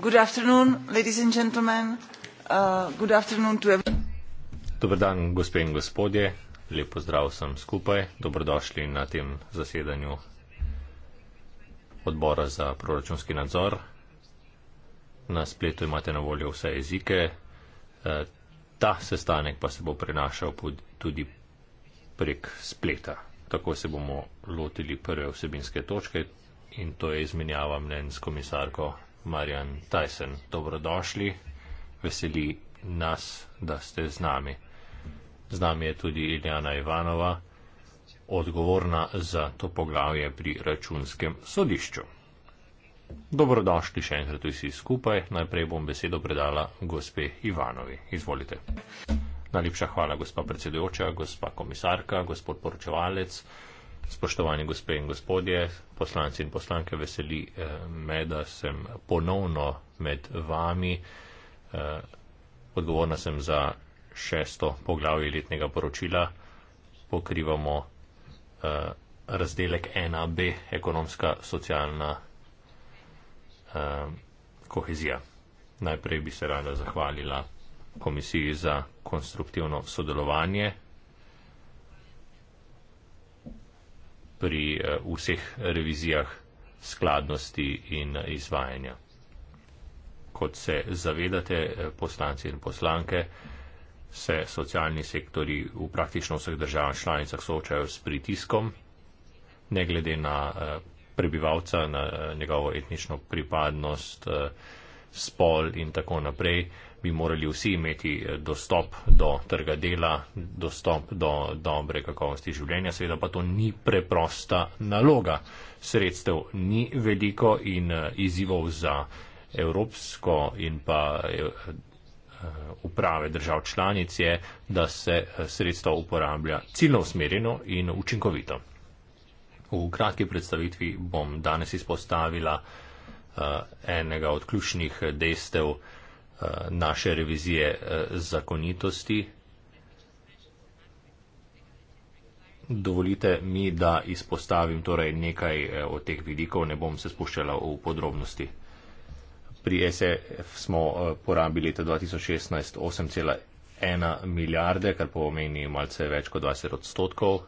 Good afternoon, ladies and gentlemen. Uh, good afternoon to everyone. Dobro dan, gospe in gospodje. Lep pozdrav vsem skupaj. Dobrodošli na tem zasedanju odbora za proračunski nadzor. Na spletu imate na voljo vse jezike. Uh, ta sestanek pa se bo prenašal tudi prek spleta. Tako se bomo lotili prve vsebinske točke, in to je izmenjava mnen s komisarko Marjan Tyson. Dobrodošli, veseli nas, da ste z nami. Z nami je tudi Iljana Ivanova, odgovorna za to poglavje pri računskem sodišču. Dobrodošli še enkrat vsi skupaj. Najprej bom besedo predala gospe Ivanovi. Izvolite. Najlepša hvala, gospa predsedujoča, gospa komisarka, gospod poročevalec. Spoštovani gospe in gospodje, poslanci in poslanke, veseli eh, me, da sem ponovno med vami. Eh, odgovorna sem za šesto poglavje letnega poročila. Pokrivamo eh, razdelek 1b, ekonomska socialna kohezija. Najprej bi se rada zahvalila komisiji za konstruktivno sodelovanje pri eh, vseh revizijah skladnosti in izvajanja. Kot se zavedate, eh, poslanci in poslanke, se socialni sektori v praktično vseh državah članicah soočajo s pritiskom, ne glede na eh, prebivalca, na njegovo etnično pripadnost, spol in tako naprej bi morali vsi imeti eh, dostop do trga dela, dostop do dobre kakovosti življenja, seveda pa to ni preprosta naloga. Sredstev ni veliko in eh, izzivov za evropsko in pa eh, uprave držav članic je, da se sredstva uporablja ciljno usmerjeno in učinkovito. V kratki predstavitvi bom danes izpostavila enega od ključnih dejstev, Eh, naše revizije eh, zakonitosti. Dovolite mi, da izpostavim torej nekaj eh, od teh vidikov, ne bom se spuščala v podrobnosti. Pri SF smo porabili leta 2016 8,1 milijarde, kar pomeni malce več kot 20 odstotkov.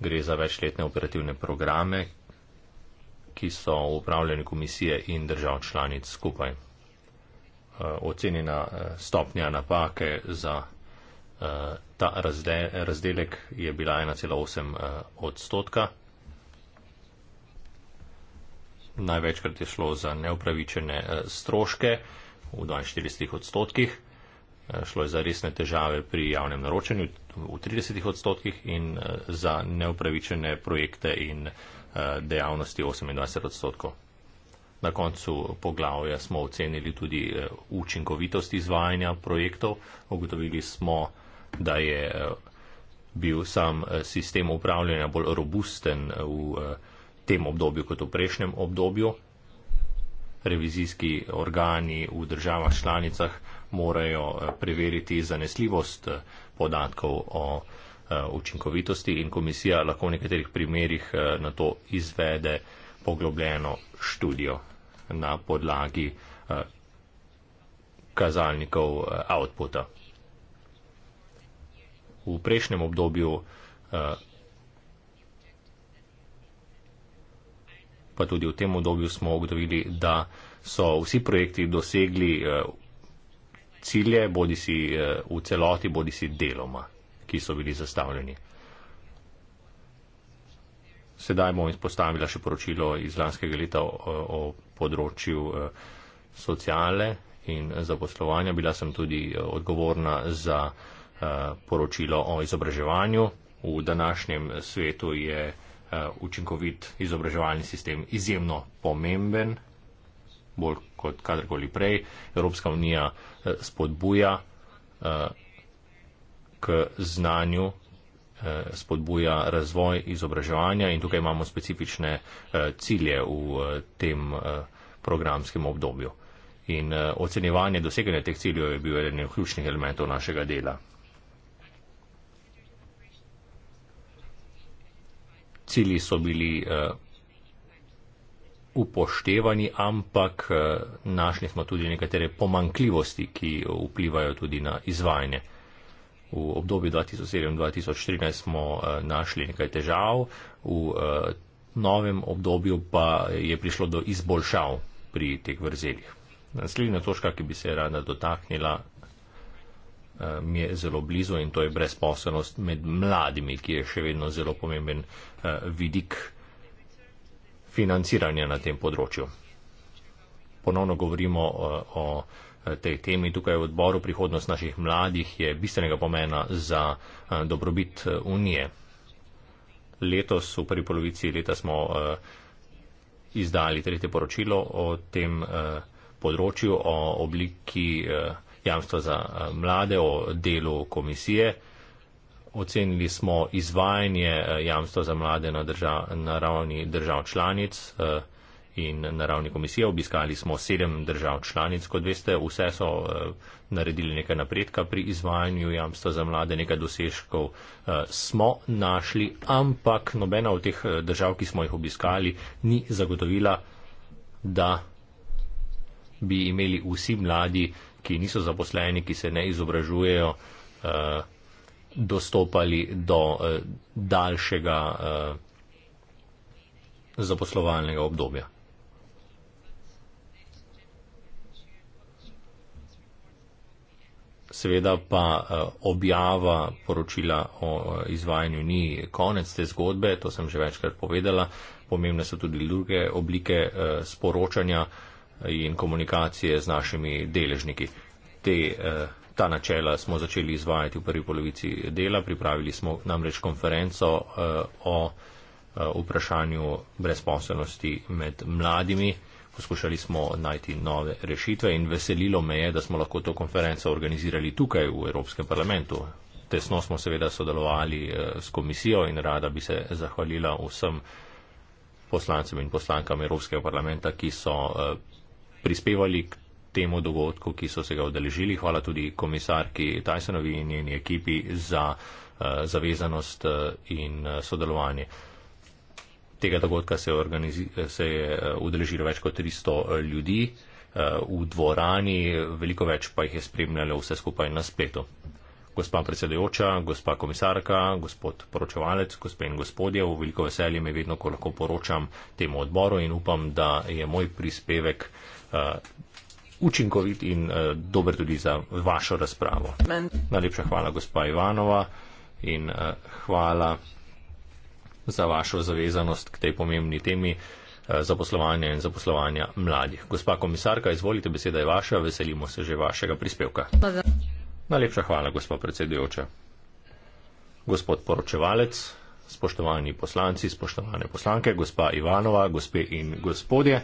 Gre za večletne operativne programe, ki so v upravljanju komisije in držav članic skupaj. Eh, ocenjena eh, stopnja napake za eh, ta razdelek je bila 1,8 odstotka. Največkrat je šlo za neupravičene stroške v 42 odstotkih, šlo je za resne težave pri javnem naročanju v 30 odstotkih in za neupravičene projekte in dejavnosti 28 odstotkov. Na koncu poglavja smo ocenili tudi eh, učinkovitost izvajanja projektov. Ugotovili smo, da je eh, bil sam eh, sistem upravljanja bolj robusten v tem obdobju kot v prejšnjem obdobju. Revizijski organi v državah članicah morajo preveriti zanesljivost podatkov o učinkovitosti in komisija lahko v nekaterih primerjih na to izvede poglobljeno študijo na podlagi eh, kazalnikov eh, outputa. V prejšnjem obdobju eh, pa tudi v tem obdobju smo ugotovili, da so vsi projekti dosegli cilje, bodi si v celoti, bodi si deloma, ki so bili zastavljeni. Sedaj bom izpostavila še poročilo iz lanskega leta o, o področju eh, sociale in zaposlovanja. Bila sem tudi eh, odgovorna za eh, poročilo o izobraževanju. V današnjem svetu je učinkovit izobraževalni sistem izjemno pomemben bolj kot kadarkoli prej. Evropska unija spodbuja k znanju Eh, spodbuja razvoj izobraževanja in tukaj imamo specifične eh, cilje v eh, tem programskem obdobju. In ocenjevanje doseganja teh ciljev je bil eden ključnih elementov našega dela. Cilji so bili uh, upoštevani, ampak uh, našli smo tudi nekatere pomankljivosti, ki vplivajo tudi na izvajanje. Uh, V obdobju 2007-2013 smo eh, našli nekaj težav, v eh, novem obdobju pa je prišlo do izboljšav pri teh vrzeljih. Naslednja točka, ki bi se rada dotaknila, eh, mi je zelo blizu in to je brezposobnost med mladimi, ki je še vedno zelo pomemben vidik financiranja na tem področju. Ponovno govorimo o, o Eh, tej temi tukaj v odboru. Prihodnost naših mladih je bistvenega pomena za eh, dobrobit eh, Unije. Letos, v prvi polovici leta, smo izdali tretje poročilo o tem področju, o obliki jamstva za mlade, o delu komisije. Ocenili smo izvajanje jamstva za mlade na, držav, na ravni držav članic. Eh, in na ravni komisije. Obiskali smo sedem držav članic, kot veste, vse so eh, naredili nekaj napredka pri izvajanju jamstva za mlade, nekaj dosežkov eh, smo našli, ampak nobena od teh eh, držav, ki smo jih obiskali, ni zagotovila, da bi imeli vsi mladi, ki niso zaposleni, ki se ne izobražujejo, dostopali do daljšega zaposlovalnega obdobja. Seveda pa eh, objava poročila o eh, izvajanju ni konec te zgodbe, to sem že večkrat povedala. Pomembne so tudi druge oblike eh, sporočanja in komunikacije z našimi deležniki. Te, ta načela smo začeli izvajati v prvi polovici dela, pripravili smo namreč konferenco o vprašanju brezposobnosti med mladimi poskušali smo najti nove rešitve in veselilo me je, da smo lahko to konferenco organizirali tukaj v Evropskem parlamentu. Tesno smo seveda sodelovali eh, s komisijo in rada bi se zahvalila vsem poslancem in poslankam Evropskega parlamenta, ki so eh, prispevali k temu dogodku, ki so se ga odeležili. Hvala tudi komisarki Tysonovi in njeni ekipi za eh, zavezanost in sodelovanje tega dogodka se, se je eh, udeležilo več kot 300 eh, ljudi eh, v dvorani, veliko več pa jih je spremljalo vse skupaj na spletu. Gospa predsedajoča, gospa komisarka, gospod poročevalec, gospe in gospodje, v veliko veselje me vedno, ko lahko poročam temu odboru in upam, da je moj prispevek uh, učinkovit in uh, dober tudi za vašo razpravo. Men. Najlepša hvala, gospa Ivanova, in uh, hvala za vašo zavezanost k tej pomembni temi eh, zaposlovanja in zaposlovanja mladih. Gospa komisarka, izvolite, beseda je vaša, veselimo se že vašega prispevka. Hvala. Najlepša hvala, gospa predsedujoča. Gospod poročevalec, spoštovani poslanci, spoštovane poslanke, gospa Ivanova, gospe in gospodje.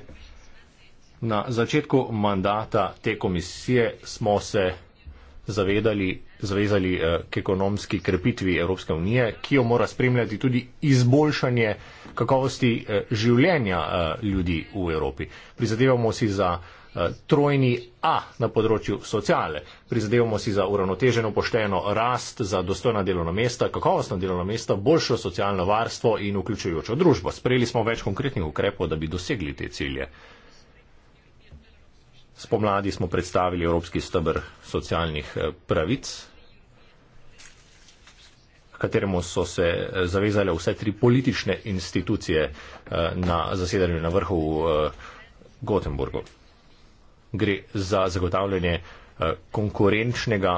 Na začetku mandata te komisije smo se zavedali zavezali eh, k ekonomski krepitvi Evropske unije, ki jo mora spremljati tudi izboljšanje kakovosti eh, življenja eh, ljudi v Evropi. Prizadevamo si za trojni A na področju sociale, prizadevamo si za uravnoteženo pošteno rast, za dostojna delovna mesta, kakovostna delovna mesta, boljšo socialno varstvo in vključujočo družbo. Sprejeli smo več konkretnih ukrepov, da bi dosegli te cilje. Spomladi smo predstavili Evropski stebr socialnih pravic, kateremu so se eh, zavezale vse tri politične institucije eh, na zasedanju na vrhu v eh, Gotenburgu. Gre za zagotavljanje konkurenčnega,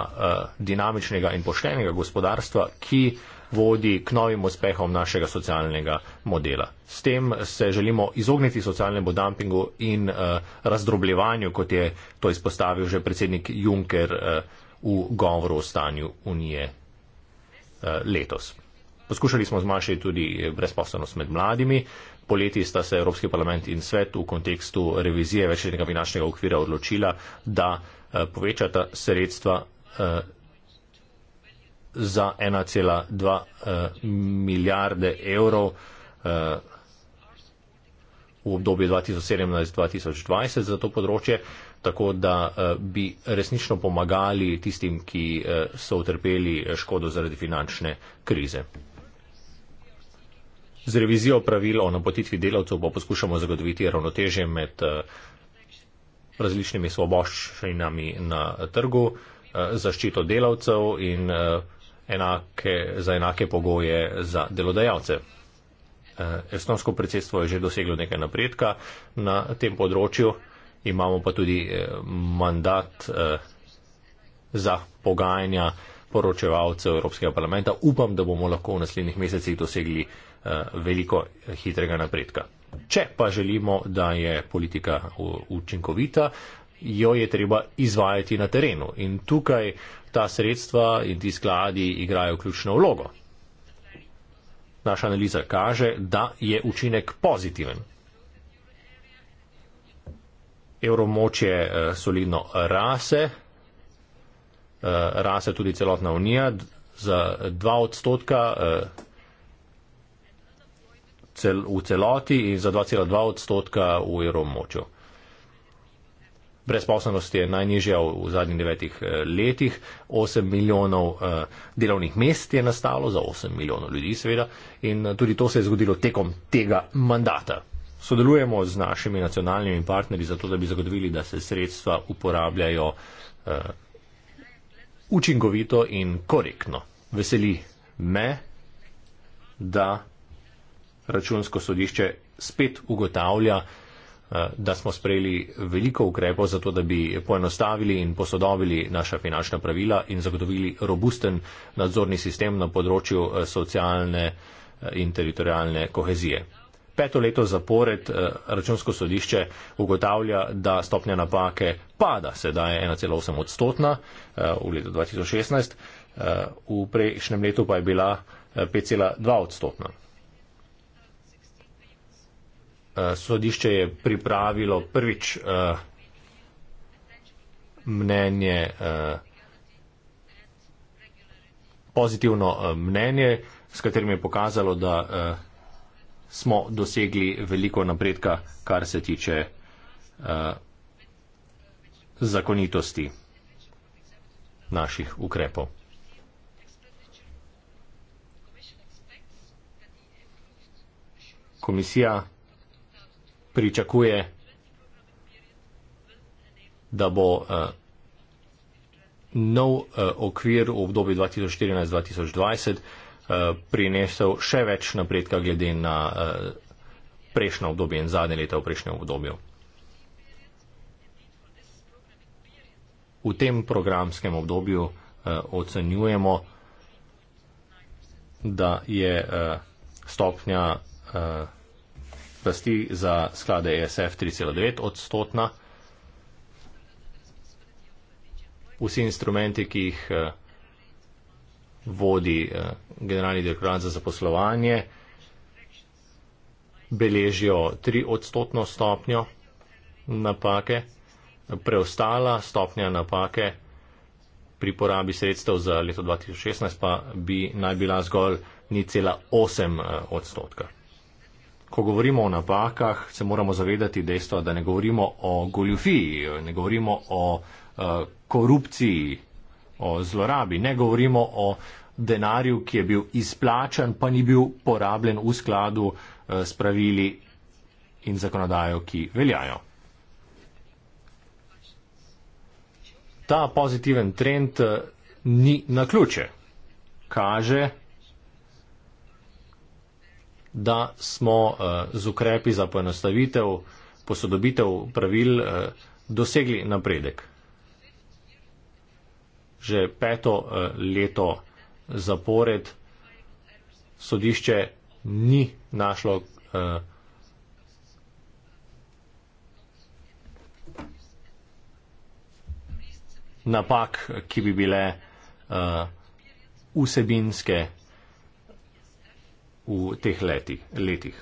dinamičnega in poštenega gospodarstva, ki vodi k novim uspehom našega socialnega modela. S tem se želimo izogniti socialnemu dumpingu in razdrobljevanju, kot je to izpostavil že predsednik Juncker v govoru o stanju Unije Eh, letos. Poskušali smo zmanjšati tudi eh, brezposobnost med mladimi. Poleti sta se Evropski parlament in svet v kontekstu revizije večletnega finančnega okvira odločila, da eh, povečata sredstva za 1,2 milijarde evrov v obdobju 2017-2020 za to področje tako da eh, bi resnično pomagali tistim, ki eh, so utrpeli eh, škodo zaradi finančne krize. Z revizijo pravil o napotitvi delavcev pa poskušamo zagotoviti ravnotežje med različnimi svoboščinami na trgu, zaščito delavcev in enake, za enake pogoje za delodajalce. Estonsko predsedstvo je že doseglo nekaj napredka na tem področju imamo pa tudi eh, mandat eh, za pogajanja poročevalcev Evropskega parlamenta. Upam, da bomo lahko v naslednjih mesecih dosegli eh, veliko hitrega napredka. Če pa želimo, da je politika učinkovita, jo je treba izvajati na terenu. In tukaj ta sredstva in ti skladi igrajo ključno vlogo. Naša analiza kaže, da je učinek pozitiven evromočje eh, solidno rase, eh, rase tudi celotna unija, za dva odstotka eh, v celoti in za 2,2 odstotka v evromočju. Brezposobnost je najnižja v, v zadnjih devetih letih, 8 milijonov eh, delovnih mest je nastalo, za 8 milijonov ljudi seveda, in tudi to se je zgodilo tekom tega mandata sodelujemo z našimi nacionalnimi partnerji, zato da bi zagotovili, da se sredstva uporabljajo uh, učinkovito in korektno. Veseli me, da računsko sodišče spet ugotavlja, eh, da smo sprejeli veliko ukrepov za to, da bi poenostavili in posodobili naša finančna pravila in zagotovili robusten nadzorni sistem na področju eh, socialne in teritorijalne kohezije peto leto zapored eh, računsko sodišče ugotavlja, da stopnja napake pada, sedaj je 1,8 odstotna eh, v letu 2016, eh, v prejšnjem letu pa je bila 5,2 odstotna. Sodišče je pripravilo prvič mnenje, pozitivno mnenje, s katerim je pokazalo, da smo dosegli veliko napredka, kar se tiče uh, zakonitosti naših ukrepov. Komisija pričakuje, da bo uh, nov uh, okvir v obdobju 2014-2020 Eh, prinesel še več napredka glede na eh, prejšnjo obdobje in zadnje leta v prejšnjem obdobju. V tem programskem obdobju eh, ocenjujemo, da je stopnja rasti za sklade ESF 3,9 odstotna. Vsi instrumenti, ki jih vodi eh, generalni direktorat za zaposlovanje, beležijo tri odstotno stopnjo napake, preostala stopnja napake pri porabi sredstev za leto 2016 pa bi naj bila zgolj ni cela 8 eh, odstotka. Ko govorimo o napakah, se moramo zavedati dejstva, da ne govorimo o goljufiji, ne govorimo o uh, korupciji, uh, o zlorabi, ne govorimo o denarju, ki je bil izplačan, pa ni bil porabljen v skladu eh, s pravili in zakonodajo, ki veljajo. Ta pozitiven trend eh, ni na ključe. Kaže, da smo eh, z ukrepi za poenostavitev, posodobitev pravil dosegli napredek že peto eh, leto zapored. Sodišče ni našlo eh, napak, ki bi bile eh, vsebinske v teh leti, letih.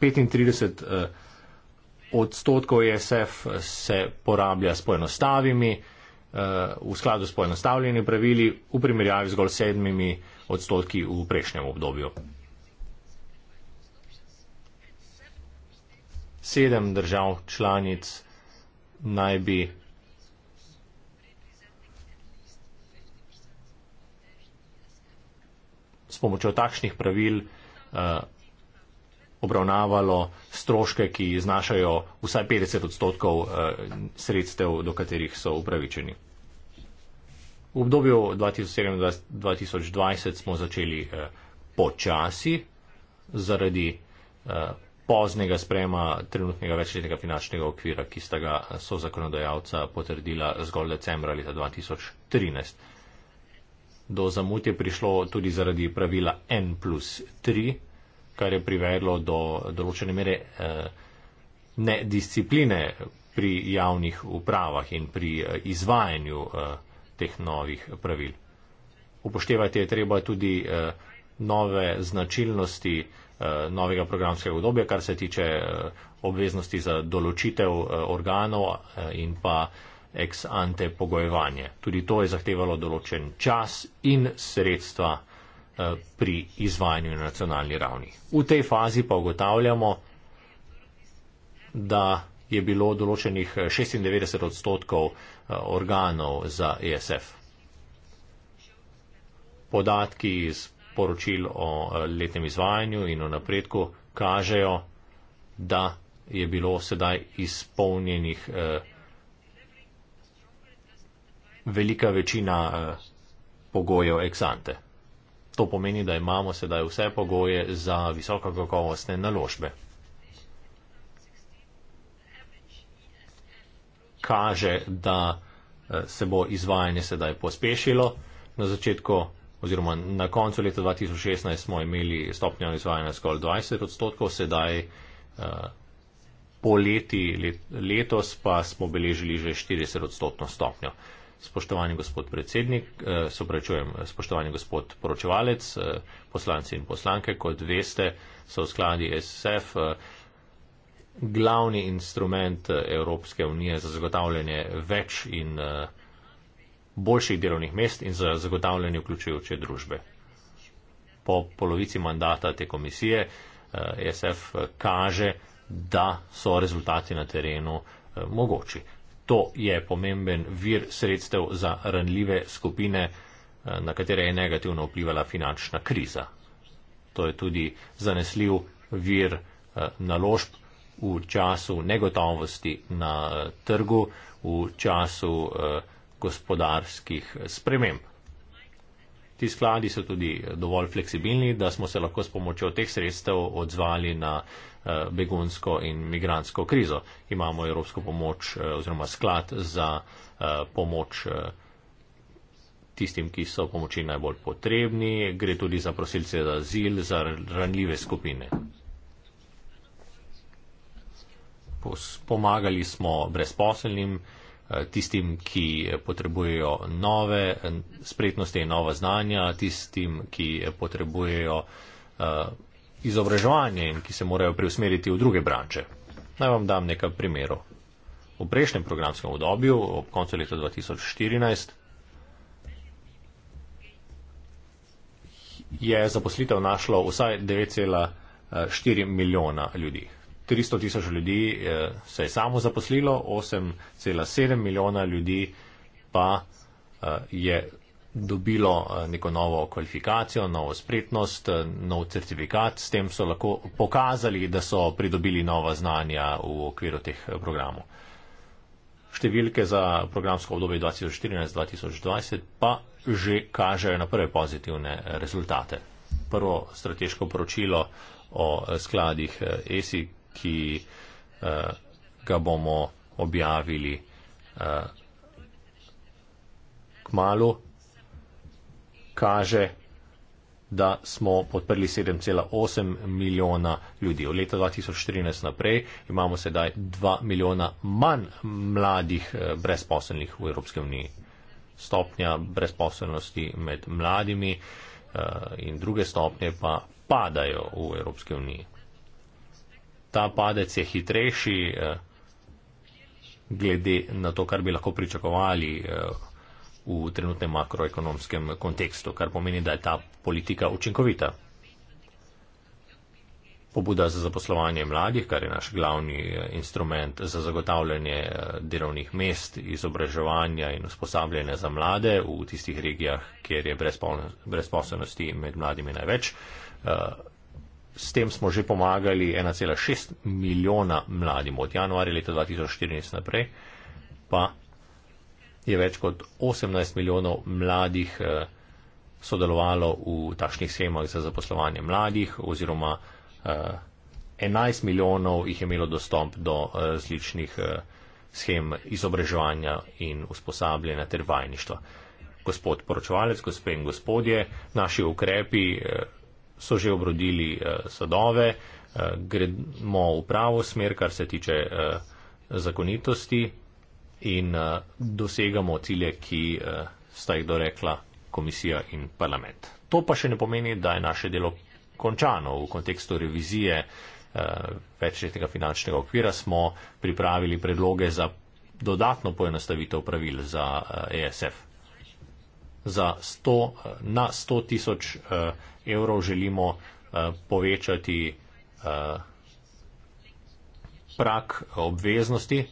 35 eh, odstotkov ESF se porablja s poenostavimi v skladu s poenostavljenimi pravili v primerjavi z zgolj sedmimi odstotki v prejšnjem obdobju. Sedem držav članic naj bi s pomočjo takšnih pravil eh, obravnavalo stroške, ki znašajo vsaj 50 odstotkov eh, sredstev, do katerih so upravičeni. V obdobju 2017-2020 smo začeli eh, počasi zaradi eh, poznega sprejema trenutnega večletnega finančnega okvira, ki sta ga so zakonodajalca potrdila zgolj decembra leta 2013. Do zamut je prišlo tudi zaradi pravila N plus 3 kar je privedlo do določene mere eh, nediscipline pri javnih upravah in pri eh, izvajanju eh, teh novih pravil. Upoštevati je treba tudi nove značilnosti novega programskega obdobja, kar se tiče obveznosti za določitev organov in pa ex ante pogojevanje. Tudi to je zahtevalo določen čas in sredstva. Eh, pri izvajanju na nacionalni ravni. V tej fazi pa ugotavljamo, da je bilo določenih 96 odstotkov eh, organov za ESF. Podatki iz poročil o eh, letnem izvajanju in o napredku kažejo, da je bilo sedaj izpolnjenih velika večina pogojev eksante. To pomeni, da imamo sedaj vse pogoje za visokokakovostne naložbe. Kaže, da eh, se bo izvajanje sedaj pospešilo. Na začetku oziroma na koncu leta 2016 smo imeli stopnjo izvajanja skoraj 20 odstotkov, sedaj eh, po leti letos pa smo beležili že 40 odstotno stopnjo spoštovani gospod predsednik, eh, se oprečujem, eh, spoštovani gospod poročevalec, eh, poslanci in poslanke, kot veste, so v skladi SSF glavni instrument Evropske unije za zagotavljanje več in boljših delovnih mest in za zagotavljanje vključujoče družbe. Po polovici mandata te komisije SF kaže, da so rezultati na terenu mogoči to je pomemben vir sredstev za ranljive skupine, eh, na katere je negativno vplivala finančna kriza. To je tudi zanesljiv vir eh, naložb v času negotovosti na eh, trgu, v času gospodarskih sprememb. Ti skladi so tudi dovolj fleksibilni, da smo se lahko s pomočjo teh sredstev odzvali na uh, Eh, begunsko in migransko krizo. Imamo evropsko pomoč eh, oziroma sklad za eh, pomoč tistim, ki so pomoči najbolj potrebni, gre tudi za prosilce za azil, za ranljive skupine. Pomagali smo brezposelnim, tistim, ki potrebujejo nove spretnosti in nova znanja, tistim, ki potrebujejo izobraževanje in ki se morajo preusmeriti v druge branče. Naj vam dam nekaj primerov. V prejšnjem programskem obdobju, ob koncu leta 2014, je zaposlitev našlo vsaj 9,4 milijona ljudi. 300 tisoč ljudi eh, se je samo zaposlilo, 8,7 milijona ljudi pa eh, je dobilo eh, neko novo kvalifikacijo, novo spretnost, eh, nov certifikat. S tem so lahko pokazali, da so pridobili nova znanja v okviru teh eh, programov. Številke za programsko obdobje 2014-2020 pa že kažejo na prve pozitivne rezultate. Prvo strateško poročilo o skladih ESI, e ki ga bomo objavili k malu, kaže, da smo podprli 7,8 milijona ljudi. Od leta 2014 naprej imamo sedaj 2 milijona manj mladih eh, brezposelnih v Evropske unije. Stopnja brezposelnosti med mladimi eh, in druge stopnje pa padajo v Evropske unije. Ta padec je hitrejši eh, glede na to, kar bi lahko pričakovali v trenutnem makroekonomskem kontekstu, kar pomeni, da je ta politika učinkovita. Pobuda za zaposlovanje mladih, kar je naš glavni eh, instrument za zagotavljanje eh, delovnih mest, izobraževanja in usposabljanja za mlade v tistih regijah, kjer je brezposobnosti med mladimi največ. Eh, s tem smo že pomagali 1,6 milijona mladim od januarja leta 2014 naprej, pa je več kot 18 milijonov mladih eh, sodelovalo v takšnih schemah za zaposlovanje mladih oziroma 11 eh, milijonov jih je imelo dostop do eh, različnih schem izobraževanja in usposabljanja ter vajništva. Gospod poročevalec, gospe in gospodje, naši ukrepi so že obrodili sadove, gremo v pravo smer, kar se tiče zakonitosti, in uh, dosegamo cilje, ki uh, sta jih dorekla komisija in parlament. To pa še ne pomeni, da je naše delo končano. V kontekstu revizije uh, večletnega finančnega okvira smo pripravili predloge za dodatno poenostavitev pravil za uh, ESF. Za 100, uh, na 100 tisoč uh, evrov želimo uh, povečati uh, prak obveznosti.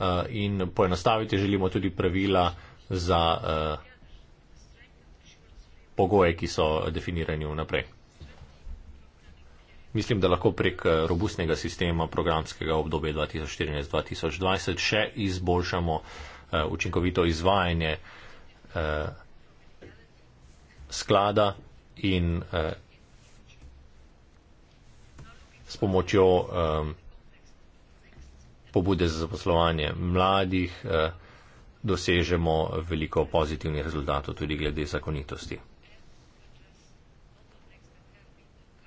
Eh, in poenostaviti želimo tudi pravila za eh, pogoje, ki so definirani vnaprej. Mislim, da lahko prek eh, robustnega sistema programskega obdobja 2014-2020 še izboljšamo učinkovito izvajanje sklada in s pomočjo pobude za zaposlovanje mladih, eh, dosežemo veliko pozitivnih rezultatov tudi glede zakonitosti.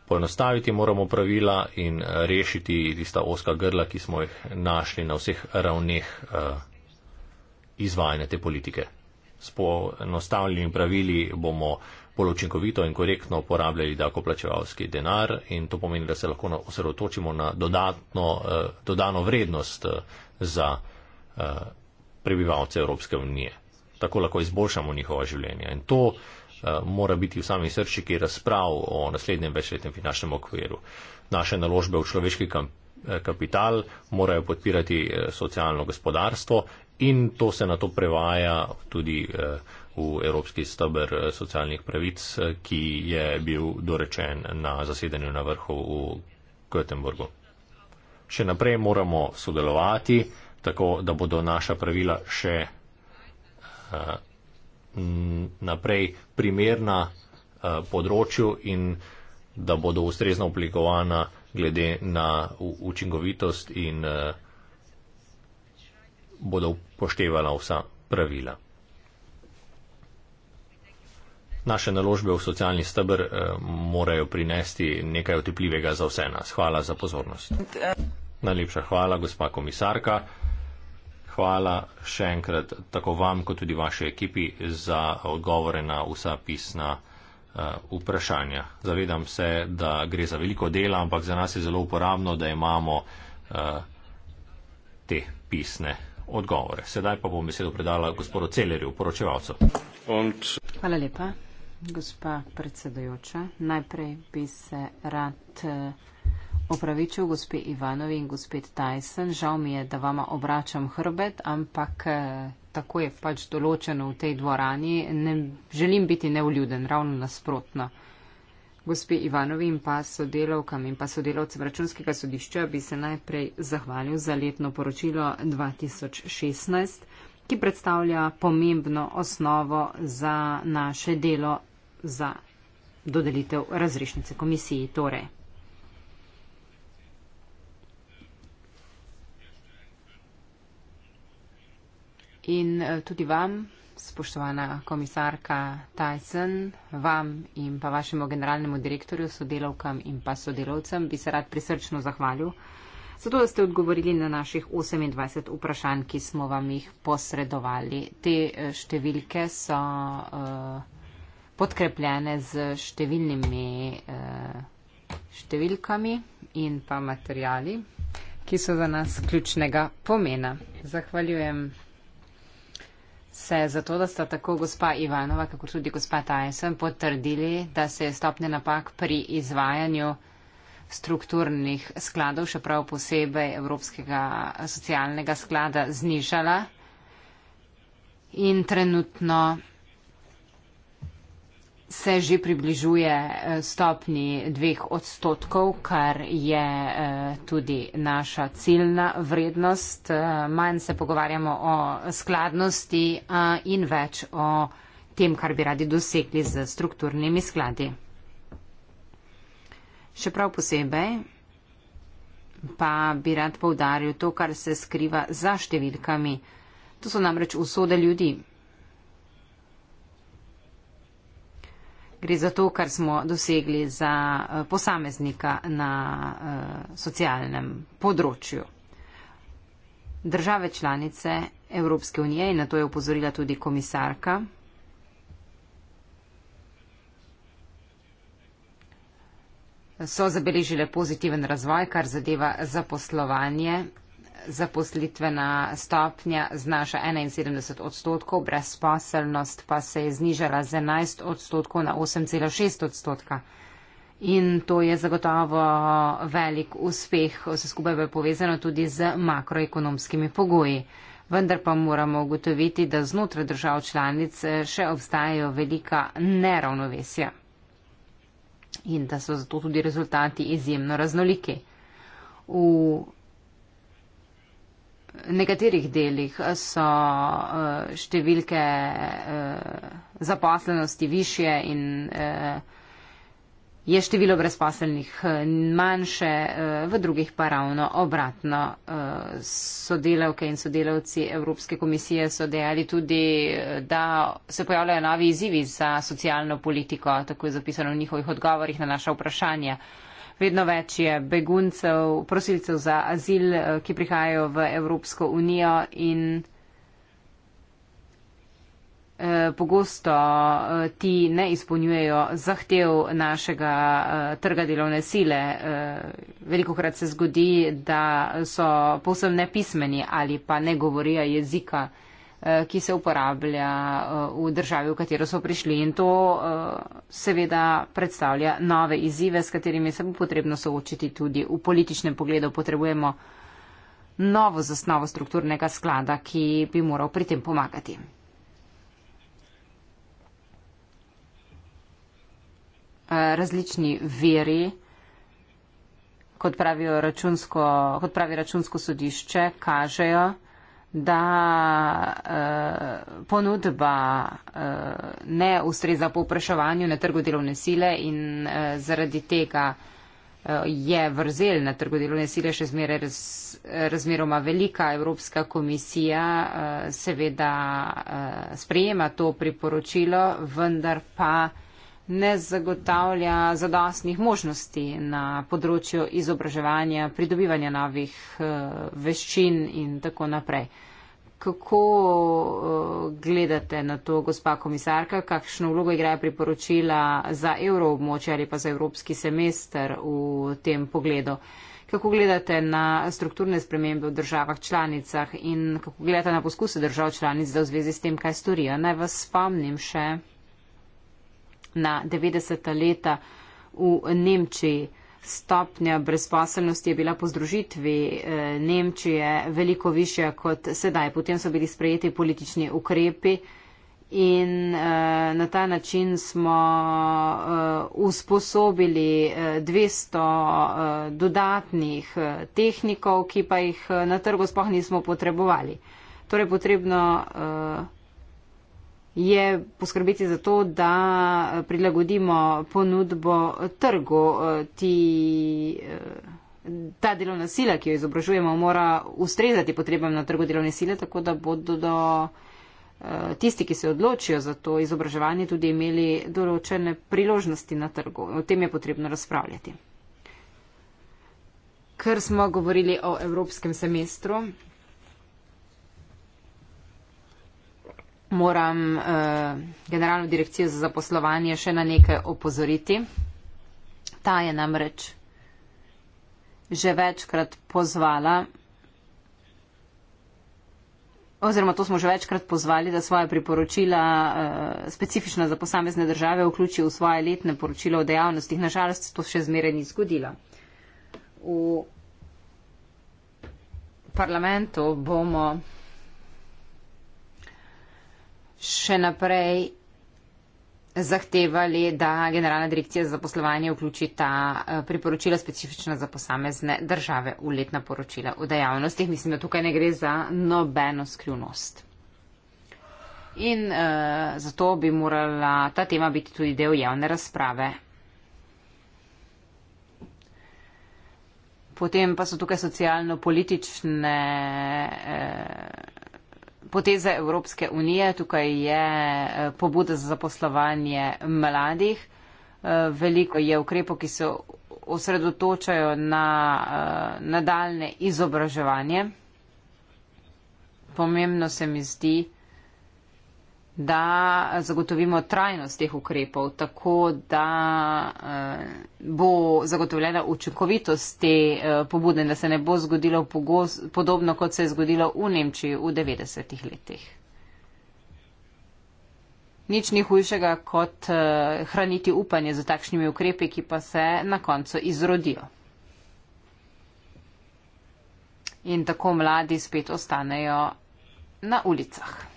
Poenostaviti moramo pravila in eh, rešiti tista oska grla, ki smo jih našli na vseh ravneh eh, izvajanja te politike. S poenostavljenimi pravili bomo bolj učinkovito in korektno uporabljali davkoplačevalski denar in to pomeni, da se lahko osredotočimo na dodatno, eh, dodano vrednost eh, za eh, prebivalce Evropske unije. Tako lahko izboljšamo njihova življenja in to mora biti v sami srčiki razprav o naslednjem večletnem finančnem okviru. Naše naložbe v človeški kapital morajo podpirati socialno gospodarstvo in to se na to prevaja tudi v Evropski stebr eh, socialnih pravic, eh, ki je bil dorečen na zasedanju na vrhu v Göteborgu. Še naprej moramo sodelovati, tako da bodo naša pravila še eh, naprej primerna področju in da bodo ustrezno oblikovana glede na učinkovitost in bodo upoštevala vsa pravila naše naložbe v socialni stebr eh, morajo prinesti nekaj otepljivega za vse nas. Hvala za pozornost. Najlepša hvala, gospa komisarka. Hvala še enkrat tako vam, kot tudi vaši ekipi za odgovore na vsa pisna eh, vprašanja. Zavedam se, da gre za veliko dela, ampak za nas je zelo uporabno, da imamo eh, te pisne. Odgovore. Sedaj pa bom besedo predala gospodu Celerju, poročevalcu. Hvala lepa. Gospa predsedajoča, najprej bi se rad eh, opravičil gospe Ivanovi in gospe Tyson. Žal mi je, da vama obračam hrbet, ampak eh, tako je pač določeno v tej dvorani. Ne, želim biti neuljuden, ravno nasprotno. Gospe Ivanovi in pa sodelovkam in pa sodelovcem računskega sodišča bi se najprej zahvalil za letno poročilo 2016 ki predstavlja pomembno osnovo za naše delo za dodelitev razrešnice komisiji. Torej. In eh, tudi vam, spoštovana komisarka Tyson, vam in pa vašemu generalnemu direktorju, sodelovkam in pa sodelovcem bi se rad prisrčno zahvalil. Zato, da ste odgovorili na naših 28 vprašanj, ki smo vam jih posredovali. Te eh, številke so. Uh, podkrepljene z številnimi eh, številkami in pa materijali, ki so za nas ključnega pomena. Zahvaljujem se za to, da sta tako gospa Ivanova, kako tudi gospa Tyson potrdili, da se je stopne napak pri izvajanju strukturnih skladov, še prav posebej Evropskega socialnega sklada, znižala. In trenutno se že približuje eh, stopni dveh odstotkov, kar je eh, tudi naša ciljna vrednost. Eh, manj se pogovarjamo o skladnosti in več o tem, kar bi radi dosegli z strukturnimi skladi. Še prav posebej pa bi rad povdaril to, kar se skriva za številkami. To so namreč usode ljudi. gre za to, kar smo dosegli za eh, posameznika na eh, socialnem področju. Države članice Evropske unije in na to je upozorila tudi komisarka. so zabeležile pozitiven razvoj, kar zadeva zaposlovanje zaposlitvena stopnja znaša 71 odstotkov, brezposelnost pa se je znižala z 11 odstotkov na 8,6 odstotka. In to je zagotovo velik uspeh, vse skupaj je povezano tudi z makroekonomskimi pogoji. Vendar pa moramo ugotoviti, da znotraj držav članic eh, še obstajajo velika neravnovesja in da so zato tudi rezultati izjemno raznoliki. V nekaterih delih so eh, številke eh, zaposlenosti više in eh, je število brezposelnih manjše, v drugih pa ravno obratno. Sodelavke in sodelavci Evropske komisije so dejali tudi, da se pojavljajo novi izzivi za socialno politiko, tako je zapisano v njihovih odgovorih na naša vprašanja. Vedno več je beguncev, prosilcev za azil, eh, ki prihajajo v Evropsko unijo in eh, pogosto eh, ti ne izpolnjujejo zahtev našega trga delovne sile. Veliko krat se zgodi, da so povsem nepismeni ali pa ne govorijo jezika. Eh, ki se uporablja eh, v državi, v katero so prišli. In to eh, seveda predstavlja nove izzive, s katerimi se bo potrebno soočiti tudi v političnem pogledu. Potrebujemo novo zasnovo strukturnega sklada, ki bi moral pri tem pomagati. Različni veri, kot, kot pravi računsko sodišče, kažejo, da eh, ponudba eh, ne ustreza povpraševanju na trgu delovne sile in eh, zaradi tega eh, je vrzel na trgu delovne sile še zmeraj razmeroma velika. Evropska komisija eh, seveda eh, sprejema to priporočilo, vendar pa eh, ne zagotavlja zadostnih možnosti na področju izobraževanja, pridobivanja novih uh, veščin in tako naprej. Kako uh, gledate na to, gospa komisarka, kakšno vlogo igrajo priporočila za evroobmočje ali pa za evropski semester v tem pogledu? Kako gledate na strukturne spremembe v državah članicah in kako gledate na poskuse držav članic, da v zvezi s tem kaj storijo? Naj vas spomnim še na 90. leta v Nemčiji. Stopnja brezposelnosti je bila po združitvi eh, Nemčije veliko više kot sedaj. Potem so bili sprejeti politični ukrepi in eh, na ta način smo eh, usposobili 200 dodatnih tehnikov, ki pa jih na trgu spoh nismo potrebovali. Torej potrebno je poskrbeti za to, da eh, prilagodimo ponudbo eh, trgu. Eh, ti, ta delovna sila, ki jo izobražujemo, mora ustrezati potrebam na trgu delovne sile, tako da bodo do, tisti, ki se odločijo za to izobraževanje, tudi imeli določene priložnosti na trgu. O tem je potrebno razpravljati. Ker smo govorili o evropskem semestru, moram eh, generalno direkcijo za zaposlovanje še na nekaj opozoriti. Ta je namreč že večkrat pozvala, oziroma to smo že večkrat pozvali, da svoje priporočila, eh, specifična za posamezne države, vključijo v svoje letne poročila o dejavnostih. Nažalost, to še zmeraj ni zgodilo. V parlamentu bomo še naprej zahtevali, da generalna direkcija za poslovanje vključi ta eh, priporočila specifična za posamezne države v letna poročila v dejavnostih. Mislim, da tukaj ne gre za nobeno skrivnost. In uh, zato bi morala ta tema biti tudi del javne razprave. Potem pa so tukaj socialno-politične. Uh, poteze Evropske unije, tukaj je eh, pobuda za zaposlovanje mladih, eh, veliko je ukrepov, ki se osredotočajo na eh, nadaljne izobraževanje. Pomembno se mi zdi, da zagotovimo trajnost teh ukrepov, tako da eh, bo zagotovljena učinkovitost te eh, pobude, da se ne bo zgodilo pogos, podobno, kot se je zgodilo v Nemčiji v 90-ih letih. Nič ni hujšega, kot eh, hraniti upanje za takšnimi ukrepi, ki pa se na koncu izrodijo. In tako mladi spet ostanejo na ulicah.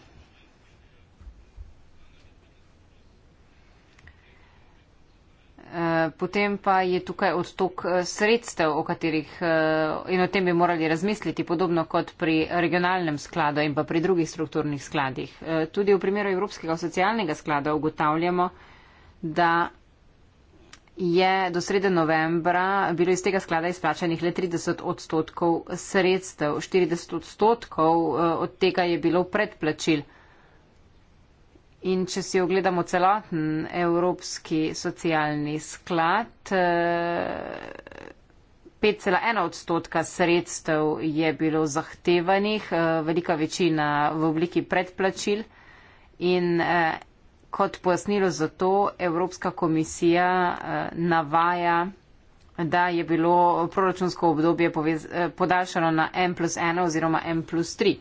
Eh, potem pa je tukaj odtok eh, sredstev, o katerih eh, in o tem bi morali razmisliti, podobno kot pri regionalnem skladu in pa pri drugih strukturnih skladih. Tudi v primeru Evropskega socialnega sklada ugotavljamo, da je do srede novembra bilo iz tega sklada izplačanih le 30 odstotkov sredstev, 40 odstotkov od tega je bilo predplačil. In če si ogledamo celoten Evropski socialni sklad, 5,1 eh, odstotka sredstev je bilo zahtevanih, eh, velika večina v obliki predplačil. In eh, kot pojasnilo za to, Evropska komisija navaja, da je bilo proračunsko obdobje podaljšano na M plus 1 oziroma M plus 3.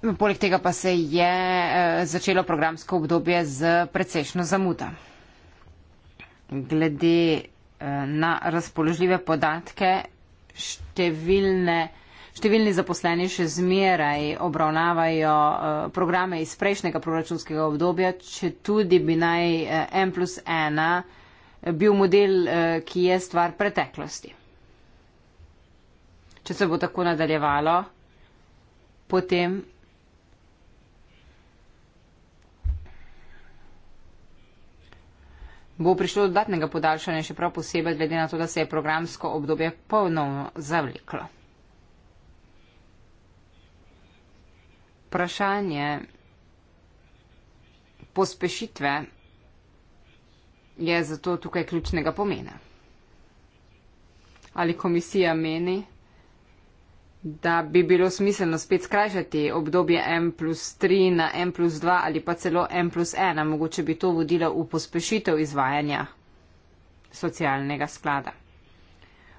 Poleg tega pa se je eh, začelo programsko obdobje z precejšno zamuda. Glede eh, na razpoložljive podatke, številne, številni zaposleni še zmeraj obravnavajo eh, programe iz prejšnjega proračunskega obdobja, če tudi bi naj M plus 1 bil model, ki je stvar preteklosti. Če se bo tako nadaljevalo, potem bo prišlo dodatnega podaljšanja, še prav posebej glede na to, da se je programsko obdobje ponovno zavleklo. Vprašanje pospešitve je zato tukaj ključnega pomena. Ali komisija meni, da bi bilo smiselno spet skrajšati obdobje M plus 3 na M plus 2 ali pa celo M plus 1. Mogoče bi to vodilo v pospešitev izvajanja socialnega sklada.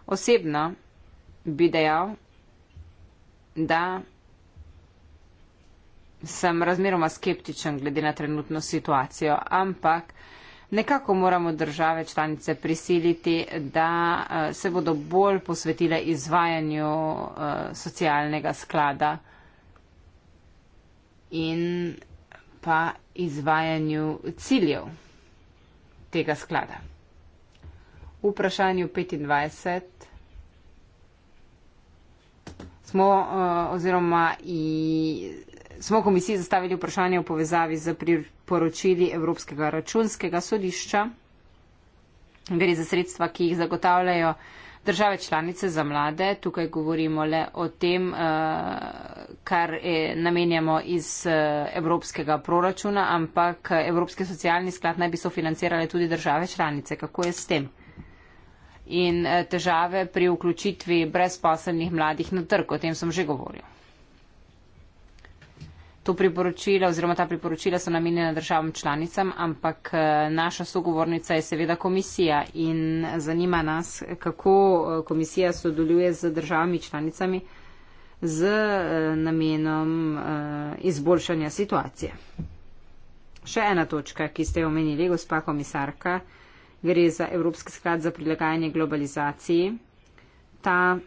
Osebno bi dejal, da sem razmeroma skeptičen glede na trenutno situacijo, ampak nekako moramo države članice prisiliti, da eh, se bodo bolj posvetile izvajanju eh, socialnega sklada in pa izvajanju ciljev tega sklada. V vprašanju 25 smo eh, oziroma smo komisiji zastavili vprašanje v povezavi z poročili Evropskega računskega sodišča. Gre za sredstva, ki jih zagotavljajo države članice za mlade. Tukaj govorimo le o tem, eh, kar namenjamo iz eh, evropskega proračuna, ampak Evropski socialni sklad naj bi sofinancirale tudi države članice. Kako je s tem? In eh, težave pri vključitvi brezposelnih mladih na trg, o tem sem že govoril to priporočilo oziroma ta priporočila so namenjena državam članicam, ampak eh, naša sogovornica je seveda komisija in zanima nas, kako eh, komisija sodeluje z državami članicami z eh, namenom izboljšanja situacije. Še ena točka, ki ste omenili, gospa komisarka, gre za Evropski sklad za prilagajanje globalizaciji. Ta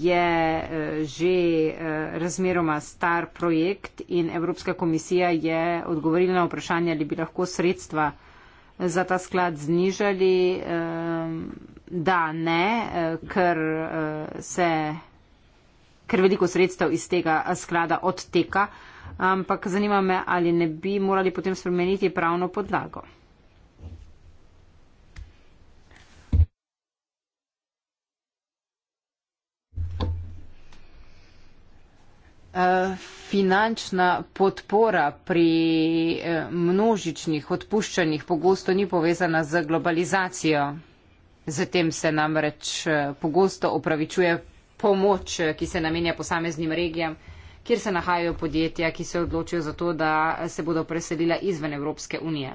je eh, že eh, razmeroma star projekt in Evropska komisija je odgovorila na vprašanje, ali bi lahko sredstva eh, za ta sklad znižali. Ehm, da, ne, ker se ker veliko sredstev iz tega sklada odteka, ampak zanima me, ali ne bi morali potem spremeniti pravno podlago. finančna podpora pri eh, množičnih odpuščanjih pogosto ni povezana z globalizacijo. Zatem se namreč eh, pogosto opravičuje pomoč, eh, ki se namenja posameznim regijam, kjer se nahajajo podjetja, ki se odločijo za to, da se bodo preselila izven Evropske unije.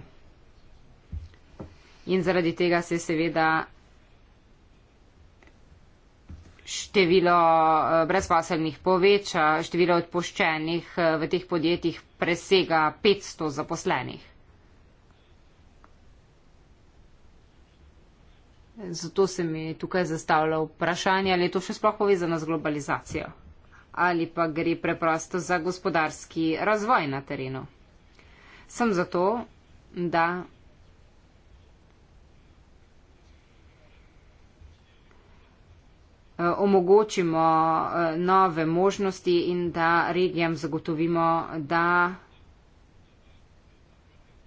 In zaradi tega se seveda število eh, brezposelnih poveča, število odpoščenih eh, v teh podjetjih presega 500 zaposlenih. Zato se mi tukaj zastavlja vprašanje, ali je to še sploh povezano z globalizacijo ali pa gre preprosto za gospodarski razvoj na terenu. Sem zato, da omogočimo eh, nove možnosti in da regijam zagotovimo, da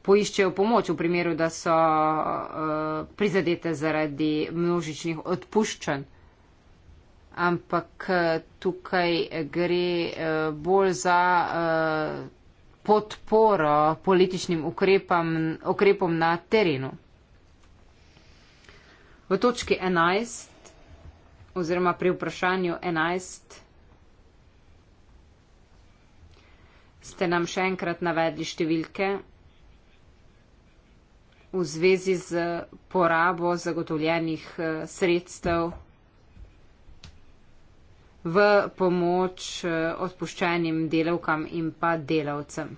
poiščejo pomoč v primeru, da so eh, prizadete zaradi množičnih odpuščanj. Ampak eh, tukaj gre bolj za podporo političnim ukrepom, ukrepom na terenu. V točki 11 oziroma pri vprašanju 11 ste nam še enkrat navedli številke v zvezi z porabo zagotovljenih eh, sredstev v pomoč eh, odpuščenim delavkam in pa delavcem.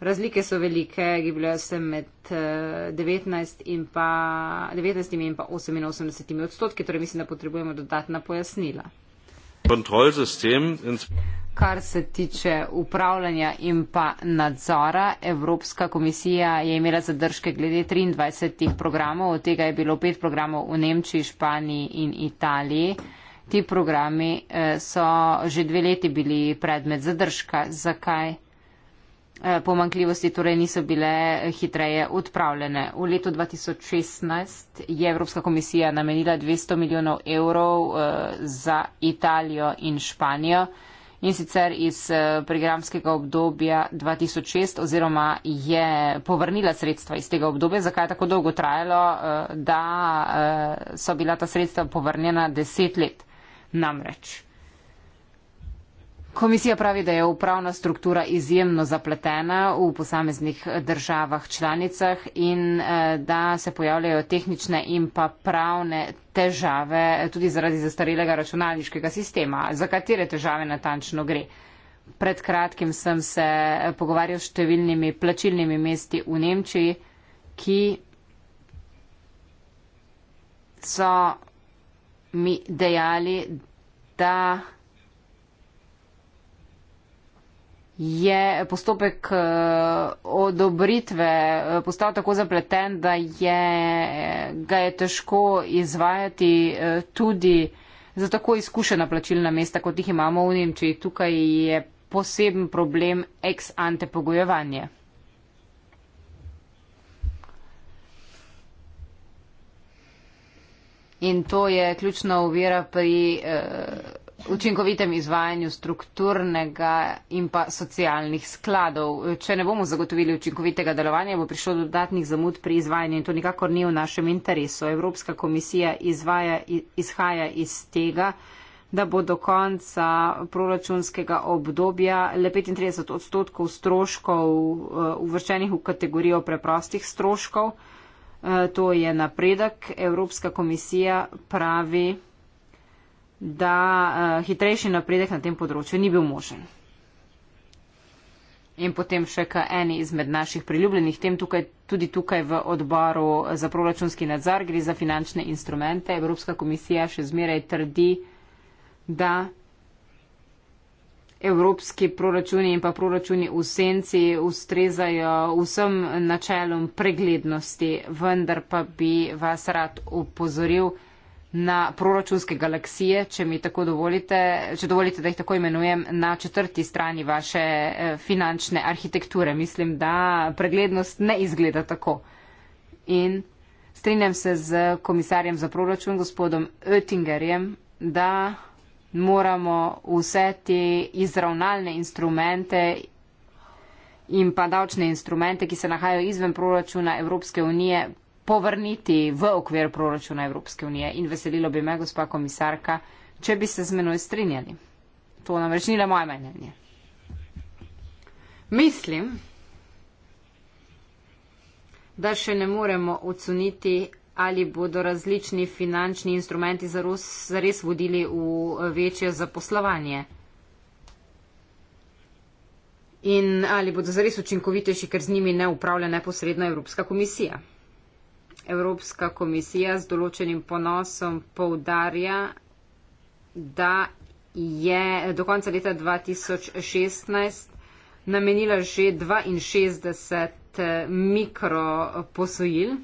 Razlike so velike, gibljajo se med 19 eh, in, pa, 19 in pa 88 odstotki, torej mislim, da potrebujemo dodatna pojasnila. Kar se tiče upravljanja in pa nadzora, Evropska komisija je imela zadržke glede 23 programov, od tega je bilo 5 programov v Nemčiji, Španiji in Italiji. Ti programi eh, so že dve leti bili predmet zadržka. Zakaj? Eh, pomankljivosti torej niso bile eh, hitreje odpravljene. V letu 2016 je Evropska komisija namenila 200 milijonov evrov eh, za Italijo in Španijo in sicer iz programskega obdobja 2006 oziroma je povrnila sredstva iz tega obdobja. Zakaj je tako dolgo trajalo, da so bila ta sredstva povrnjena deset let namreč? Komisija pravi, da je upravna struktura izjemno zapletena v posameznih državah članicah in eh, da se pojavljajo tehnične in pa pravne težave tudi zaradi zastarelega računalniškega sistema. Za katere težave natančno gre? Pred kratkim sem se pogovarjal s številnimi plačilnimi mesti v Nemčiji, ki so mi dejali, da je postopek eh, odobritve eh, postal tako zapleten, da je, ga je težko izvajati eh, tudi za tako izkušena plačilna mesta, kot jih imamo v Nemčiji. Tukaj je poseben problem ex ante pogojevanje. In to je ključna uvira pri. Eh, učinkovitem izvajanju strukturnega in pa socialnih skladov. Če ne bomo zagotovili učinkovitega delovanja, bo prišlo do dodatnih zamud pri izvajanju in to nikakor ni v našem interesu. Evropska komisija izvaja, izhaja iz tega, da bo do konca proračunskega obdobja le 35 odstotkov stroškov eh, uvrščenih v kategorijo preprostih stroškov. Eh, to je napredek. Evropska komisija pravi, da uh, hitrejši napredek na tem področju ni bil možen. In potem še k eni izmed naših priljubljenih tem, tukaj, tudi tukaj v odboru za proračunski nadzor, gre za finančne instrumente. Evropska komisija še zmeraj trdi, da evropski proračuni in pa proračuni v senci ustrezajo vsem načelom preglednosti, vendar pa bi vas rad upozoril, na proračunske galaksije, če mi tako dovolite, če dovolite, da jih tako imenujem, na četrti strani vaše eh, finančne arhitekture. Mislim, da preglednost ne izgleda tako. In strinjam se z komisarjem za proračun, gospodom Oettingerjem, da moramo vse te izravnalne instrumente in pa davčne instrumente, ki se nahajajo izven proračuna Evropske unije, povrniti v okvir proračuna Evropske unije in veselilo bi me, gospa komisarka, če bi se z menoj strinjali. To namreč ni le moje mnenje. Mislim, da še ne moremo oceniti, ali bodo različni finančni instrumenti za Rus zares vodili v večje zaposlovanje. In ali bodo zares učinkovitejši, ker z njimi ne upravlja neposredno Evropska komisija. Evropska komisija z določenim ponosom poudarja, da je do konca leta 2016 namenila že 62 eh, mikroposojil.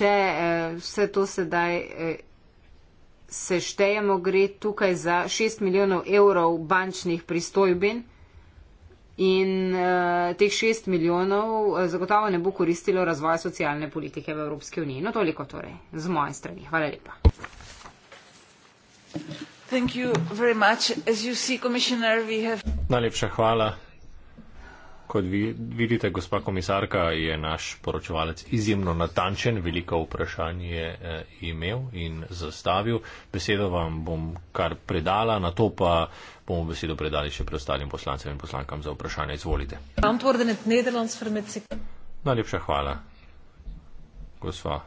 Če eh, vse to sedaj eh, seštejemo, gre tukaj za 6 milijonov evrov bančnih pristojbin. In uh, teh šest milijonov uh, zagotovo ne bo koristilo razvoj socialne politike v Evropski uniji. No, toliko torej z moje strani. Hvala lepa. Najlepša hvala. Kot vi, vidite, gospa komisarka, je naš poročevalec izjemno natančen, veliko vprašanj je eh, imel in zastavil. Besedo vam bom kar predala, na to pa bomo besedo predali še preostalim poslancem in poslankam za vprašanje. Izvolite. Najlepša hvala, gospa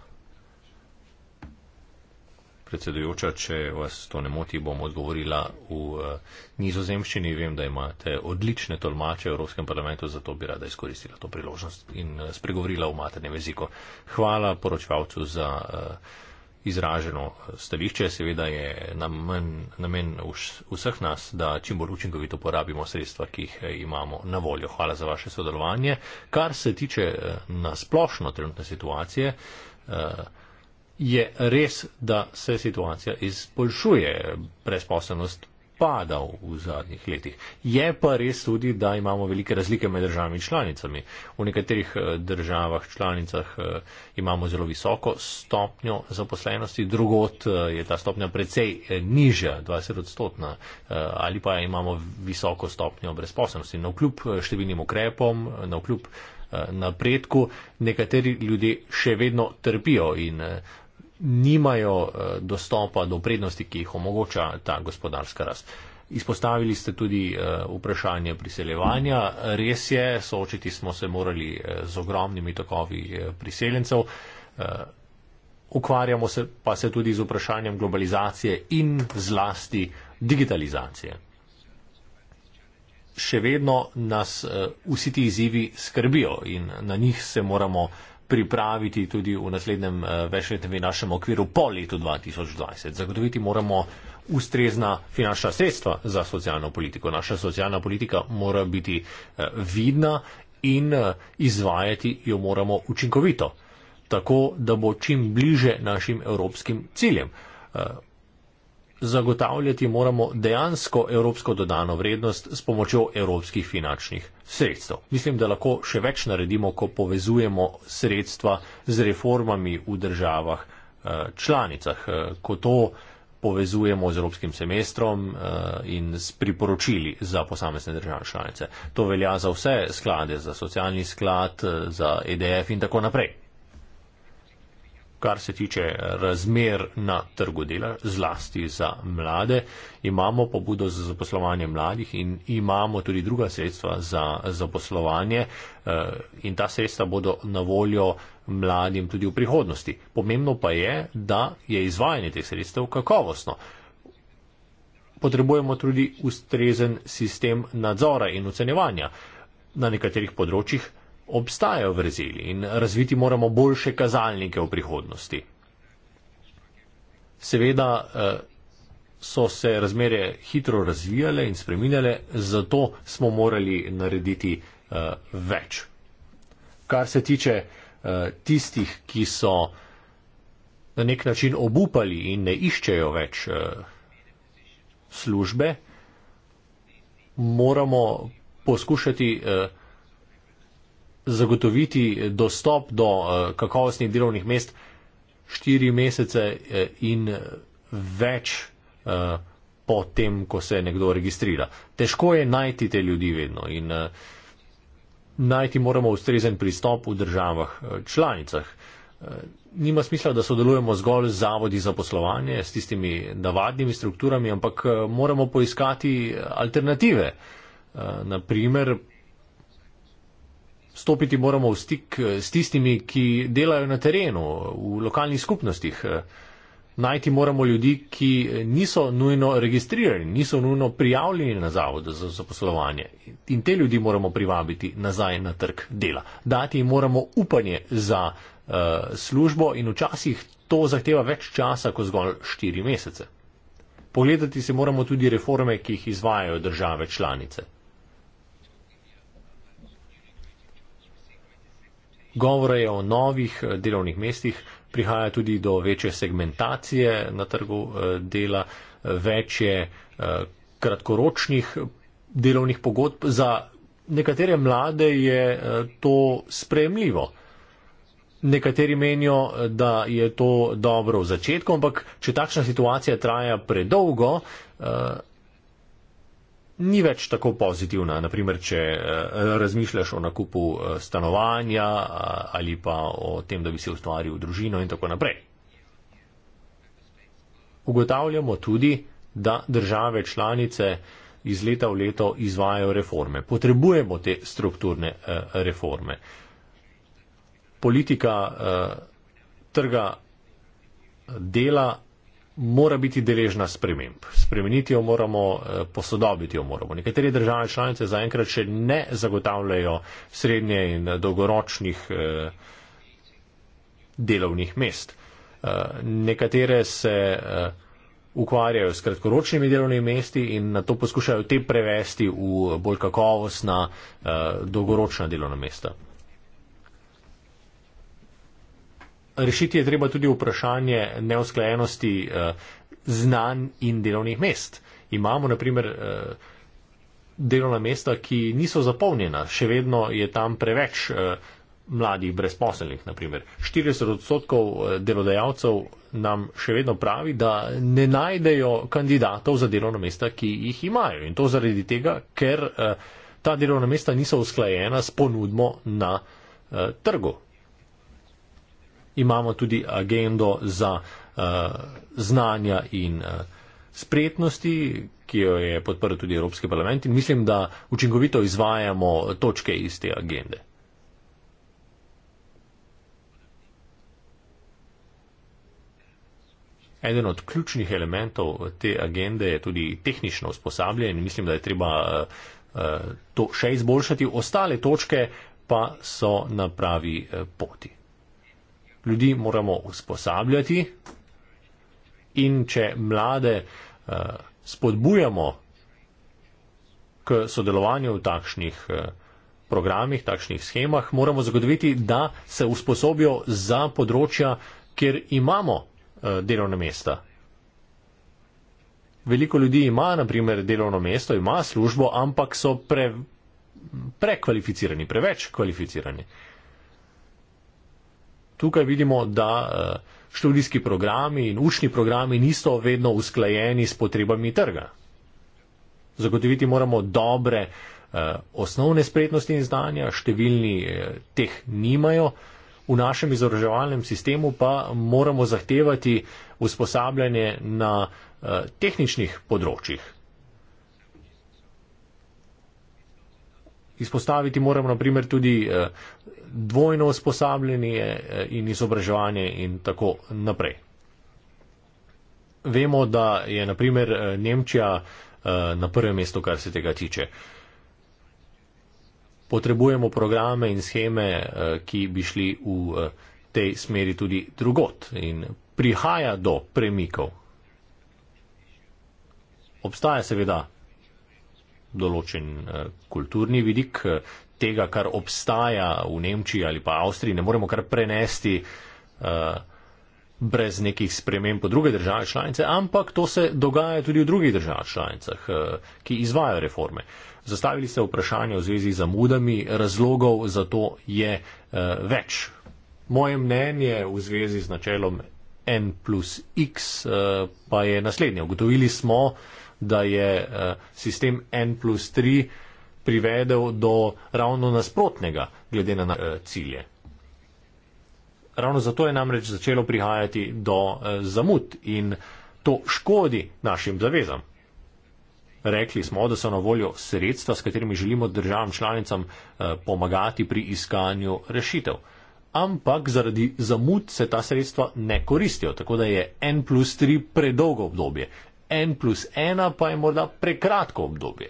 predsedujoča, če vas to ne moti, bom odgovorila v eh, nizozemščini. Vem, da imate odlične tolmače v Evropskem parlamentu, zato bi rada izkoristila to priložnost in eh, spregovorila v maternem jeziku. Hvala poročevalcu za eh, izraženo stališče. Seveda je namen, namen vseh nas, da čim bolj učinkovito porabimo sredstva, ki jih imamo na voljo. Hvala za vaše sodelovanje. Kar se tiče na splošno trenutne situacije, Uh, je res, da se situacija izboljšuje, brezposobnost pada v zadnjih letih. Je pa res tudi, da imamo velike razlike med državami članicami. V nekaterih eh, državah članicah eh, imamo zelo visoko stopnjo zaposlenosti, drugot eh, je ta stopnja precej nižja, 20 odstotna, ali pa imamo visoko stopnjo brezposobnosti. Na vkljub številnim ukrepom, na vkljub napredku, nekateri ljudje še vedno trpijo in nimajo eh, dostopa do prednosti, ki jih omogoča ta gospodarska rast. Izpostavili ste tudi eh, vprašanje priseljevanja. Res je, soočiti smo se morali eh, z ogromnimi tokovi priseljencev. Ukvarjamo se pa se tudi z vprašanjem globalizacije in zlasti digitalizacije. Še vedno nas vsi ti izzivi skrbijo in na njih se moramo pripraviti tudi v naslednjem eh, večletnem finančnem okviru po letu 2020. Zagotoviti moramo ustrezna finančna sredstva za socialno politiko. Naša socialna politika mora biti eh, vidna in eh, izvajati jo moramo učinkovito, tako da bo čim bliže našim evropskim ciljem zagotavljati moramo dejansko evropsko dodano vrednost s pomočjo evropskih finančnih sredstev. Mislim, da lahko še več naredimo, ko povezujemo sredstva z reformami v državah eh, članicah, eh, ko to povezujemo z evropskim semestrom eh, in s priporočili za posamezne države članice. To velja za vse sklade, za socialni sklad, za EDF in tako naprej kar se tiče razmer na trgu dela, zlasti za mlade. Imamo pobudo za zaposlovanje mladih in imamo tudi druga sredstva za zaposlovanje eh, in ta sredstva bodo na voljo mladim tudi v prihodnosti. Pomembno pa je, da je izvajanje teh sredstev kakovostno. Potrebujemo tudi ustrezen sistem nadzora in ocenevanja. Na nekaterih področjih obstajajo vrzeli in razviti moramo boljše kazalnike v prihodnosti. Seveda eh, so se razmere hitro razvijale in spreminjale, zato smo morali narediti eh, več. Kar se tiče eh, tistih, ki so na nek način obupali in ne iščejo več službe, moramo poskušati zagotoviti dostop do eh, kakovostnih delovnih mest štiri mesece eh, in eh, več po tem, ko se nekdo registrira. Težko je najti te ljudi vedno in najti moramo ustrezen pristop v državah članicah. Nima smisla, da sodelujemo zgolj z zavodi za poslovanje, s tistimi navadnimi strukturami, ampak moramo poiskati alternative. Naprimer, stopiti moramo v stik eh, s tistimi, ki delajo na terenu, v lokalnih skupnostih. Eh, Najti moramo ljudi, ki eh, niso nujno registrirani, niso nujno prijavljeni na zavodu za zaposlovanje. In te ljudi moramo privabiti nazaj na trg dela. Dati jim moramo upanje za uh, službo in včasih to zahteva več časa kot zgolj štiri mesece. Pogledati se moramo tudi reforme, ki jih izvajajo države članice. Govore je o novih eh, delovnih mestih, prihaja tudi do večje segmentacije na trgu eh, dela, eh, večje kratkoročnih delovnih pogodb. Za nekatere mlade je to spremljivo. Nekateri menijo, da je to dobro v začetku, ampak če takšna situacija traja predolgo, ni več tako pozitivna. Naprimer, če eh, razmišljaš o nakupu eh, stanovanja eh, ali pa o tem, da bi si ustvaril družino in tako naprej. Ugotavljamo tudi, da države članice iz leta v leto izvajajo reforme. Potrebujemo te strukturne reforme. Politika trga dela mora biti deležna sprememb. Spremeniti jo moramo, eh, posodobiti jo moramo. Nekatere države članice zaenkrat še ne zagotavljajo srednje in dolgoročnih eh, delovnih mest. Eh, nekatere se ukvarjajo s kratkoročnimi delovnimi mesti in na to poskušajo te prevesti v bolj kakovostna, dolgoročna delovna mesta. rešiti je treba tudi vprašanje neusklajenosti uh, znanj in delovnih mest. Imamo naprimer uh, eh, delovna mesta, ki niso zapolnjena, še vedno je tam preveč uh, mladih brezposelnih. 40 odstotkov delodajalcev nam še vedno pravi, da ne najdejo kandidatov za delovna mesta, ki jih imajo. In to zaradi tega, ker uh, ta delovna mesta niso usklajena s ponudbo na uh, trgu imamo tudi agendo za uh, znanja in uh, spretnosti, ki jo je podprl tudi Evropski parlament in mislim, da učinkovito izvajamo točke iz te agende. Eden od ključnih elementov te agende je tudi tehnično usposabljanje in mislim, da je treba eh, to še izboljšati. Ostale točke pa so na pravi poti ljudi moramo usposabljati in če mlade uh, spodbujamo k sodelovanju v takšnih uh, programih, takšnih schemah, moramo zagotoviti, da se usposobijo za področja, kjer imamo uh, eh, delovne mesta. Veliko ljudi ima, naprimer, delovno mesto, ima službo, ampak so pre, prekvalificirani, preveč kvalificirani. Uh, tukaj vidimo, da eh, študijski programi in učni programi niso vedno usklajeni s potrebami trga. Zagotoviti moramo dobre eh, osnovne spretnosti in znanja, številni eh, teh nimajo. V našem izobraževalnem sistemu pa moramo zahtevati usposabljanje na tehničnih področjih. Izpostaviti moramo naprimer tudi dvojno usposabljanje eh, in izobraževanje in tako naprej. Vemo, da je naprimer eh, Nemčija eh, na prvem mestu, kar se tega tiče. Potrebujemo programe in scheme, ki bi šli v tej smeri tudi drugot in prihaja do premikov. Obstaja seveda določen eh, kulturni vidik eh, tega, kar obstaja v Nemčiji ali pa Avstriji, ne moremo kar prenesti eh, brez nekih sprememb po druge države članice, ampak to se dogaja tudi v drugih državah članicah, ki izvajo reforme. Zastavili ste vprašanje v zvezi z zamudami, razlogov za to je več. Moje mnenje v zvezi z načelom N plus X pa je naslednje. Ugotovili smo, da je eh, sistem N plus 3 privedel do ravno nasprotnega, glede na eh, cilje. Ravno zato je namreč začelo prihajati do eh, zamud in to škodi našim zavezam. Rekli smo, da so na voljo sredstva, s katerimi želimo državam članicam pomagati pri iskanju rešitev. Ampak zaradi zamud se ta sredstva ne koristijo, tako da je N plus 3 predolgo obdobje en plus ena pa je morda prekratko obdobje.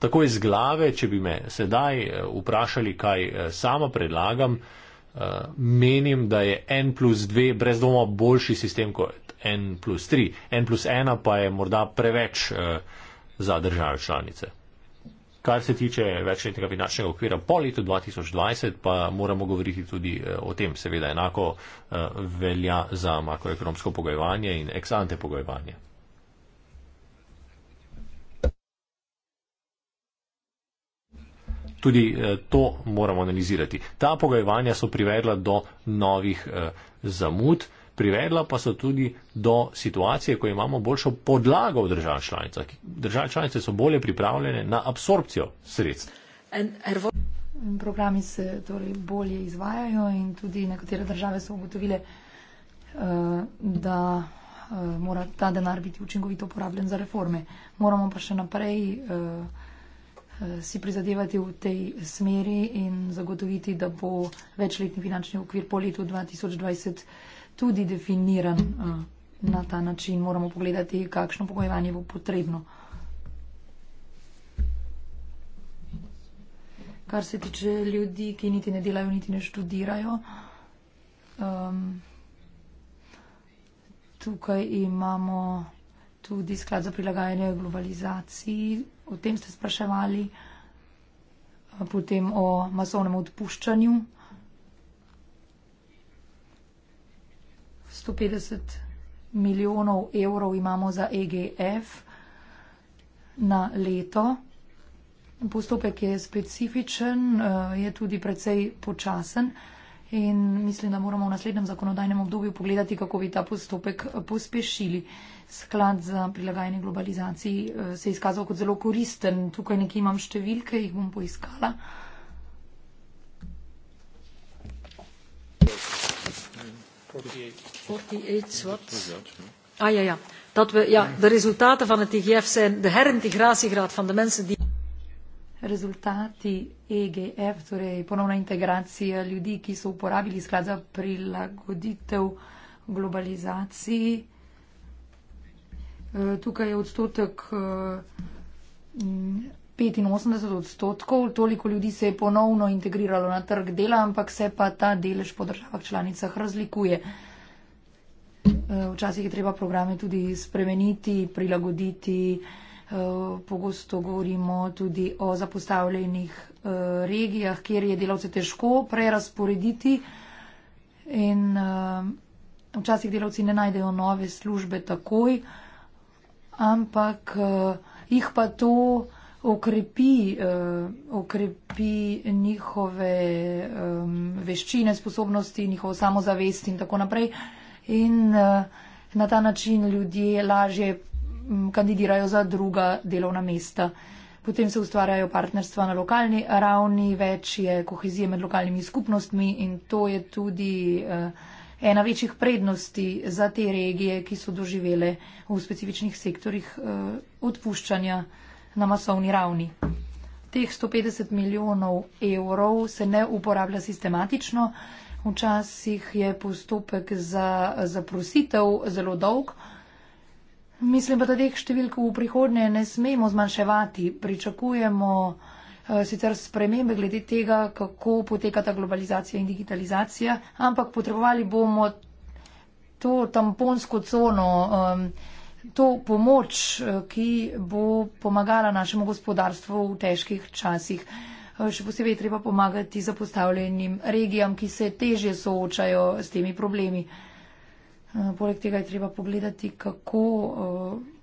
Tako iz glave, če bi me sedaj eh, vprašali, kaj eh, sama predlagam, eh, menim, da je en plus dve brez doma boljši sistem kot en plus tri. En plus ena pa je morda preveč za države članice. Kar se tiče večletnega finančnega okvira po letu 2020, pa moramo govoriti tudi eh, o tem. Seveda enako eh, velja za makroekonomsko pogojevanje in eksante pogojevanje. Tudi eh, to moramo analizirati. Ta pogojevanja so privedla do novih zamud privedla pa so tudi do situacije, ko imamo boljšo podlago v državah članicah. Države članice so bolje pripravljene na absorpcijo sredstv. Er, Programi se torej bolje izvajajo in tudi nekatere države so ugotovile, eh, da eh, mora ta denar biti učinkovito uporabljen za reforme. Moramo pa še naprej eh, si prizadevati v tej smeri in zagotoviti, da bo večletni finančni okvir po letu 2020 tudi definiran eh, na ta način. Moramo pogledati, kakšno pogojevanje bo potrebno. Kar se tiče ljudi, ki niti ne delajo, niti ne študirajo, um, tukaj imamo tudi sklad za prilagajanje globalizaciji. O tem ste spraševali, eh, potem o masovnem odpuščanju. 150 milijonov evrov imamo za EGF na leto. Postopek je specifičen, eh, je tudi precej počasen in mislim, da moramo v naslednjem zakonodajnem obdobju pogledati, kako bi ta postopek eh, pospešili. Sklad za prilagajanje globalizaciji eh, se je izkazal kot zelo koristen. Tukaj nekje imam številke, jih bom poiskala. Thank you. 48 wat? Ja. Ah, ja, ja. Dat we, ja, de resultaten van het IGF zijn de herintegratiegraad van de mensen die. Resultati EGF, torej ponovna integracija ljudi, ki so uporabili sklad za prilagoditev globalizaciji. E, tukaj je odstotek e, 85 odstotkov, toliko ljudi se je ponovno integriralo na trg dela, ampak se pa ta delež po državah članicah razlikuje. Eh, včasih je treba programe tudi spremeniti, prilagoditi. Eh, pogosto govorimo tudi o zapostavljenih eh, regijah, kjer je delavce težko prerasporediti in včasih delavci ne najdejo nove službe takoj, ampak jih pa to okrepi, okrepi njihove veščine, sposobnosti, njihovo samozavest in tako naprej in eh, na ta način ljudje lažje mm, kandidirajo za druga delovna mesta. Potem se ustvarjajo partnerstva na lokalni ravni, več je kohezije med lokalnimi skupnostmi in to je tudi eh, ena večjih prednosti za te regije, ki so doživele v specifičnih sektorjih eh, odpuščanja na masovni ravni. Teh 150 milijonov evrov se ne uporablja sistematično. Včasih je postopek za zaprositev zelo dolg. Mislim pa, da teh številk v prihodnje ne smemo zmanjševati. Pričakujemo eh, sicer spremembe glede tega, kako poteka ta globalizacija in digitalizacija, ampak potrebovali bomo to tamponsko cono, to pomoč, eh, ki bo pomagala našemu gospodarstvu v težkih časih. Eh, še posebej treba pomagati zapostavljenim regijam, ki se teže soočajo s temi problemi. Eh, poleg tega je treba pogledati, kako, eh,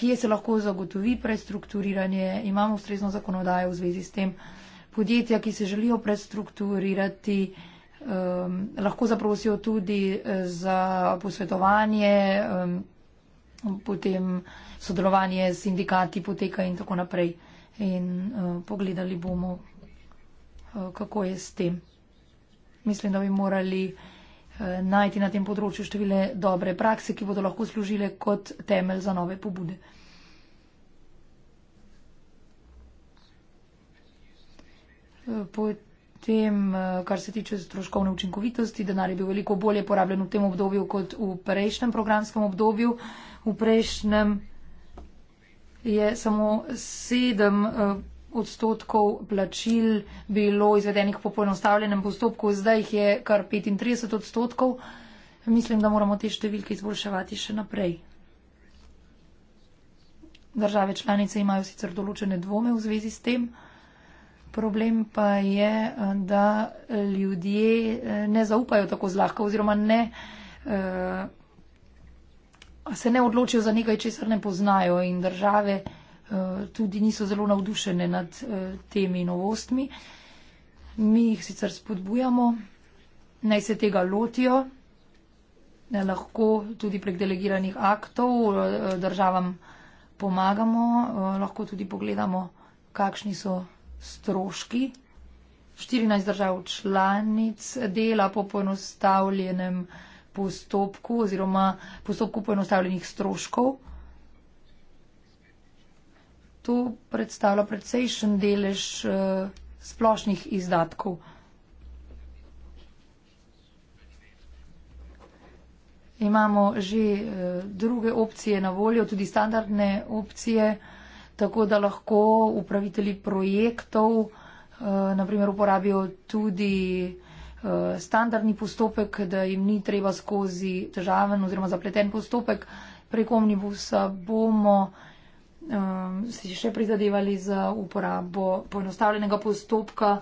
kje se lahko zagotovi prestrukturiranje, imamo ustrezno zakonodajo v zvezi s tem. Podjetja, ki se želijo prestrukturirati, ehm, lahko zaprosijo tudi za posvetovanje, ehm, potem sodelovanje s sindikati poteka in tako naprej. In pogledali bomo, Eh, kako je s tem. Mislim, da bi morali eh, najti na tem področju številne dobre prakse, ki bodo lahko služile kot temelj za nove pobude. Eh, potem, kar se tiče stroškovne učinkovitosti, denar je bil veliko bolje porabljen v tem obdobju kot v prejšnjem programskem obdobju. V prejšnjem je samo sedem odstotkov plačil bilo izvedenih po poenostavljenem postopku, zdaj jih je kar 35 odstotkov. Mislim, da moramo te številke izboljševati še naprej. Države članice imajo sicer določene dvome v zvezi s tem. Problem pa je, da ljudje eh, ne zaupajo tako zlahka oziroma ne, eh, se ne odločijo za nekaj, česar ne poznajo in države. Eh, tudi niso zelo navdušene nad eh, temi novostmi. Mi jih sicer spodbujamo, naj se tega lotijo, da eh, lahko tudi prek delegiranih aktov državam pomagamo, lahko tudi pogledamo, kakšni so stroški. 14 držav članic dela po poenostavljenem postopku oziroma postopku poenostavljenih stroškov to predstavlja precejšen delež eh, splošnih izdatkov. Imamo že eh, druge opcije na voljo, tudi standardne opcije, tako da lahko upravitelji projektov eh, naprimer uporabijo tudi standardni postopek, da jim ni treba skozi težaven oziroma zapleten postopek. Prek omnibusa bomo uh, um, si še prizadevali za uporabo poenostavljenega postopka,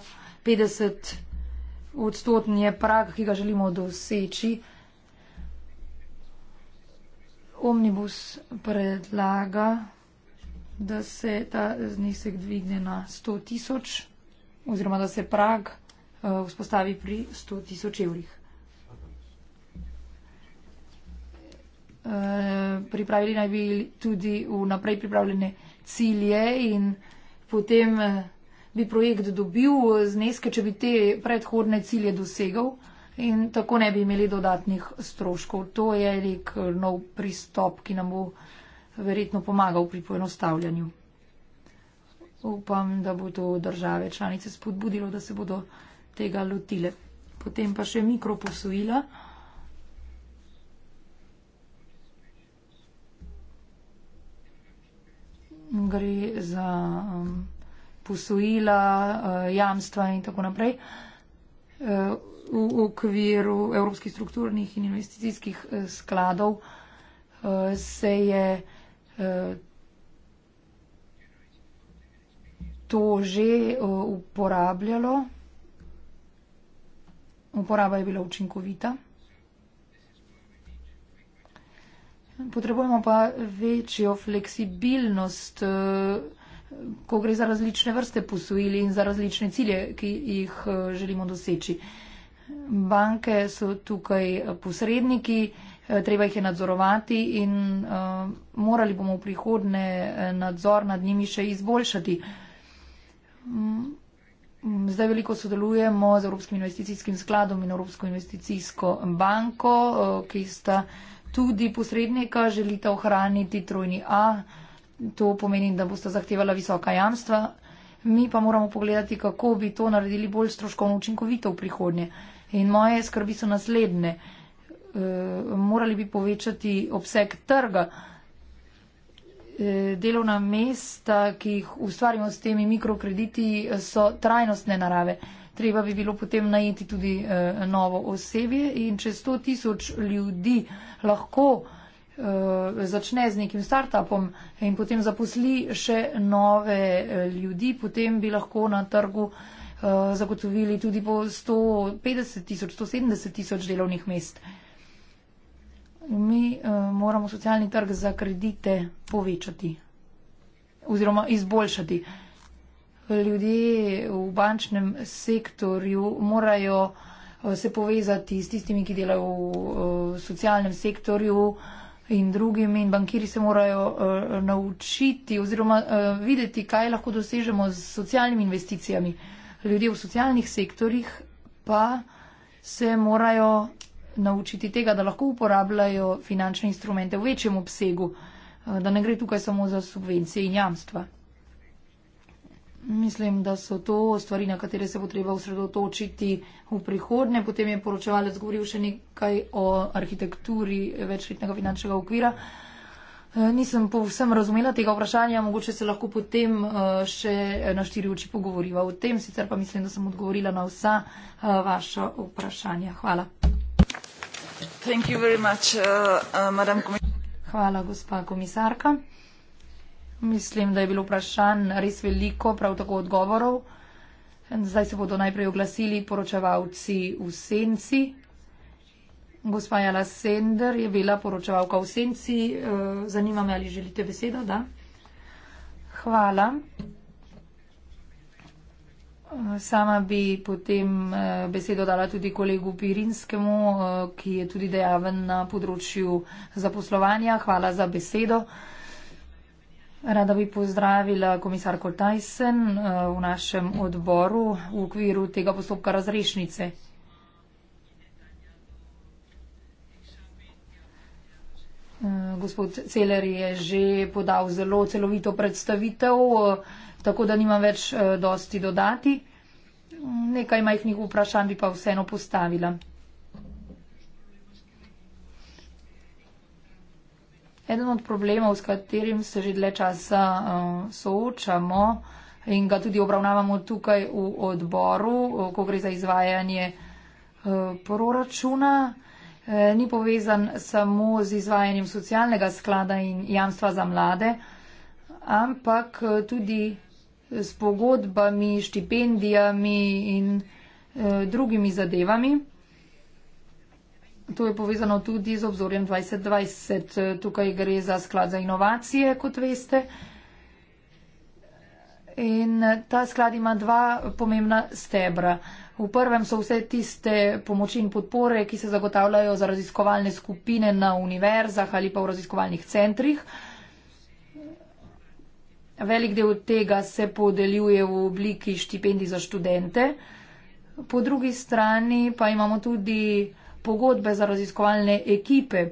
50 odstotni je prak, ki ga želimo doseči. Omnibus predlaga, da se ta znesek dvigne na 100 tisoč oziroma da se prag uh, vzpostavi pri 100 tisoč evrih. Eh, pripravili naj bi tudi vnaprej pripravljene cilje in potem eh, bi projekt dobil zneske, če bi te predhodne cilje dosegal in tako ne bi imeli dodatnih stroškov. To je nek eh, nov pristop, ki nam bo verjetno pomagal pri poenostavljanju. Upam, da bodo države članice spodbudilo, da se bodo tega lotile. Potem pa še mikroposojila. gre za um, posojila, uh, jamstva in tako naprej uh, v okviru evropskih strukturnih in investicijskih uh, skladov uh, se je uh, to že uh, uporabljalo. Uporaba je bila učinkovita. Potrebujemo pa večjo fleksibilnost, eh, ko gre za različne vrste posojil in za različne cilje, ki jih eh, želimo doseči. Banke so tukaj posredniki, eh, treba jih je nadzorovati in morali bomo v prihodne nadzor nad njimi še izboljšati. Mm, zdaj veliko sodelujemo z Evropskim investicijskim skladom in Evropsko investicijsko banko, ki sta tudi posrednika želite ohraniti trojni A, to pomeni, da boste zahtevala visoka jamstva. Mi pa moramo pogledati, kako bi to naredili bolj stroškovno učinkovito v prihodnje. In moje skrbi so naslednje. E, morali bi povečati obseg trga, e, delovna mesta, ki jih ustvarimo s temi mikrokrediti, so trajnostne narave treba bi bilo potem najeti tudi uh, novo osebje in če 100 tisoč ljudi lahko eh, začne z nekim startupom in potem zaposli še nove eh, ljudi, potem bi lahko na trgu zagotovili tudi po 150 tisoč, 170 tisoč delovnih mest. Mi moramo socialni trg za kredite povečati oziroma izboljšati ljudje v bančnem sektorju morajo eh, se povezati s tistimi, ki delajo v eh, socialnem sektorju in drugimi in bankiri se morajo eh, naučiti oziroma videti, kaj lahko dosežemo z socialnimi investicijami. Ljudje v socialnih sektorjih pa se morajo naučiti tega, da lahko uporabljajo finančne instrumente v večjem obsegu, da ne gre tukaj samo za subvencije in jamstva. Mislim, da so to stvari, na katere se bo treba usredotočiti v prihodnje. Potem je poročevalec govoril še nekaj o arhitekturi večletnega finančnega okvira. E, nisem povsem razumela tega vprašanja, mogoče se lahko potem e, še na štiri oči pogovoriva o tem, sicer pa mislim, da sem odgovorila na vsa e, vaša vprašanja. Hvala. Hvala, gospa komisarka. Mislim, da je bilo vprašanj res veliko, prav tako odgovorov. Zdaj se bodo najprej oglasili poročevalci v senci. Gospa Jala Sender je bila poročevalka v senci. Eh, zanima me, ali želite besedo, da? Hvala. Eh, sama bi potem eh, besedo dala tudi kolegu Pirinskemu, ki je tudi dejaven na področju zaposlovanja. Hvala za besedo. Rada bi pozdravila komisarko Tyson eh, v našem odboru v okviru tega postopka razrešnice. Eh, gospod Celer je že podal zelo celovito predstavitev, eh, tako da nimam več dosti dodati. Nekaj majhnih vprašanj bi pa vseeno postavila. Eden od problemov, s katerim se že dlje časa eh, soočamo in ga tudi obravnavamo tukaj v odboru, eh, ko gre za izvajanje eh, proračuna, ni povezan samo z izvajanjem socialnega sklada in jamstva za mlade, ampak tudi s pogodbami, štipendijami in drugimi zadevami. To je povezano tudi z obzorjem 2020. Tukaj gre za sklad za inovacije, kot veste. In ta sklad ima dva pomembna stebra. V prvem so vse tiste pomoči in podpore, ki se zagotavljajo za raziskovalne skupine na univerzah ali pa v raziskovalnih centrih. Velik del tega se podeljuje v obliki štipendij za študente. Po drugi strani pa imamo tudi pogodbe za raziskovalne ekipe.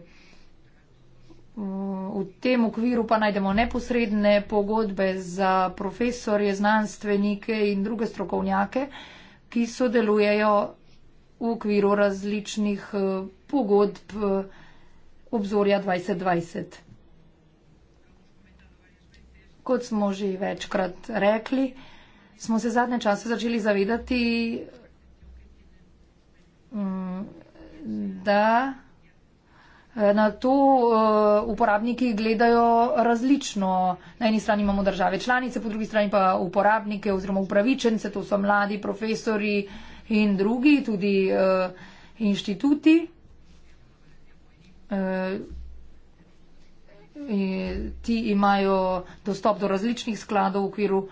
V tem okviru pa najdemo neposredne pogodbe za profesorje, znanstvenike in druge strokovnjake, ki sodelujejo v okviru različnih eh, pogodb eh, obzorja 2020. Kot smo že večkrat rekli, smo se zadnje čase začeli zavedati mm, da eh, na to eh, uporabniki gledajo različno. Na eni strani imamo države članice, po drugi strani pa uporabnike oziroma upravičence, to so mladi profesori in drugi, tudi eh, inštituti. Ti imajo dostop do različnih skladov v okviru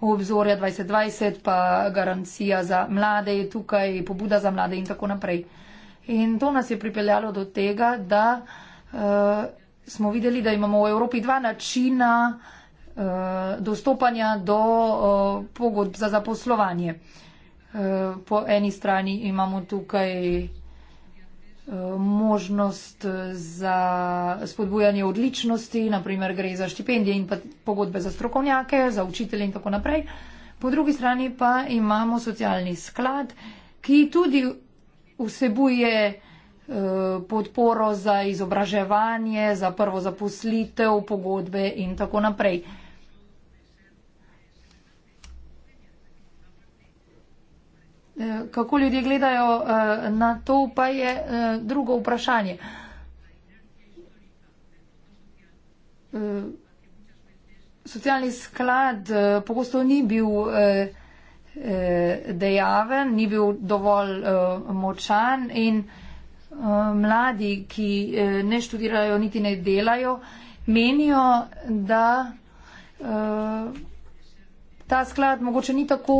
obzorja 2020, pa garancija za mlade je tukaj, pobuda za mlade in tako naprej. In to nas je pripeljalo do tega, da uh, smo videli, da imamo v Evropi dva načina uh, dostopanja do uh, pogodb za zaposlovanje. Uh, po eni strani imamo tukaj možnost za spodbujanje odličnosti, naprimer gre za štipendije in pogodbe za strokovnjake, za učitelje in tako naprej. Po drugi strani pa imamo socialni sklad, ki tudi vsebuje eh, podporo za izobraževanje, za prvo zaposlitev, pogodbe in tako naprej. Eh, kako ljudje gledajo eh, na to, pa je drugo vprašanje. Socialni sklad pogosto ni bil vprašanje, Eh, dejaven, ni bil dovolj eh, močan in eh, mladi, ki ne študirajo, niti ne delajo, menijo, da ta sklad mogoče ni tako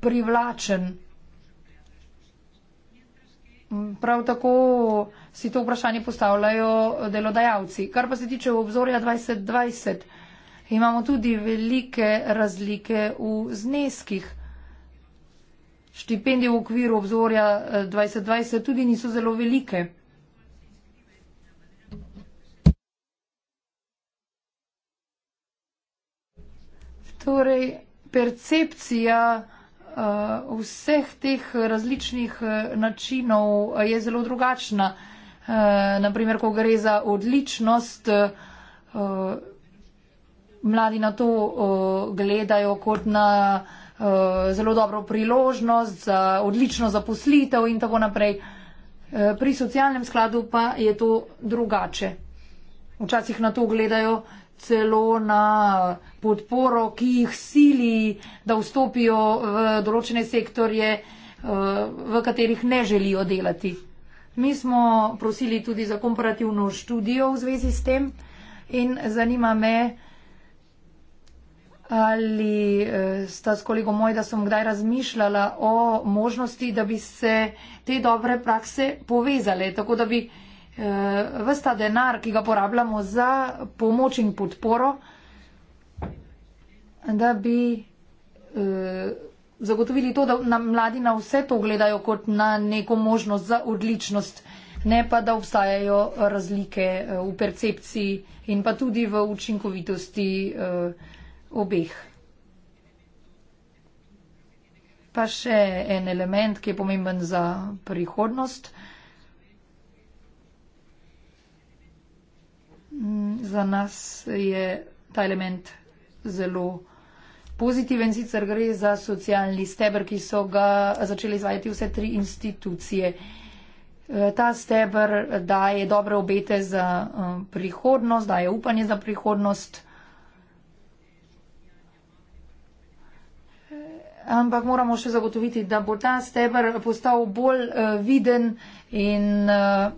privlačen. Prav tako si to vprašanje postavljajo delodajalci. Kar pa se tiče obzorja 2020, imamo tudi velike razlike v zneskih. Štipendije v okviru obzorja 2020 eh, tudi niso zelo velike. Torej, percepcija uh, vseh teh različnih eh, načinov je zelo drugačna. Uh, naprimer, ko gre za odličnost, uh, mladi na to uh, gledajo kot na uh, zelo dobro priložnost, za odlično zaposlitev in tako naprej. Eh, pri socialnem skladu pa je to drugače. Včasih na to gledajo celo na podporo, ki jih sili, da vstopijo v določene sektorje, v katerih ne želijo delati. Mi smo prosili tudi za komparativno študijo v zvezi s tem in zanima me, ali eh, sta s kolegom moj, da sem kdaj razmišljala o možnosti, da bi se te dobre prakse povezale, tako da bi eh, vsta denar, ki ga porabljamo za pomoč in podporo, da bi eh, zagotovili to, da na mladi na vse to gledajo kot na neko možnost za odličnost, ne pa da obstajajo razlike v percepciji in pa tudi v učinkovitosti. Uh, obeh. Pa še en element, ki je pomemben za prihodnost. Za nas je ta element zelo pozitiven, sicer gre za socialni steber, ki so ga začeli izvajati vse tri institucije. Ta steber daje dobre obete za eh, prihodnost, daje upanje za prihodnost. ampak moramo še zagotoviti, da bo ta stebr postal bolj uh, viden in uh,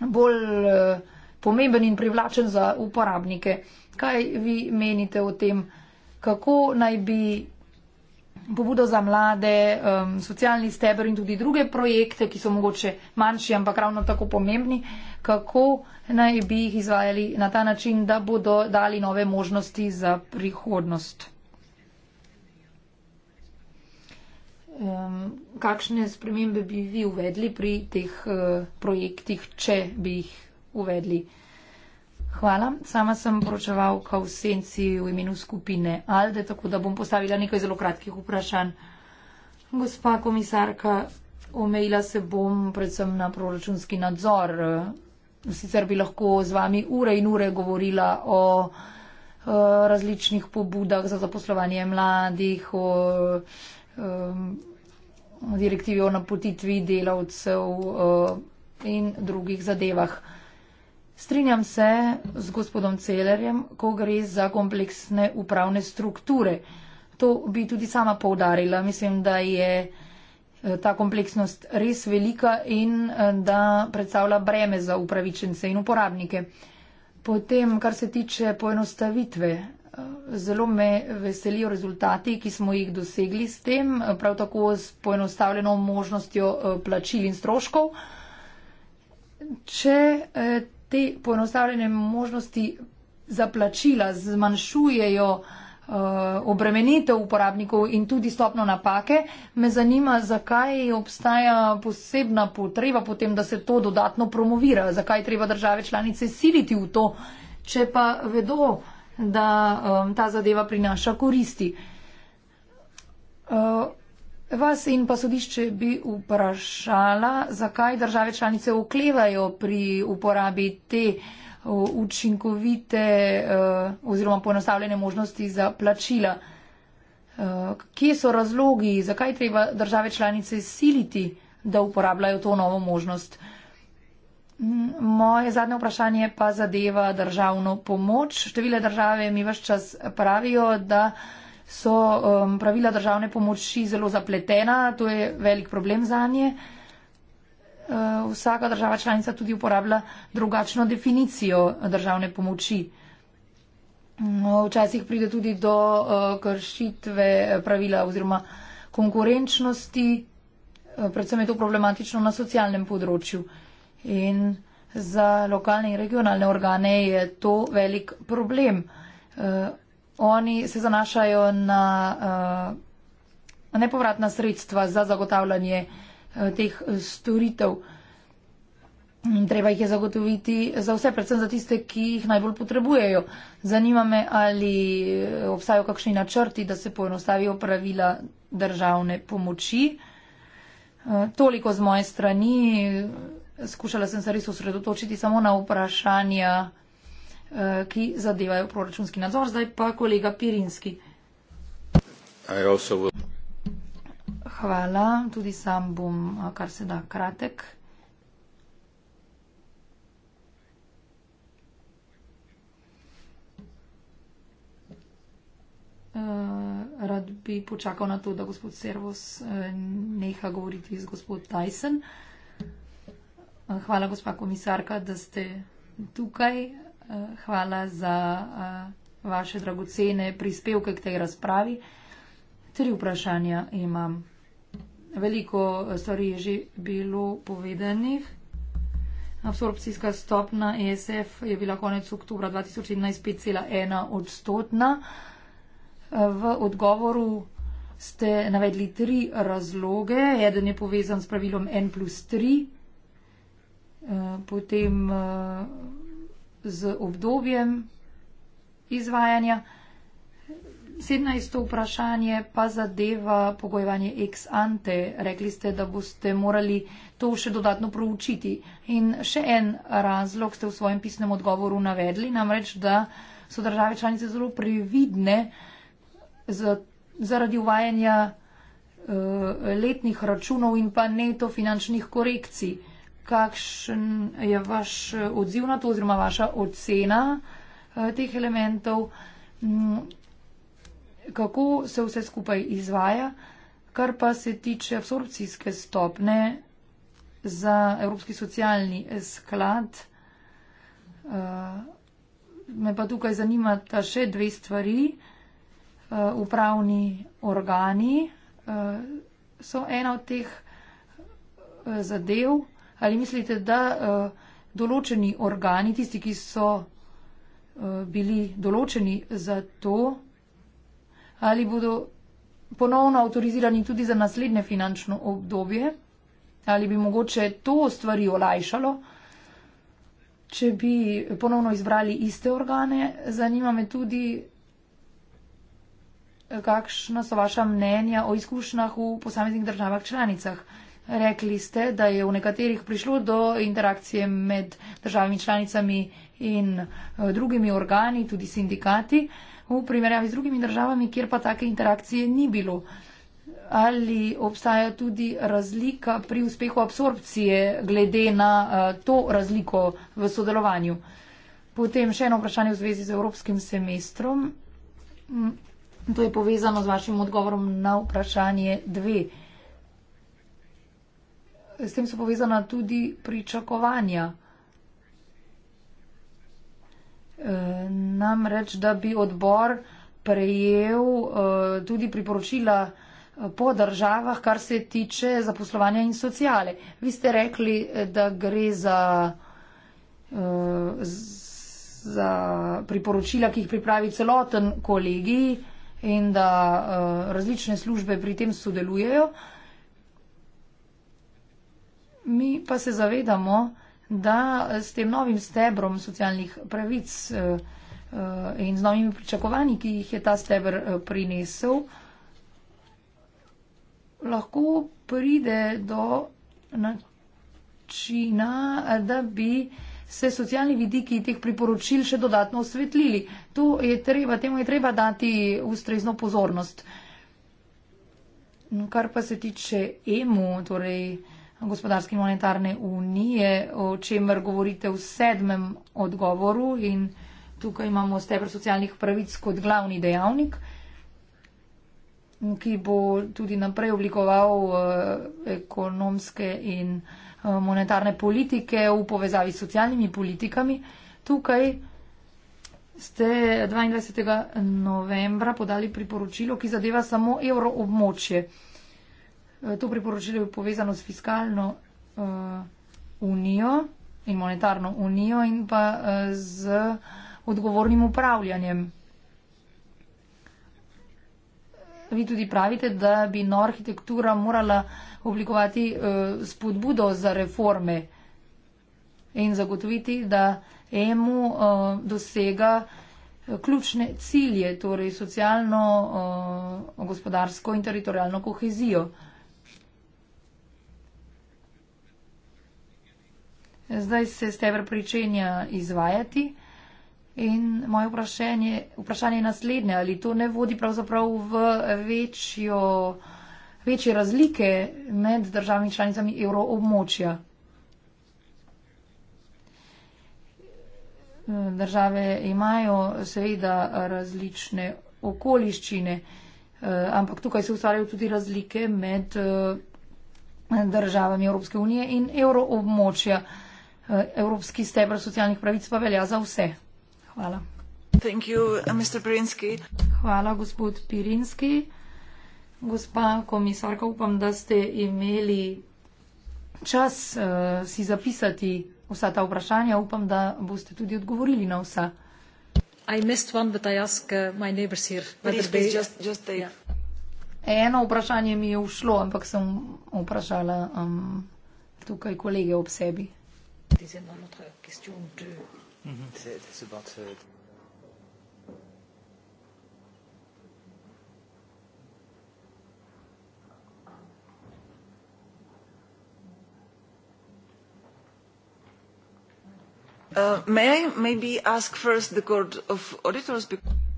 bolj uh, pomemben in privlačen za uporabnike. Kaj vi menite o tem, kako naj bi pobudo za mlade, um, socialni stebr in tudi druge projekte, ki so mogoče manjši, ampak ravno tako pomembni, kako naj bi jih izvajali na ta način, da bodo dali nove možnosti za prihodnost? um, kakšne spremembe bi vi uvedli pri teh uh, projektih, če bi jih uvedli. Hvala. Sama sem poročevalka v senci v imenu skupine Alde, tako da bom postavila nekaj zelo kratkih vprašanj. Gospa komisarka, omejila se bom predvsem na proračunski nadzor. Eh, sicer bi lahko z vami ure in ure govorila o eh, različnih pobudah za zaposlovanje mladih, o um, direktivi o napotitvi delavcev uh, in drugih zadevah. Strinjam se z gospodom Celerjem, ko gre za kompleksne upravne strukture. To bi tudi sama poudarila. Mislim, da je eh, ta kompleksnost res velika in eh, da predstavlja breme za upravičence in uporabnike. Potem, kar se tiče poenostavitve Zelo me veselijo rezultati, ki smo jih dosegli s tem, prav tako s poenostavljeno možnostjo eh, plačil in stroškov. Če eh, te poenostavljene možnosti za plačila zmanjšujejo eh, obremenitev uporabnikov in tudi stopno napake, me zanima, zakaj obstaja posebna potreba potem, da se to dodatno promovira, zakaj treba države članice siliti v to, če pa vedo, da um, ta zadeva prinaša koristi. Uh, vas in pa sodišče bi vprašala, zakaj države članice oklevajo pri uporabi te uh, učinkovite uh, oziroma poenostavljene možnosti za plačila. Uh, kje so razlogi, zakaj treba države članice siliti, da uporabljajo to novo možnost? Uh, Moje zadnje vprašanje pa zadeva državno pomoč. Števile države mi vse čas pravijo, da so um, pravila državne pomoči zelo zapletena, to je velik problem za nje. Uh, vsaka država članica tudi uporablja drugačno definicijo državne pomoči. No, včasih pride tudi do uh, kršitve pravila oziroma konkurenčnosti, uh, predvsem je to problematično na socialnem področju. Uh, in za lokalne in regionalne organe je to velik problem. Uh, oni se zanašajo na uh, nepovratna sredstva za zagotavljanje uh, teh storitev. Treba jih je zagotoviti za vse, predvsem za tiste, ki jih najbolj potrebujejo. Zanima me, ali obstajajo kakšni načrti, da se poenostavijo pravila državne pomoči. Toliko z moje strani. Skušala sem se res osredotočiti samo na vprašanja, eh, ki zadevajo proračunski nadzor. Zdaj pa kolega Pirinski. Hvala, tudi sam bom kar se da kratek. Eh, rad bi počakal na to, da gospod Servos eh, neha govoriti z gospod Tyson. Hvala, gospa komisarka, da ste tukaj. Hvala za vaše dragocene prispevke k tej razpravi. Tri vprašanja imam. Veliko stvari je že bilo povedanih. Absorpcijska stopna ESF je bila konec oktobra 2017 5,1 odstotna. V odgovoru ste navedli tri razloge. Eden je povezan s pravilom N plus 3. Eh, potem eh, z obdobjem izvajanja. 17. vprašanje pa zadeva pogojevanje ex ante. Rekli ste, da boste morali to še dodatno proučiti. In še en razlog ste v svojem pisnem odgovoru navedli, namreč, da so države članice zelo previdne zaradi uvajanja eh, letnih računov in pa neto finančnih korekcij kakšen je vaš eh, odziv na to oziroma vaša ocena eh, teh elementov, mm, kako se vse skupaj izvaja, kar pa se tiče absorpcijske stopne za Evropski socialni eh, sklad. Me pa tukaj zanimata še dve stvari. Upravni organi so ena od teh zadev. Ali mislite, da eh, določeni organi, tisti, ki so eh, bili določeni za to, ali bodo ponovno avtorizirani tudi za naslednje finančno obdobje, ali bi mogoče to stvari olajšalo, če bi ponovno izbrali iste organe. Zanima me tudi, eh, kakšna so vaša mnenja o izkušnjah v posameznih državah članicah. Rekli ste, da je v nekaterih prišlo do interakcije med državami članicami in eh, drugimi organi, tudi sindikati, v primerjavi z drugimi državami, kjer pa take interakcije ni bilo. Ali obstaja tudi razlika pri uspehu absorpcije glede na eh, to razliko v sodelovanju? Potem še eno vprašanje v zvezi z evropskim semestrom. Mm, to je povezano z vašim odgovorom na vprašanje dve s tem so povezana tudi pričakovanja. E, namreč, da bi odbor prejel e, tudi priporočila e, po državah, kar se tiče zaposlovanja in sociale. Vi ste rekli, da gre za, za priporočila, ki jih pripravi celoten kolegi in da različne službe pri tem sodelujejo. Mi pa se zavedamo, da s tem novim stebrom socialnih pravic eh, eh, in z novimi pričakovanji, ki jih je ta stebr eh, prinesel, lahko pride do načina, da bi se socialni vidiki teh priporočil še dodatno osvetlili. To je treba, temu je treba dati ustrezno pozornost. Kar pa se tiče emu, torej gospodarske in monetarne unije, o čemer govorite v sedmem odgovoru in tukaj imamo stebr socialnih pravic kot glavni dejavnik, ki bo tudi naprej oblikoval eh, ekonomske in eh, monetarne politike v povezavi s socialnimi politikami. Tukaj ste 22. novembra podali priporočilo, ki zadeva samo evroobmočje. Eh, to priporočilo je povezano s fiskalno uh, unijo in monetarno unijo in pa uh, z odgovornim upravljanjem. Vi tudi pravite, da bi nova arhitektura morala oblikovati uh, spodbudo za reforme in zagotoviti, da EMU uh, dosega ključne cilje, torej socialno, uh, gospodarsko in teritorijalno kohezijo. Zdaj se stebr pričenja izvajati in moje vprašanje, vprašanje je naslednje, ali to ne vodi pravzaprav v večjo, večje razlike med državami članicami evroobmočja. Države imajo seveda različne okoliščine, ampak tukaj se ustvarjajo tudi razlike med eh, državami Evropske unije in evroobmočja. Eh, Evropski stebr socialnih pravic pa velja za vse. Hvala. You, uh, Hvala, gospod Pirinski. Gospa komisarka, upam, da ste imeli čas uh, si zapisati vsa ta vprašanja. Upam, da boste tudi odgovorili na vsa. One, ask, uh, Please, just, just yeah. Eno vprašanje mi je ušlo, ampak sem vprašala um, tukaj kolege ob sebi disait dans notre question 2. Mm -hmm. it's, it's Uh, may I maybe ask first the court of auditors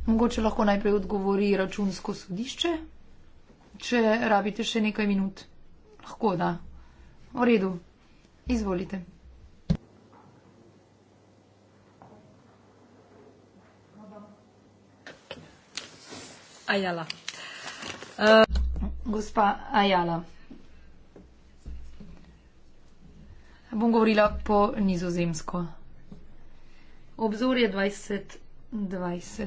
Mogoče lahko najprej odgovori računsko sodišče, če rabite še nekaj minut. Lahko da. V redu. Izvolite. Ajala. Eh, gospa Ajala. Bom govorila po nizozemsko. Obzorje 2020.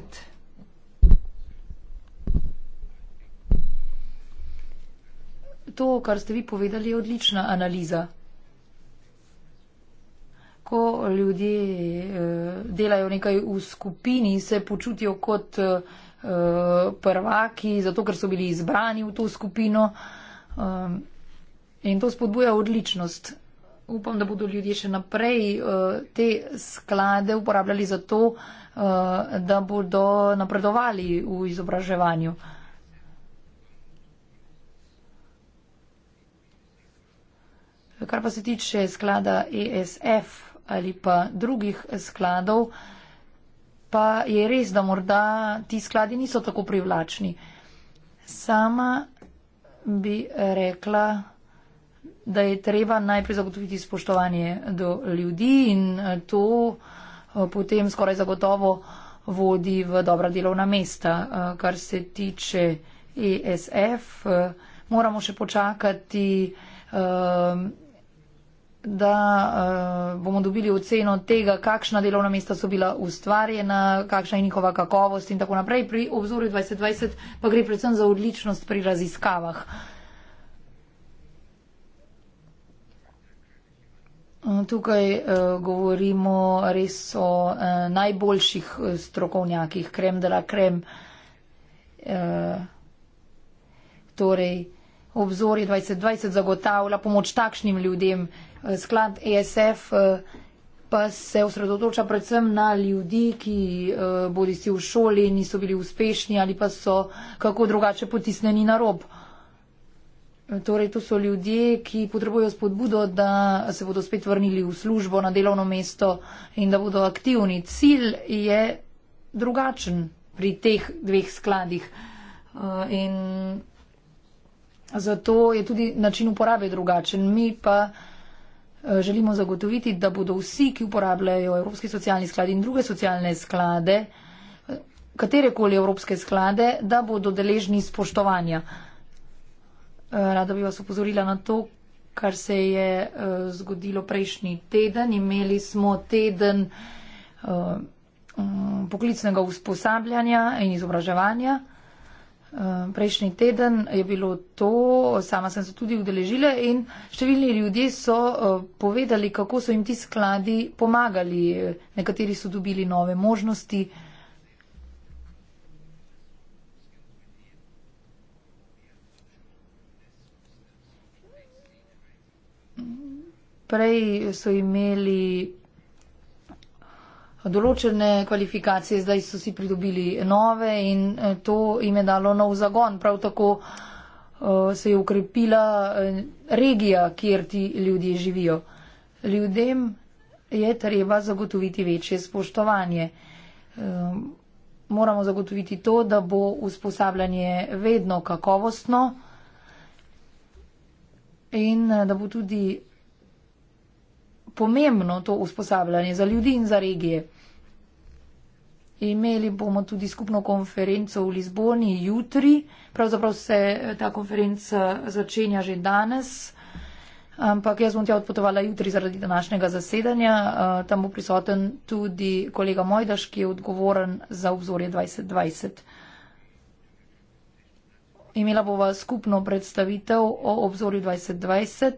To, kar ste vi povedali, je odlična analiza. Ko ljudje eh, delajo nekaj v skupini, se počutijo kot eh, prvaki, zato ker so bili izbrani v to skupino. Um, in to spodbuja odličnost. Upam, da bodo ljudje še naprej uh, te sklade uporabljali za to, uh, da bodo napredovali v izobraževanju. Kar pa se tiče sklada ESF ali pa drugih skladov, pa je res, da morda ti skladi niso tako privlačni. Sama bi rekla, da je treba najprej zagotoviti spoštovanje do ljudi in eh, to eh, potem skoraj zagotovo vodi v dobra delovna mesta. Eh, kar se tiče ESF, moramo še počakati da uh, bomo dobili oceno tega, kakšna delovna mesta so bila ustvarjena, kakšna je njihova kakovost in tako naprej. Pri obzorju 2020 pa gre predvsem za odličnost pri raziskavah. Eh, tukaj uh, govorimo res o uh, najboljših strokovnjakih, krem dela krem. Uh, torej, obzorje 2020 zagotavlja pomoč takšnim ljudem, sklad ESF eh, pa se osredotoča predvsem na ljudi, ki eh, bodi si v šoli, niso bili uspešni ali pa so kako drugače potisneni na rob. Torej, to so ljudje, ki potrebujo spodbudo, da se bodo spet vrnili v službo, na delovno mesto in da bodo aktivni. Cilj je drugačen pri teh dveh skladih. Eh, in zato je tudi način uporabe drugačen. Mi pa Eh, želimo zagotoviti, da bodo vsi, ki uporabljajo Evropski socialni sklad in druge socialne sklade, eh, katerekoli Evropske sklade, da bodo deležni spoštovanja. Eh, rada bi vas upozorila na to, kar se je zgodilo prejšnji teden. Imeli smo teden poklicnega usposabljanja in izobraževanja. Eh, prejšnji teden je bilo to, sama sem se tudi udeležila in številni ljudje so eh, povedali, kako so jim ti skladi pomagali. Nekateri so dobili nove možnosti. Prej so imeli določene kvalifikacije, zdaj so si pridobili nove in eh, to jim je dalo nov zagon. Prav tako eh, se je ukrepila eh, regija, kjer ti ljudje živijo. Ljudem je treba zagotoviti večje spoštovanje. Moramo zagotoviti to, da bo usposabljanje vedno kakovostno in da bo tudi pomembno to usposabljanje za ljudi in za regije. Imeli bomo tudi skupno konferenco v Lizboni jutri. Pravzaprav se eh, ta konferenca eh, začenja že danes, ampak jaz bom tja odpotovala jutri zaradi današnjega zasedanja. Eh, tam bo prisoten tudi kolega Mojdaš, ki je odgovoren za obzorje 2020. Imela bova skupno predstavitev o obzorju 2020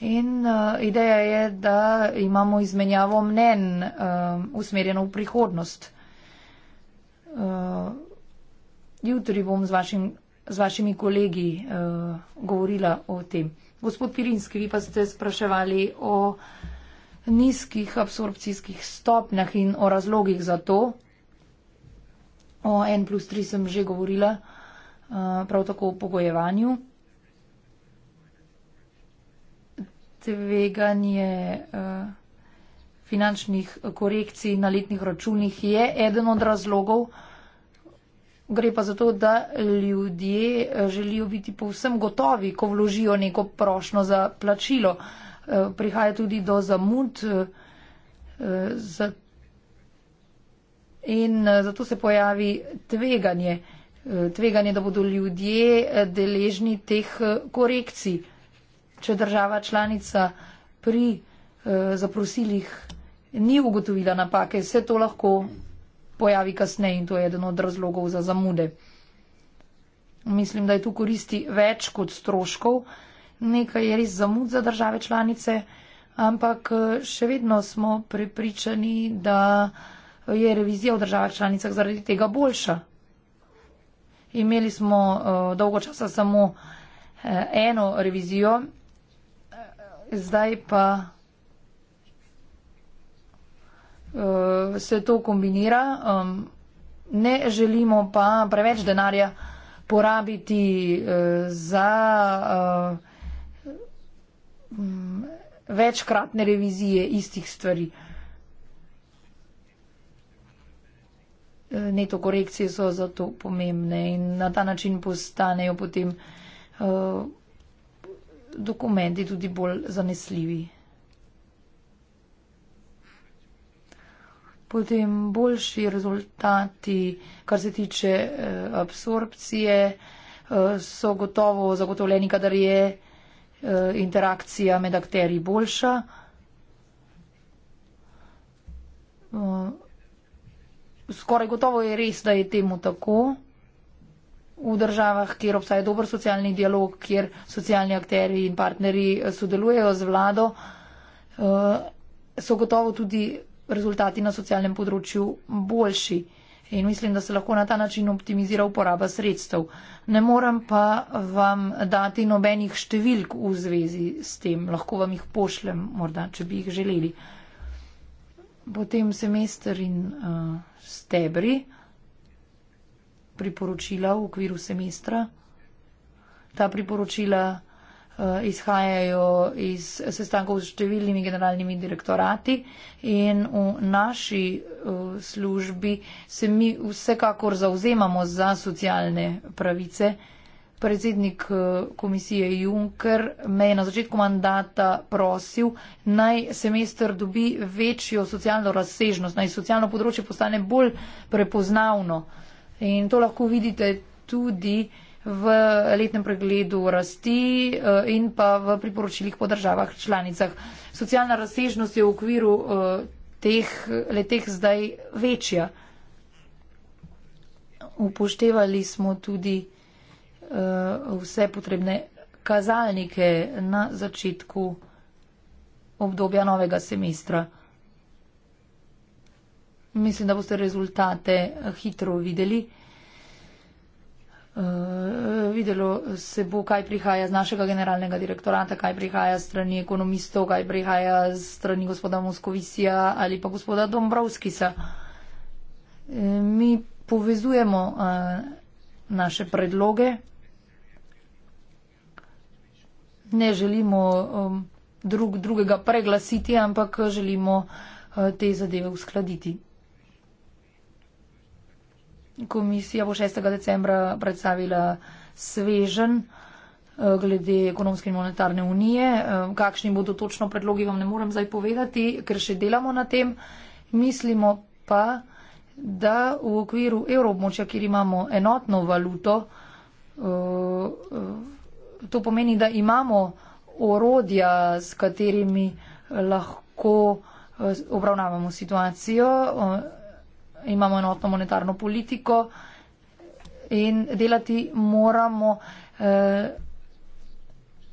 in uh, ideja je, da imamo izmenjavo mnen uh, usmerjeno v prihodnost uh, jutri bom z, vašim, z vašimi kolegi uh, govorila o tem. Gospod Pirinski, vi pa ste spraševali o nizkih absorpcijskih stopnjah in o razlogih za to. O N plus 3 sem že govorila, uh, prav tako o pogojevanju. Tveganje. Uh, finančnih korekcij na letnih računih je eden od razlogov. Gre pa zato, da ljudje eh, želijo biti povsem gotovi, ko vložijo neko prošno za plačilo. Eh, prihaja tudi do zamud eh, in zato se pojavi tveganje. Tveganje, da bodo ljudje deležni teh korekcij. Če država članica pri Eh, zaprosilih ni ugotovila napake, se to lahko pojavi kasneje in to je eden od razlogov za zamude. Mislim, da je tu koristi več kot stroškov, nekaj je res zamud za države članice, ampak eh, še vedno smo prepričani, da je revizija v državah članicah zaradi tega boljša. Imeli smo eh, dolgo časa samo eno revizijo, zdaj pa uh, se to kombinira. Um, ne želimo pa preveč denarja porabiti uh, za uh, večkratne revizije istih stvari. Neto korekcije so zato pomembne in na ta način postanejo potem uh, dokumenti tudi bolj zanesljivi. potem boljši rezultati, kar se tiče eh, absorpcije, eh, so gotovo zagotovljeni, kadar je eh, interakcija med akteri boljša. Skoraj gotovo je res, da je temu tako. V državah, kjer obstaja dober socialni dialog, kjer socialni akteri in partneri sodelujejo z vlado, so gotovo tudi rezultati na socialnem področju boljši. In mislim, da se lahko na ta način optimizira uporaba sredstev. Ne morem pa vam dati nobenih številk v zvezi s tem. Lahko vam jih pošljem, morda, če bi jih želeli. Potem semester in uh, stebri, priporočila v okviru semestra. Ta priporočila Eh, izhajajo iz sestankov s številnimi generalnimi direktorati in v naši eh, službi se mi vsekakor zauzemamo za socialne pravice. Predsednik eh, komisije Juncker me je na začetku mandata prosil, naj semester dobi večjo socialno razsežnost, naj socialno področje postane bolj prepoznavno. In to lahko vidite tudi uh, v letnem pregledu rasti eh, in pa v priporočilih po državah članicah. Socialna razsežnost je v okviru eh, teh letih zdaj večja. Upoštevali smo tudi eh, vse potrebne kazalnike na začetku obdobja novega semestra. Mislim, da boste rezultate hitro videli. Eh, videlo se bo, kaj prihaja z našega generalnega direktorata, kaj prihaja strani ekonomistov, kaj prihaja strani gospoda Moskovisija ali pa gospoda Dombrovskisa. Eh, mi povezujemo eh, naše predloge. Ne želimo um, drug, drugega preglasiti, ampak želimo te zadeve uskladiti komisija bo 6. decembra predstavila svežen eh, glede ekonomske in monetarne unije. Eh, kakšni bodo točno predlogi, vam ne morem zdaj povedati, ker še delamo na tem. Mislimo pa, da v okviru evroobmočja, kjer imamo enotno valuto, eh, to pomeni, da imamo orodja, s katerimi lahko obravnavamo situacijo imamo enotno monetarno politiko in delati moramo eh,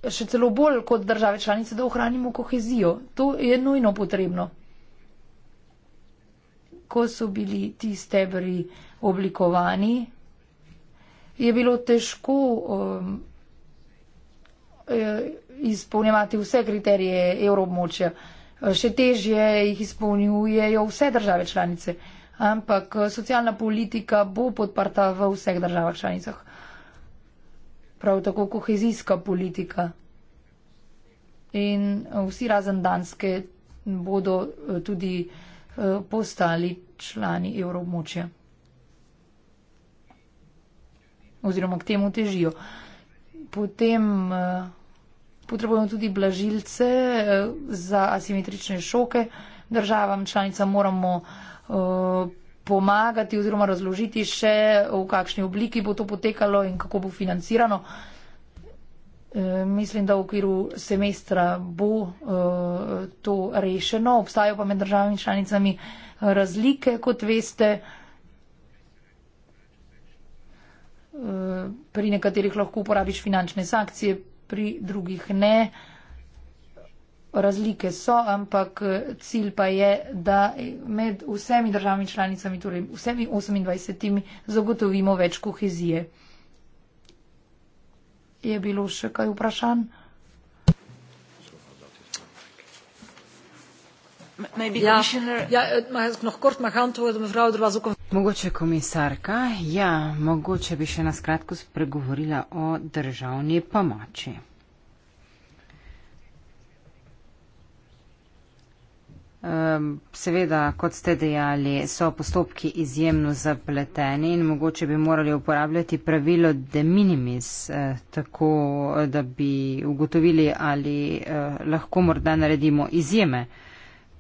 še celo bolj kot države članice, da ohranimo kohezijo. To je nujno potrebno. Ko so bili ti stebri oblikovani, je bilo težko eh, eh izpolnjevati vse kriterije evrobmočja. Še težje jih izpolnjujejo vse države članice. Eh, ampak eh, socialna politika bo podprta v vseh državah članicah. Prav tako kohezijska politika. In eh, vsi razen Danske bodo eh, tudi postali člani evroobmočja. Oziroma k temu težijo. Potem potrebujemo tudi blažilce za asimetrične šoke. Državam članicam moramo uh, Eh, pomagati oziroma razložiti še, v kakšni obliki bo to potekalo in kako bo financirano. Eh, mislim, da v okviru semestra bo eh, to rešeno. Obstajajo pa med državami članicami razlike, kot veste. Pri nekaterih lahko uporabiš finančne sankcije, pri drugih ne razlike so, ampak eh, cilj pa je, da med vsemi državami članicami, torej vsemi 28, zagotovimo več kohezije. Je bilo še kaj vprašanj? Ja. Ja, eh, mogoče komisarka, ja, mogoče bi še na skratko spregovorila o državni pomoči. Seveda, kot ste dejali, so postopki izjemno zapleteni in mogoče bi morali uporabljati pravilo de minimis, eh, tako eh, da bi ugotovili, ali eh, lahko morda naredimo izjeme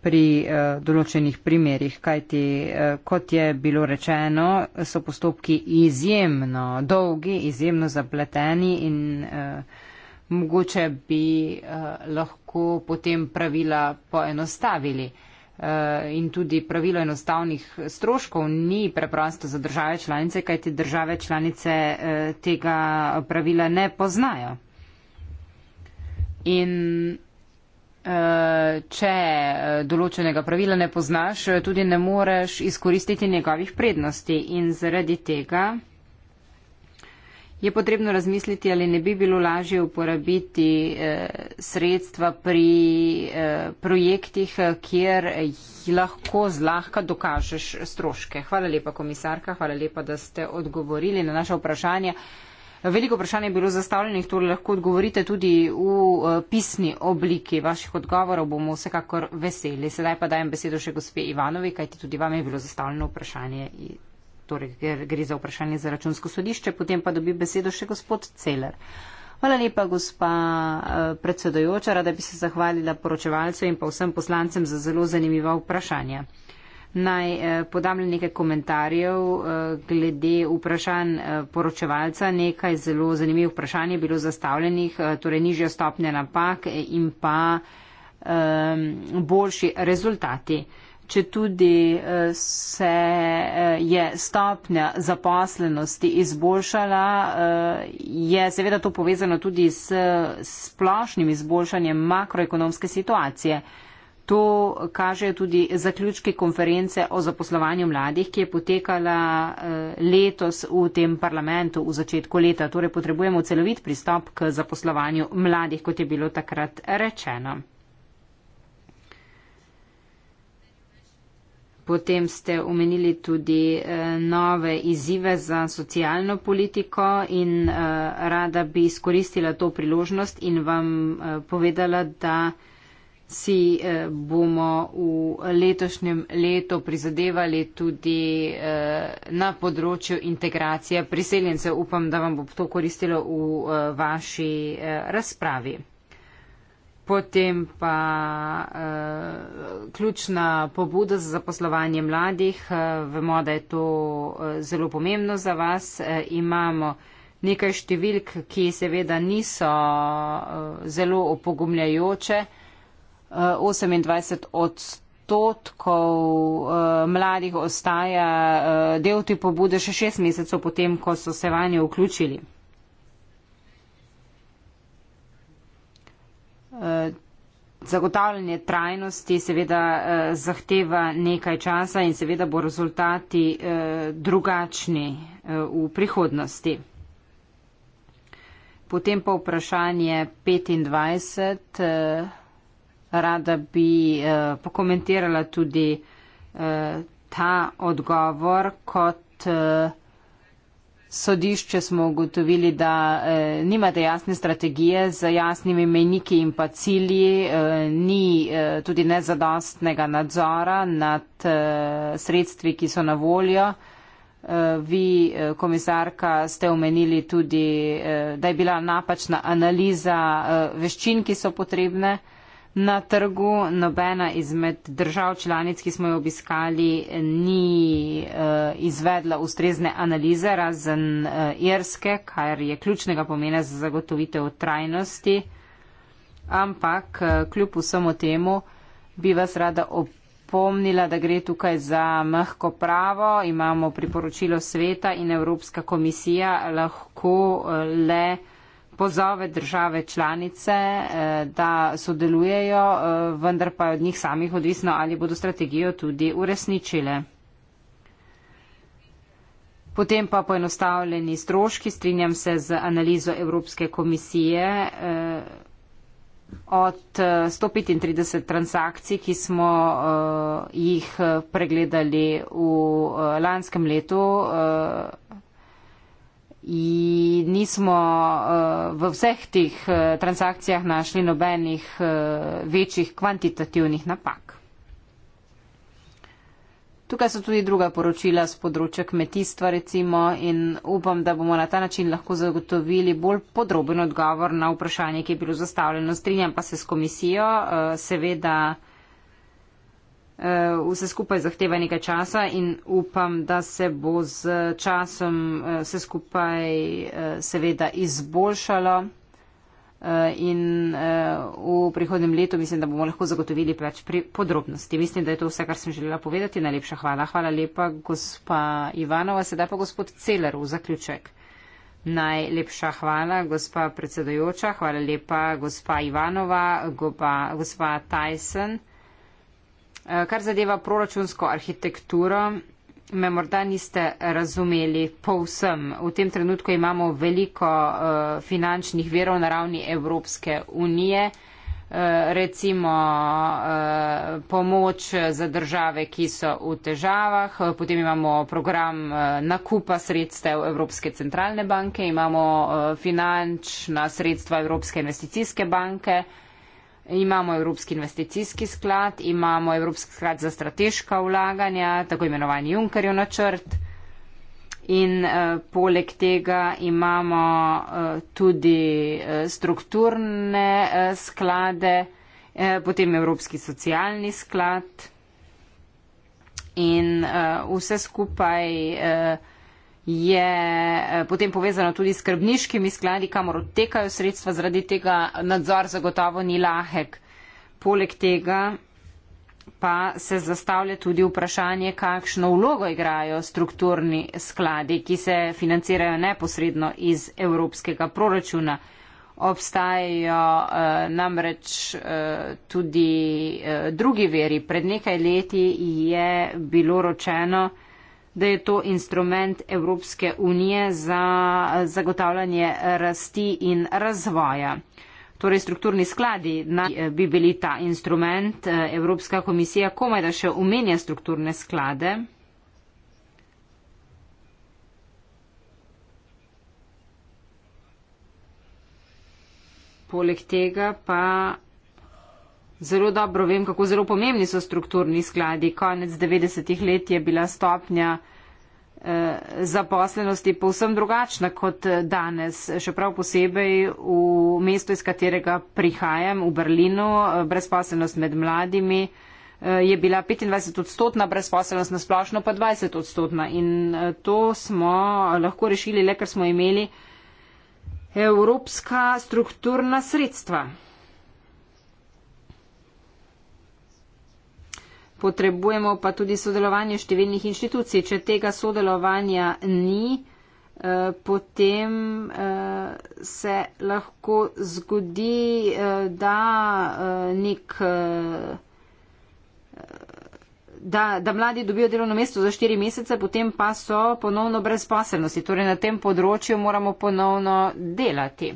pri določenih primerjih, kajti kot je bilo rečeno, so postopki izjemno dolgi, izjemno zapleteni in mogoče bi lahko lahko potem pravila poenostavili. Eh, in tudi pravilo enostavnih stroškov ni preprosto za države članice, kajti države članice eh, tega pravila ne poznajo. In eh, če določenega pravila ne poznaš, tudi ne moreš izkoristiti njegovih prednosti in zaradi tega je potrebno razmisliti, ali ne bi bilo lažje uporabiti eh, sredstva pri eh, projektih, eh, kjer lahko zlahka dokažeš stroške. Hvala lepa, komisarka, hvala lepa, da ste odgovorili na naše vprašanje. Veliko vprašanje je bilo zastavljenih, torej lahko odgovorite tudi v eh, pisni obliki vaših odgovorov, bomo vsekakor veseli. Sedaj pa dajem besedo še gospe Ivanovi, kajti tudi vam je bilo zastavljeno vprašanje torej gre za vprašanje za računsko sodišče, potem pa dobi besedo še gospod Celer. Hvala lepa, gospa eh, predsedojoča. Rada bi se zahvalila poročevalcu in pa vsem poslancem za zelo zanimiva vprašanja. Naj eh, podam nekaj komentarjev eh, glede vprašanj poročevalca. Nekaj zelo zanimivih vprašanj je bilo zastavljenih, torej nižje stopnje napak in pa boljši rezultati če tudi eh, se eh, je stopnja zaposlenosti izboljšala, eh, je seveda to povezano tudi s splošnim izboljšanjem makroekonomske situacije. To kažejo tudi zaključki konference o zaposlovanju mladih, ki je potekala letos v tem parlamentu v začetku leta. Torej potrebujemo celovit pristop k zaposlovanju mladih, kot je bilo takrat rečeno. Potem ste omenili tudi eh, nove izzive za socialno politiko in eh, rada bi izkoristila to priložnost in vam eh, povedala, da si bomo v letošnjem letu prizadevali tudi na področju integracije priseljencev. Upam, da vam bo to koristilo v vaši razpravi. Potem pa eh, ključna pobuda za zaposlovanje mladih. Eh, vemo, da je to eh, zelo pomembno za vas. Eh, imamo nekaj številk, ki seveda niso eh, zelo opogumljajoče. Eh, 28 odstotkov eh, mladih ostaja eh, del te pobude še šest mesecev potem, ko so se vanje vključili. Eh, zagotavljanje trajnosti seveda eh, zahteva nekaj časa in seveda bo rezultati eh, drugačni eh, v prihodnosti. Potem pa vprašanje 25. Eh, rada bi eh, pokomentirala tudi eh, ta odgovor kot. Eh, sodišče smo ugotovili, da eh, nimate jasne strategije z jasnimi meniki in pa cilji, eh, ni eh, tudi nezadostnega nadzora nad eh, sredstvi, ki so na voljo. Eh, vi, eh, komisarka, ste omenili tudi, eh, da je bila napačna analiza eh, veščin, ki so potrebne. Eh, na trgu, nobena izmed držav članic, ki smo jo obiskali, ni eh, izvedla ustrezne analize, razen eh, Irske, kar je ključnega pomena za zagotovitev trajnosti. Ampak eh, kljub vsemu temu bi vas rada opomnila, da gre tukaj za mehko pravo. Imamo priporočilo sveta in Evropska komisija lahko le pozove države članice, eh, da sodelujejo, eh, vendar pa je od njih samih odvisno, ali bodo strategijo tudi uresničile. Potem pa poenostavljeni stroški, strinjam se z analizo Evropske komisije. Eh, od 135 transakcij, ki smo jih pregledali v lanskem letu, in nismo eh, v vseh teh eh, transakcijah našli nobenih eh, večjih kvantitativnih napak. Tukaj so tudi druga poročila z področja kmetijstva recimo in upam, da bomo na ta način lahko zagotovili bolj podroben odgovor na vprašanje, ki je bilo zastavljeno. Strinjam pa se s komisijo, seveda. Eh, vse skupaj zahteva nekaj časa in upam, da se bo z časom eh, vse skupaj eh, seveda izboljšalo in v prihodnem letu mislim, da bomo lahko zagotovili več podrobnosti. Mislim, da je to vse, kar sem želela povedati. Najlepša hvala. Hvala lepa, gospa Ivanova. Sedaj pa gospod Celer v zaključek. Najlepša hvala, gospa predsedojoča. Hvala lepa, gospa Ivanova, goba, gospa Tyson. Eh, kar zadeva proračunsko arhitekturo, me morda niste razumeli povsem. V tem trenutku imamo veliko eh, finančnih verov na ravni Evropske unije, eh, recimo pomoč za države, ki so v težavah, potem imamo program nakupa sredstev Evropske centralne banke, imamo finančna sredstva Evropske investicijske banke, imamo Evropski investicijski sklad, imamo Evropski sklad za strateška vlaganja, tako imenovani Junkerjev načrt. In eh, poleg tega imamo eh, tudi eh, strukturne eh, sklade, eh, potem Evropski socialni sklad in eh, vse skupaj. Eh, je eh, potem povezano tudi s skrbniškimi skladi, kamor odtekajo sredstva, zaradi tega nadzor zagotovo ni lahek. Poleg tega pa se zastavlja tudi vprašanje, kakšno vlogo igrajo strukturni skladi, ki se financirajo neposredno iz evropskega proračuna. Obstajajo eh, namreč eh, tudi eh, drugi veri. Pred nekaj leti je bilo ročeno, da je to instrument Evropske unije za zagotavljanje rasti in razvoja. Torej, strukturni skladi naj eh, bi bili ta instrument. Eh, Evropska komisija komaj da še umenja strukturne sklade. Poleg tega pa zelo dobro vem, kako zelo pomembni so strukturni skladi. Konec 90-ih let je bila stopnja eh, zaposlenosti povsem drugačna kot eh, danes. Še prav posebej v mestu, iz katerega prihajam, v Berlinu, eh, brezposlenost med mladimi eh, je bila 25 odstotna, brezposlenost na splošno pa 20 odstotna. In eh, to smo lahko rešili le, ker smo imeli. Evropska strukturna sredstva. Potrebujemo pa tudi sodelovanje številnih inštitucij. Če tega sodelovanja ni, eh, potem eh, se lahko zgodi, eh, da nek. Da, da mladi dobijo delovno mesto za štiri mesece, potem pa so ponovno brezposelnosti. Torej na tem področju moramo ponovno delati.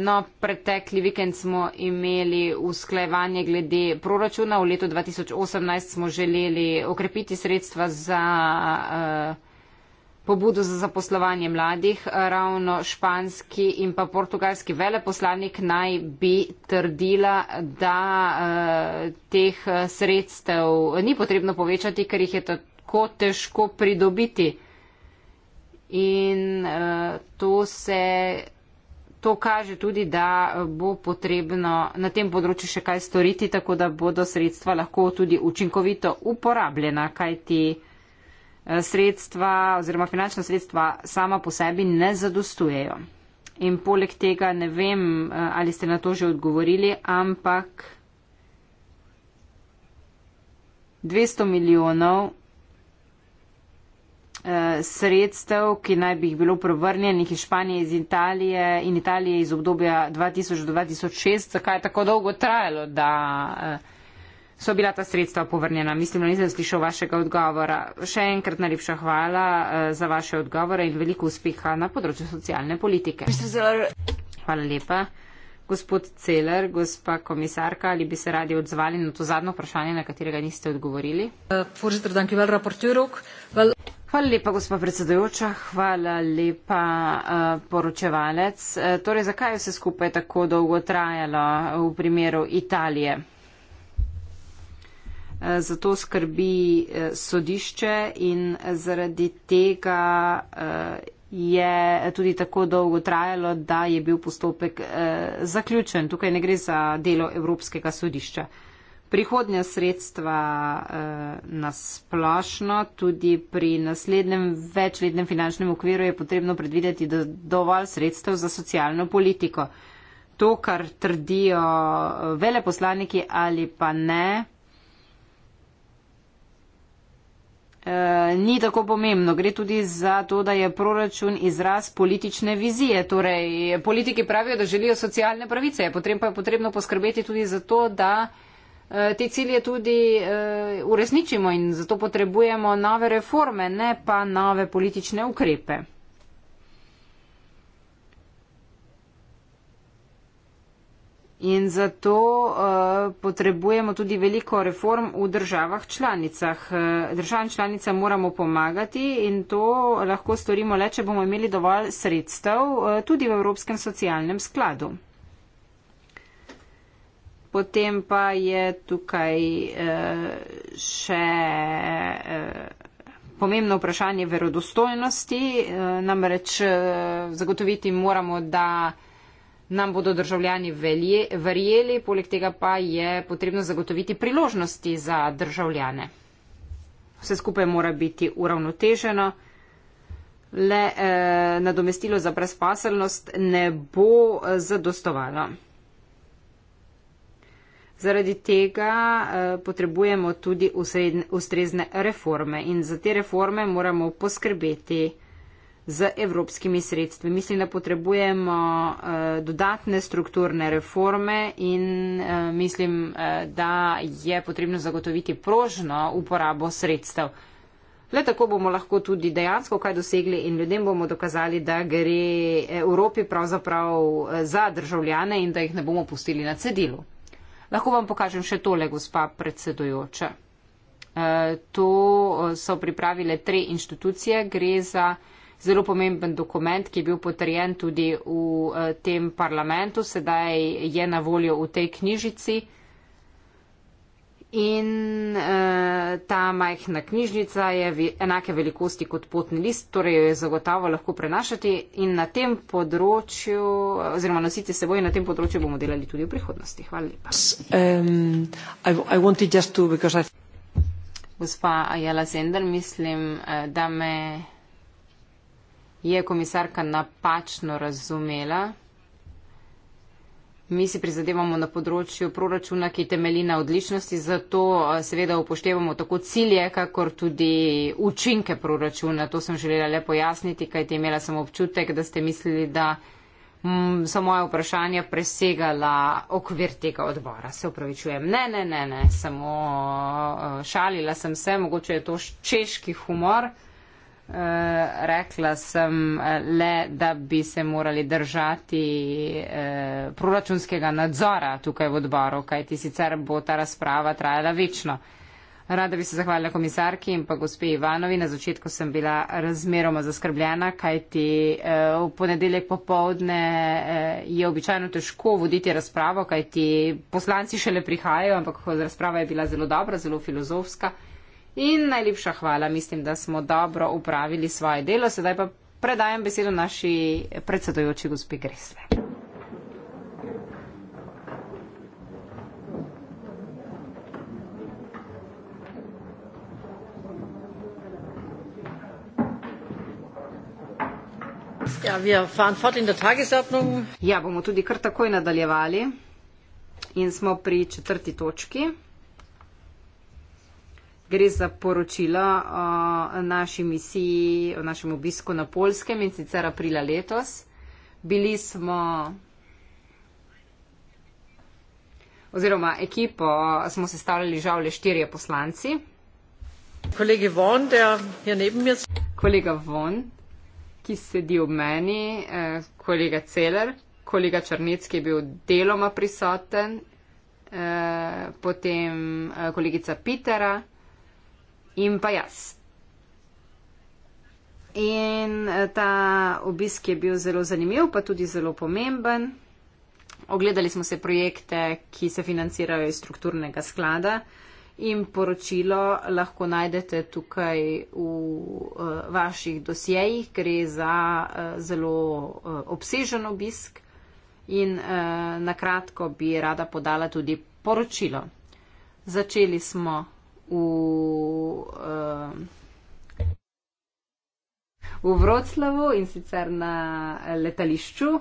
No, pretekli vikend smo imeli usklajevanje glede proračuna. V letu 2018 smo želeli okrepiti sredstva za eh, pobudo za zaposlovanje mladih. Ravno španski in pa portugalski veleposlanik naj bi trdila, da eh, teh sredstev ni potrebno povečati, ker jih je tako težko pridobiti. In uh, to se to kaže tudi, da bo potrebno na tem področju še kaj storiti, tako da bodo sredstva lahko tudi učinkovito uporabljena, kajti eh, sredstva oziroma finančna sredstva sama po sebi ne zadostujejo. In poleg tega ne vem, eh, ali ste na to že odgovorili, ampak 200 milijonov Eh, sredstev, ki naj bi jih bilo prevrnjenih iz Španije iz Italije in Italije iz obdobja 2000 do 2006. Zakaj je tako dolgo trajalo, da eh, so bila ta sredstva povrnjena? Mislim, da nisem slišal vašega odgovora. Še enkrat najlepša hvala eh, za vaše odgovore in veliko uspeha na področju socialne politike. Hvala lepa. Gospod Celer, gospa komisarka, ali bi se radi odzvali na to zadnjo vprašanje, na katerega niste odgovorili? Hvala lepa, gospa predsedujoča, hvala lepa, eh, poročevalec. Eh, torej, zakaj je vse skupaj tako dolgo trajalo v primeru Italije? Eh, zato skrbi sodišče in zaradi tega je tudi tako dolgo trajalo, da je bil postopek eh, zaključen. Tukaj ne gre za delo Evropskega sodišča. Prihodnja sredstva eh, nasplošno, tudi pri naslednjem večletnem finančnem okviru je potrebno predvideti do, dovolj sredstev za socialno politiko. To, kar trdijo eh, veleposlaniki ali pa ne, Eh, ni tako pomembno. Gre tudi za to, da je proračun izraz politične vizije. Torej, politiki pravijo, da želijo socialne pravice, potrebno pa je potrebno poskrbeti tudi za to, da eh, te cilje tudi eh, uresničimo in zato potrebujemo nove reforme, ne pa nove politične ukrepe. In zato uh, potrebujemo tudi veliko reform v državah članicah. Eh, državam članicam moramo pomagati in to lahko storimo le, če bomo imeli dovolj sredstev uh, tudi v Evropskem socialnem skladu. Potem pa je tukaj uh, še. Uh, Pomembno vprašanje verodostojnosti, namreč zagotoviti moramo, da nam bodo državljani verjeli, poleg tega pa je potrebno zagotoviti priložnosti za državljane. Vse skupaj mora biti uravnoteženo. Le e, nadomestilo za brezpaselnost ne bo eh, zadostovalo. Zaradi tega e, potrebujemo tudi usredne, ustrezne reforme in za te reforme moramo poskrbeti z evropskimi sredstvi. Mislim, da potrebujemo uh, dodatne strukturne reforme in uh, mislim, uh, da je potrebno zagotoviti prožno uporabo sredstev. Le tako bomo lahko tudi dejansko kaj dosegli in ljudem bomo dokazali, da gre Evropi pravzaprav za državljane in da jih ne bomo pustili na cedilu. Lahko vam pokažem še tole, gospa predsedujoča. To so pripravile tri inštitucije. Gre za zelo pomemben dokument, ki je bil potrjen tudi v eh, tem parlamentu, sedaj je na voljo v tej knjižici. In eh, ta majhna knjižnica je vi, enake velikosti kot potni list, torej jo je zagotovo lahko prenašati in na tem področju, oziroma nositi seboj, na tem področju bomo delali tudi v prihodnosti. Hvala lepa. Um, I, I to, I... Gospa Ajala Zender, mislim, eh, da me je komisarka napačno razumela. Mi si prizadevamo na področju proračuna, ki temelji na odličnosti, zato eh, seveda upoštevamo tako cilje, kakor tudi učinke proračuna. To sem želela le pojasniti, kajti imela sem občutek, da ste mislili, da mm, so moje vprašanja presegala okvir tega odbora. Se upravičujem. Ne, ne, ne, ne, samo eh, šalila sem se, mogoče je to češki humor. Eh, rekla sem eh, le, da bi se morali držati eh, proračunskega nadzora tukaj v odboru, kajti sicer bo ta razprava trajala večno. Rada bi se zahvalila komisarki in pa gospe Ivanovi. Na začetku sem bila razmeroma zaskrbljena, kajti v ponedeljek popovdne je običajno težko voditi razpravo, kajti poslanci šele prihajajo, ampak razprava je bila zelo dobra, zelo filozofska. In najlepša hvala, mislim, da smo dobro upravili svoje delo. Sedaj pa predajam besedo naši predsedojoči gospi Gresle. Ja, ja, bomo tudi kar takoj nadaljevali in smo pri četrti točki. Gre za poročilo o naši misiji, o našem obisku na Polskem in sicer aprila letos. Bili smo, oziroma ekipo smo sestavljali žal le štirje poslanci. Von, er kolega Von, ki sedi ob meni, eh, kolega Celer, kolega Črnecki je bil deloma prisoten, eh, potem eh, kolegica Pitera in pa jaz. In eh, ta obisk je bil zelo zanimiv, pa tudi zelo pomemben. Ogledali smo se projekte, ki se financirajo iz strukturnega sklada in poročilo lahko najdete tukaj v uh, vaših dosjejih. Gre za uh, zelo uh, obsežen obisk in uh, na kratko bi rada podala tudi poročilo. Začeli smo v, eh, v Vroclavu in sicer na letališču.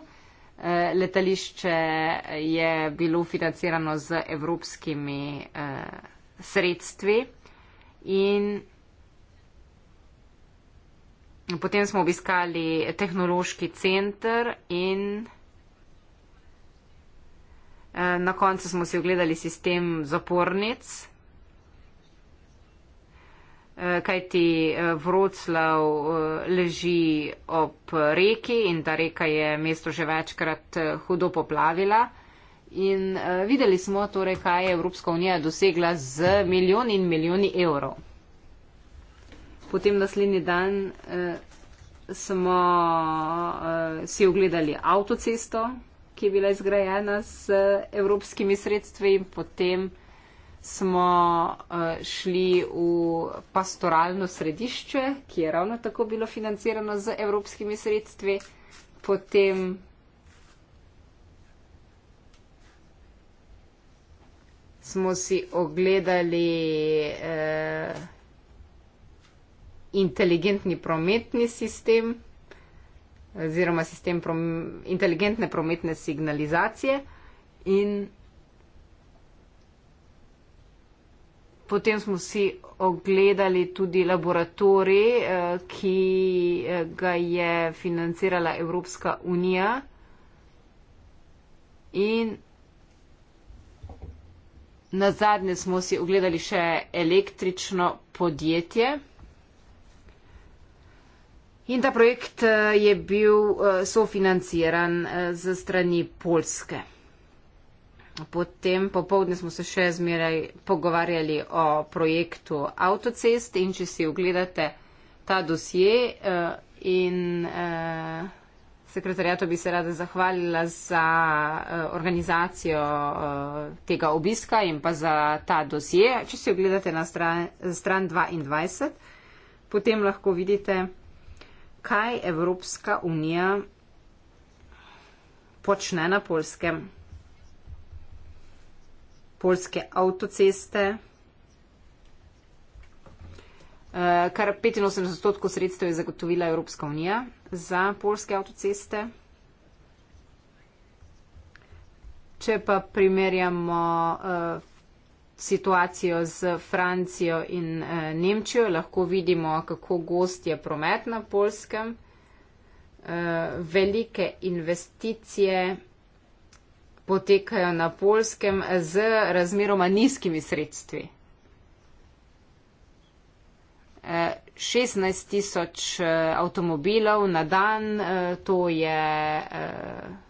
Eh, letališče je bilo financirano z evropskimi eh, sredstvi in potem smo obiskali tehnološki center in Na koncu smo si ogledali sistem zapornic, Eh, kajti Vroclav eh, eh, leži ob reki in ta reka je mesto že večkrat hudo poplavila. In videli smo torej, kaj je Evropska unija dosegla z milijoni in milijoni evrov. Potem naslednji dan eh, smo eh, si ogledali avtocesto, ki je bila izgrajena z evropskimi sredstvi in potem eh, smo eh, šli v pastoralno središče, ki je ravno tako bilo financirano z evropskimi sredstvi. Potem smo si ogledali eh, inteligentni prometni sistem oziroma sistem prom inteligentne prometne signalizacije in Potem smo si ogledali tudi laboratorij, eh, ki eh, ga je financirala Evropska unija. In na zadnje smo si ogledali še električno podjetje. In ta projekt eh, je bil sofinanciran z strani Polske. Potem popovdne smo se še zmeraj pogovarjali o projektu avtocest in če si ogledate ta dosje uh, in uh, eh, sekretarjato bi se rada zahvalila za uh, organizacijo uh, tega obiska in pa za ta dosje. Če si ogledate na stran, stran 22, potem lahko vidite, kaj Evropska unija počne na polskem polske avtoceste. Eh, kar 85 odstotkov sredstev je zagotovila Evropska unija za polske avtoceste. Če pa primerjamo uh, situacijo z Francijo in uh, Nemčijo, lahko vidimo, kako gost je promet na polskem. Uh, velike investicije potekajo na polskem z razmeroma nizkimi sredstvi. 16 e, tisoč e, avtomobilov na dan, e, to je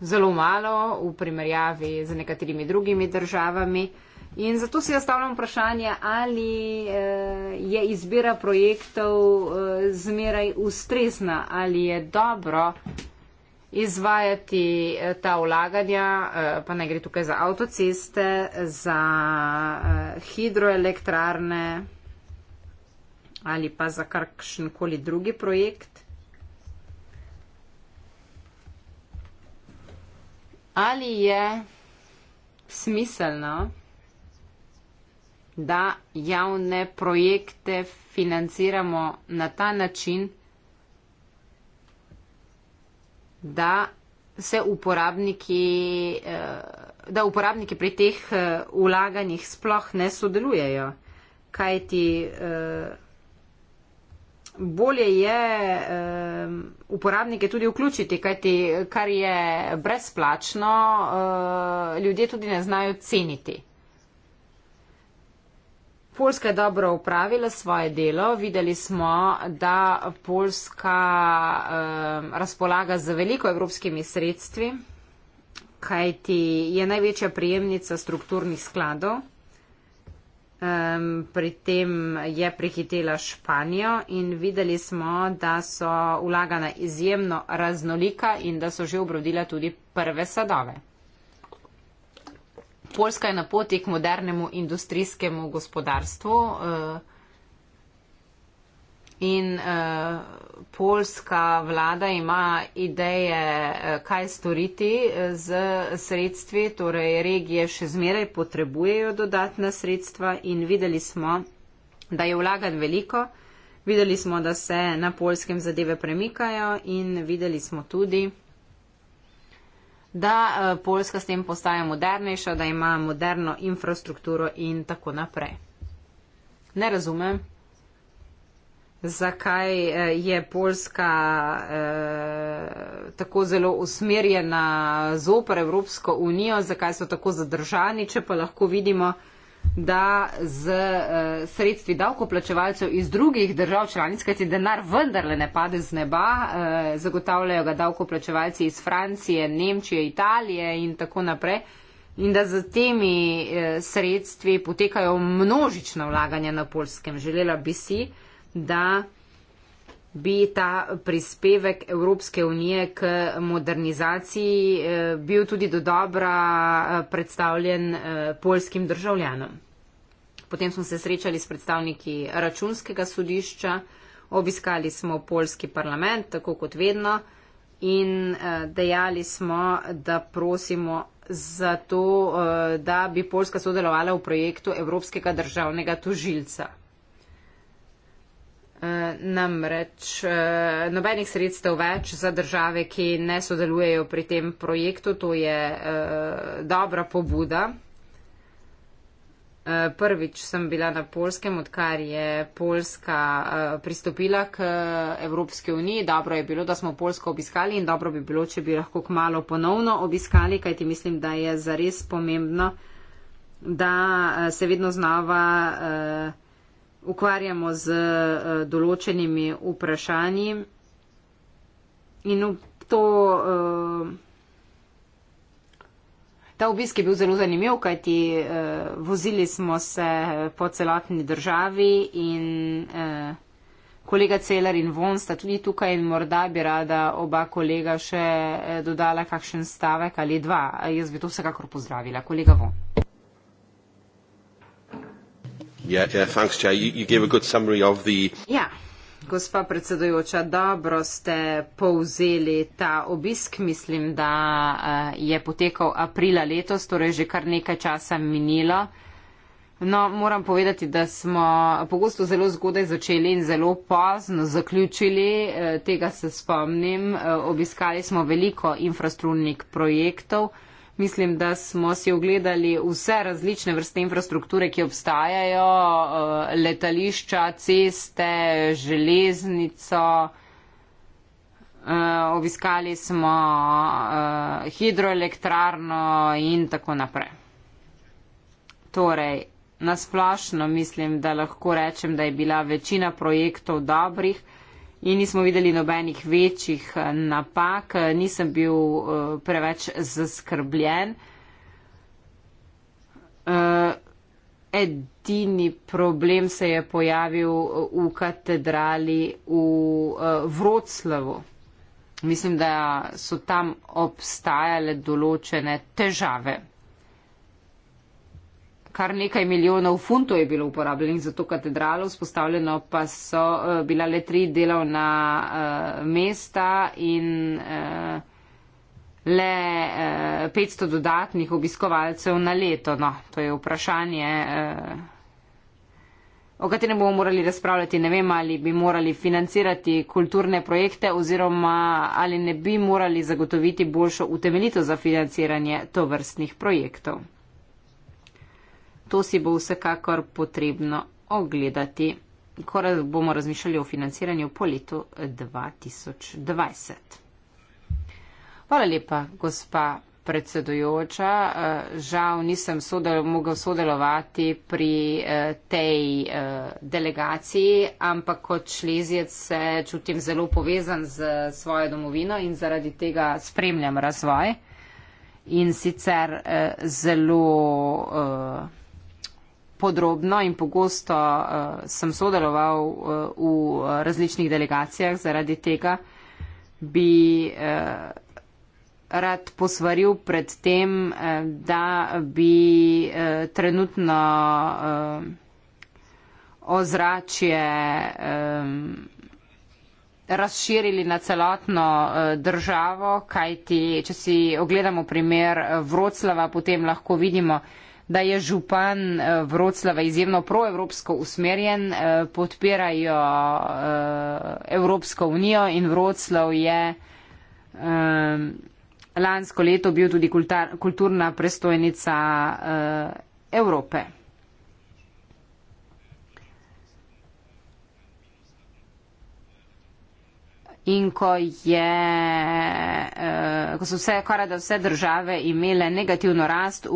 zelo malo v primerjavi z nekaterimi drugimi državami. In zato si zastavljam vprašanje, ali je izbira projektov zmeraj ustrezna, ali je dobro izvajati eh, ta ulaganja, eh, pa ne gre tukaj za avtoceste, za eh, hidroelektrarne ali pa za karkšenkoli drugi projekt. Ali je smiselno, da javne projekte financiramo na ta način, da se uporabniki, eh, da uporabniki pri teh eh, vlaganjih sploh ne sodelujejo. Kaj ti eh, bolje je uporabnike tudi vključiti, kaj ti, kar je brezplačno, ljudje tudi ne znajo ceniti. Poljska je dobro upravila svoje delo. Videli smo, da Poljska eh, razpolaga za veliko evropskimi sredstvi, kajti je največja prijemnica strukturnih skladov. Pri tem je prihitela Španijo in videli smo, da so vlagana izjemno raznolika in da so že obrodila tudi prve sadove. Poljska je na poti k modernemu industrijskemu gospodarstvu eh, in eh, poljska vlada ima ideje, eh, kaj storiti z sredstvi, torej regije še zmeraj potrebujejo dodatna sredstva in videli smo, da je vlagan veliko, videli smo, da se na polskem zadeve premikajo in videli smo tudi, da eh, Poljska s tem postaje modernejša, da ima moderno infrastrukturo in tako naprej. Ne razumem, zakaj eh, je Poljska eh, tako zelo usmerjena zopr Evropsko unijo, zakaj so tako zadržani, če pa lahko vidimo, da z uh, sredstvi davkoplačevalcev iz drugih držav članic, kajti denar vendarle ne pade z neba, uh, zagotavljajo ga davkoplačevalci iz Francije, Nemčije, Italije in tako naprej. In da z temi uh, sredstvi potekajo množična vlaganja na polskem. Želela bi si, da bi ta prispevek Evropske unije k modernizaciji eh, bil tudi do dobra eh, predstavljen eh, polskim državljanom. Potem smo se srečali s predstavniki računskega sodišča, obiskali smo polski parlament, tako kot vedno, in dejali smo, da prosimo za to, da bi Polska sodelovala v projektu Evropskega državnega tožilca. Eh, namreč eh, nobenih sredstev več za države, ki ne sodelujejo pri tem projektu, to je eh, dobra pobuda. Prvič sem bila na Polskem, odkar je Polska pristopila k Evropski uniji. Dobro je bilo, da smo Polsko obiskali in dobro bi bilo, če bi lahko kmalo ponovno obiskali, kajti mislim, da je zares pomembno, da se vedno znova. Uh, ukvarjamo z eh, določenimi vprašanji in to, eh, ta obisk je bil zelo zanimiv, kajti eh, vozili smo se po celotni državi in kolega Celer in Von sta tudi tukaj in morda bi rada oba kolega še dodala kakšen stavek ali dva. Jaz bi to vsekakor pozdravila. Kolega Von. Yeah, yeah, thanks, Chair. You, you gave a good summary of the. Yeah. Ja, gospa predsedujoča, dobro ste povzeli ta obisk. Mislim, da eh, je potekal aprila letos, torej že kar nekaj časa minilo. No, moram povedati, da smo pogosto zelo zgodaj začeli in zelo pozno zaključili, eh, tega se spomnim. Eh, obiskali smo veliko infrastrukturnih projektov. Mislim, da smo si ogledali vse različne vrste infrastrukture, ki obstajajo, eh, letališča, ceste, železnico. Uh, obiskali smo uh, hidroelektrarno in tako naprej. Torej, nasplošno mislim, da lahko rečem, da je bila večina projektov dobrih in nismo videli nobenih večjih eh, napak, nisem bil eh, preveč zaskrbljen. Eh, edini problem se je pojavil v katedrali v Vroclavu. Mislim, da so tam obstajale določene težave kar nekaj milijonov funtov je bilo uporabljenih za to katedralo, spostavljeno pa so eh, bila le tri delovna uh, mesta in uh, le uh, 500 dodatnih obiskovalcev na leto. No, to je vprašanje. Uh, o katerem bomo morali razpravljati, ne vem, ali bi morali financirati kulturne projekte oziroma ali ne bi morali zagotoviti boljšo utemeljito za financiranje tovrstnih projektov. To si bo vsekakor potrebno ogledati, ko bomo razmišljali o financiranju po letu 2020. Hvala lepa, gospa predsedujoča. Eh, žal nisem sodel, mogel sodelovati pri eh, tej eh, delegaciji, ampak kot šlezjec se čutim zelo povezan z svojo domovino in zaradi tega spremljam razvoj. In sicer zelo podrobno in pogosto uh, sem sodeloval uh, v različnih delegacijah, zaradi tega bi uh, rad posvaril pred tem, uh, da bi uh, trenutno uh, ozračje um, razširili na celotno uh, državo, kajti, če si ogledamo primer Vroclava, potem lahko vidimo, da je župan Vroclava eh, izjemno proevropsko usmerjen, eh, podpirajo eh, Evropsko unijo in Vroclav je lansko leto bil tudi kulturna prestojnica Evrope. in ko, je, eh, ko so vse, skoraj da vse države imele negativno rast v eh,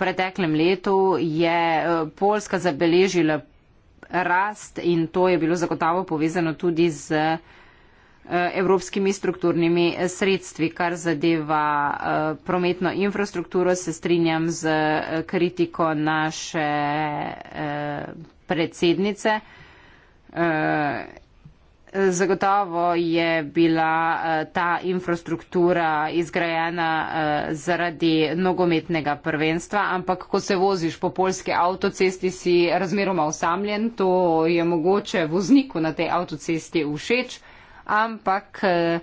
preteklem letu, je eh, Poljska zabeležila rast in to je bilo zagotovo povezano tudi z evropskimi strukturnimi sredstvi, kar zadeva prometno infrastrukturo. Se strinjam z kritiko naše predsednice Zagotovo je bila eh, ta infrastruktura izgrajena eh, zaradi nogometnega prvenstva, ampak ko se voziš po polski avtocesti, si razmeroma osamljen. To je mogoče vozniku na tej avtocesti všeč, ampak eh,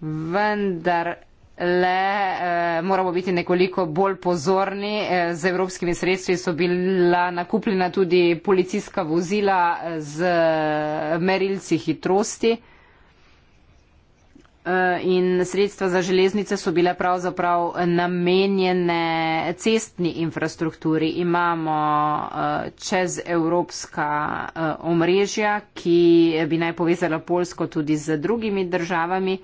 vendar le eh, moramo biti nekoliko bolj pozorni. Eh, z evropskimi sredstvi so bila nakupljena tudi policijska vozila eh, z eh, merilci hitrosti. Eh, in sredstva za železnice so bile pravzaprav namenjene cestni infrastrukturi. Imamo čez evropska omrežja, ki bi naj povezala Polsko tudi z drugimi državami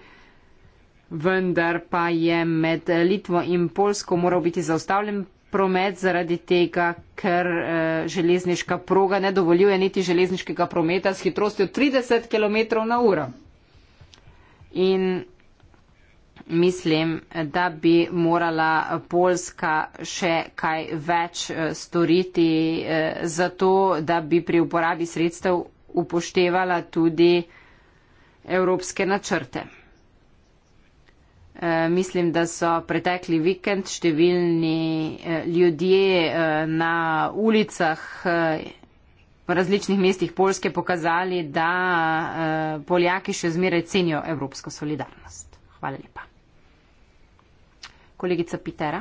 vendar pa je med Litvo in Polsko moral biti zaustavljen promet zaradi tega, ker eh, železniška proga ne dovoljuje niti železniškega prometa s hitrostjo 30 km na uro. In mislim, da bi morala Polska še kaj več eh, storiti eh, za to, da bi pri uporabi sredstev upoštevala tudi evropske načrte. E, mislim, da so pretekli vikend številni e, ljudje e, na ulicah e, v različnih mestih Polske pokazali, da e, Poljaki še zmeraj cenijo evropsko solidarnost. Hvala lepa. Kolegica Pitera.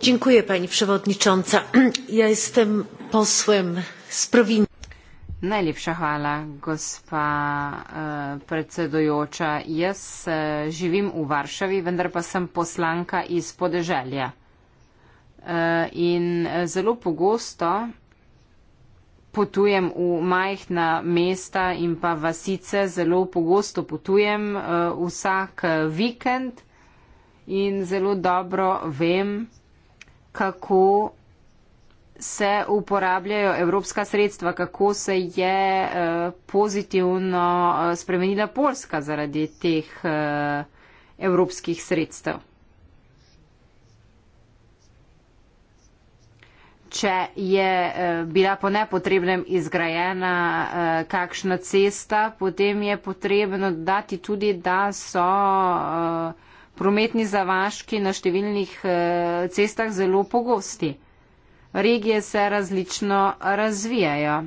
Dziękuję Pani Przewodnicząca. Ja jestem posłem z prowincji. Najlepša hvala, gospa eh, predsedujoča. Jaz eh, živim v Varšavi, vendar pa sem poslanka iz podeželja. Eh, in zelo pogosto potujem v majhna mesta in pa vasice, zelo pogosto potujem vsak vikend in zelo dobro vem, kako se uporabljajo evropska sredstva, kako se je eh, pozitivno eh, spremenila Polska zaradi teh eh, evropskih sredstev. Če je bila po nepotrebnem izgrajena kakšna cesta, potem je potrebno dati tudi, da so prometni zavaški na številnih cestah zelo pogosti regije se različno razvijajo.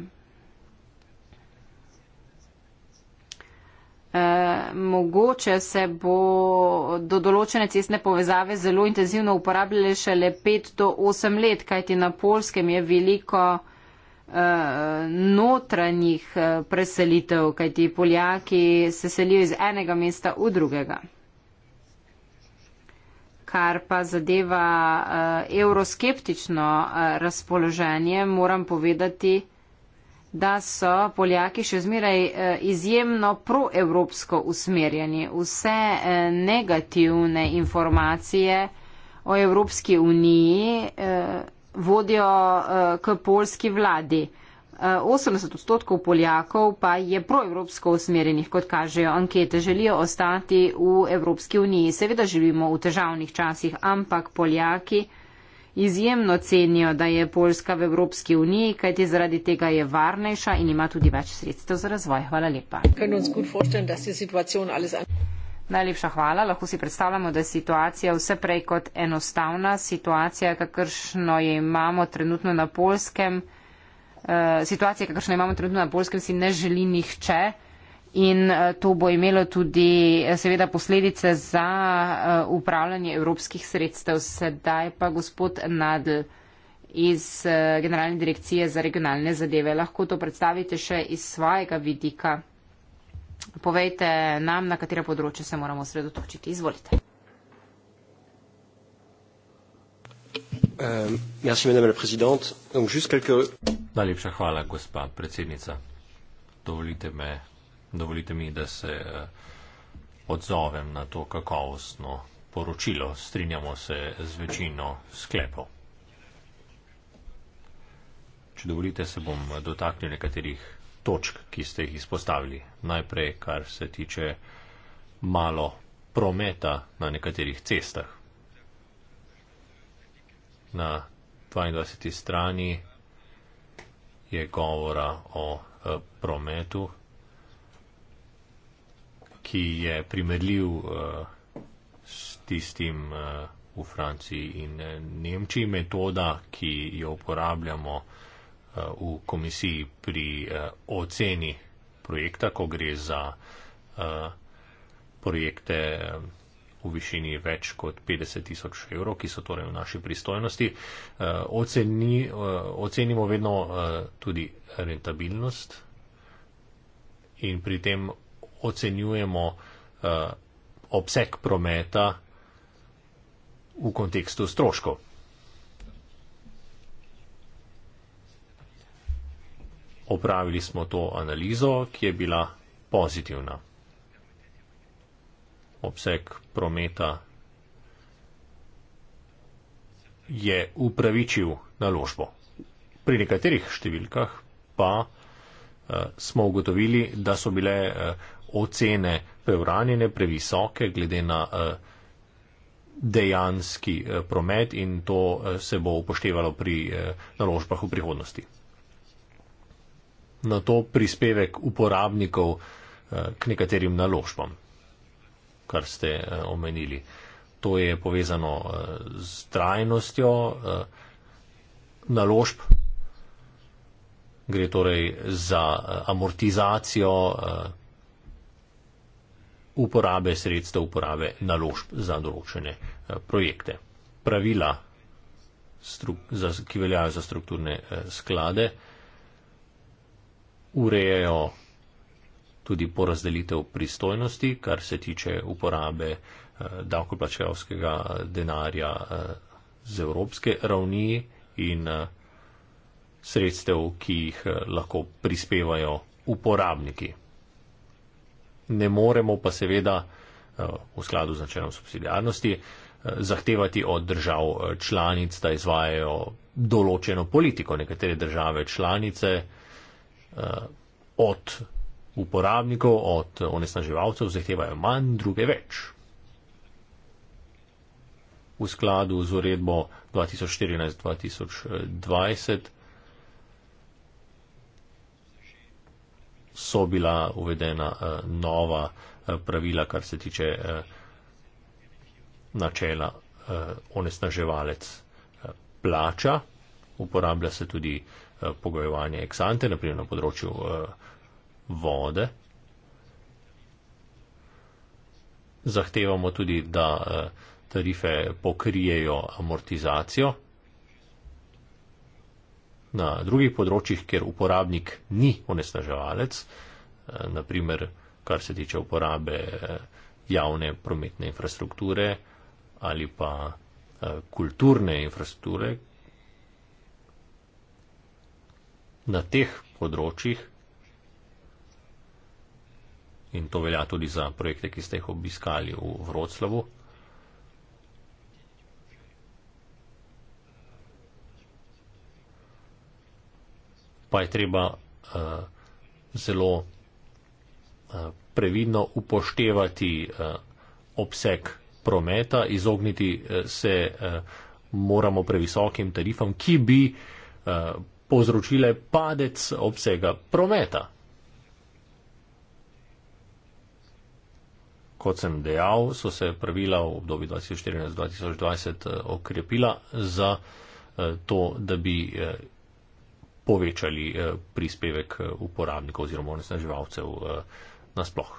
E, mogoče se bo do določene cestne povezave zelo intenzivno uporabljale šele 5 do 8 let, kajti na polskem je veliko eh, notranjih eh, preselitev, kajti Poljaki se selijo iz enega mesta v drugega kar pa zadeva uh, eh, euroskeptično uh, eh, razpoloženje, moram povedati, da so Poljaki še zmeraj eh, izjemno proevropsko usmerjeni. Vse negativne informacije o Evropski uniji vodijo k polski vladi. 80 odstotkov Poljakov pa je proevropsko usmerjenih, kot kažejo ankete, želijo ostati v Evropski uniji. Seveda živimo v težavnih časih, ampak Poljaki izjemno cenijo, da je Poljska v Evropski uniji, kajti zaradi tega je varnejša in ima tudi več sredstev za razvoj. Hvala lepa. Najlepša hvala. Lahko si predstavljamo, da je situacija vse prej kot enostavna. Situacija, kakršno jo imamo trenutno na Poljskem, Eh, situacije, kakršno imamo trenutno na Polskem, si ne želi nihče. In eh, to bo imelo tudi eh, seveda posledice za upravljanje evropskih sredstev. Sedaj pa gospod Nadl iz Generalne direkcije za regionalne zadeve. Lahko to predstavite še iz svojega vidika. Povejte nam, na katera področja se moramo sredotočiti. Izvolite. Euh, Najlepša hvala, gospa predsednica. Dovolite, me, dovolite mi, da se eh, odzovem na to kakovostno poročilo. Strinjamo se z večino sklepov. Če dovolite, se bom dotaknil nekaterih točk, ki ste jih izpostavili. Najprej, kar se tiče malo prometa na nekaterih cestah na 22. strani je govora o eh, prometu, ki je primerljiv eh, s tistim eh, v Franciji in Nemčiji. Metoda, ki jo uporabljamo v komisiji pri oceni projekta, ko gre za projekte v višini več kot 50 tisoč evrov, ki so torej v naši pristojnosti. Eh, oceni, eh, ocenimo vedno eh, tudi rentabilnost in pri tem ocenjujemo obseg prometa v kontekstu stroškov. Opravili smo to analizo, ki je bila pozitivna obseg prometa je upravičil naložbo. Pri nekaterih številkah pa eh, smo ugotovili, da so bile eh, ocene preuranjene previsoke glede na eh, dejanski eh, promet in to eh, se bo upoštevalo pri eh, naložbah v prihodnosti. Na to prispevek uporabnikov eh, k nekaterim naložbam kar ste eh, omenili. To je povezano eh, z trajnostjo eh, naložb, gre torej za amortizacijo uporabe sredstev, uporabe naložb za določene projekte. Pravila, ki veljajo za strukturne sklade, urejajo tudi porazdelitev pristojnosti, kar se tiče uporabe eh, davkoplačevskega eh, denarja eh, z evropske ravni in eh, sredstev, ki jih eh, lahko prispevajo uporabniki. Ne moremo pa seveda eh, v skladu z načelom subsidijarnosti eh, zahtevati od držav eh, članic, da izvajajo določeno politiko. Nekatere države članice eh, od uporabnikov od onesnaževalcev zahtevajo manj, druge več. V skladu z uredbo 2014-2020 so bila uvedena eh, nova eh, pravila, kar se tiče eh, načela onesnaževalec plača. Uporablja se tudi pogojevanje eksante, naprimer na področju vode. Zahtevamo tudi, da eh, tarife pokrijejo amortizacijo. Na drugih področjih, kjer uporabnik ni onesnaževalec, eh, naprimer kar se tiče uporabe eh, javne prometne infrastrukture ali pa kulturne infrastrukture, na teh področjih in to velja tudi za projekte, ki ste jih obiskali v Vroclavu. Pa je treba uh, zelo uh, previdno upoštevati uh, obseg prometa, izogniti uh, se uh, moramo previsokim tarifam, ki bi uh, povzročile padec obsega prometa. kot sem dejal, so se pravila v obdobju 2014-2020 okrepila za eh, to, da bi eh, povečali eh, prispevek uporabnikov oziroma onesnaževalcev nasploh.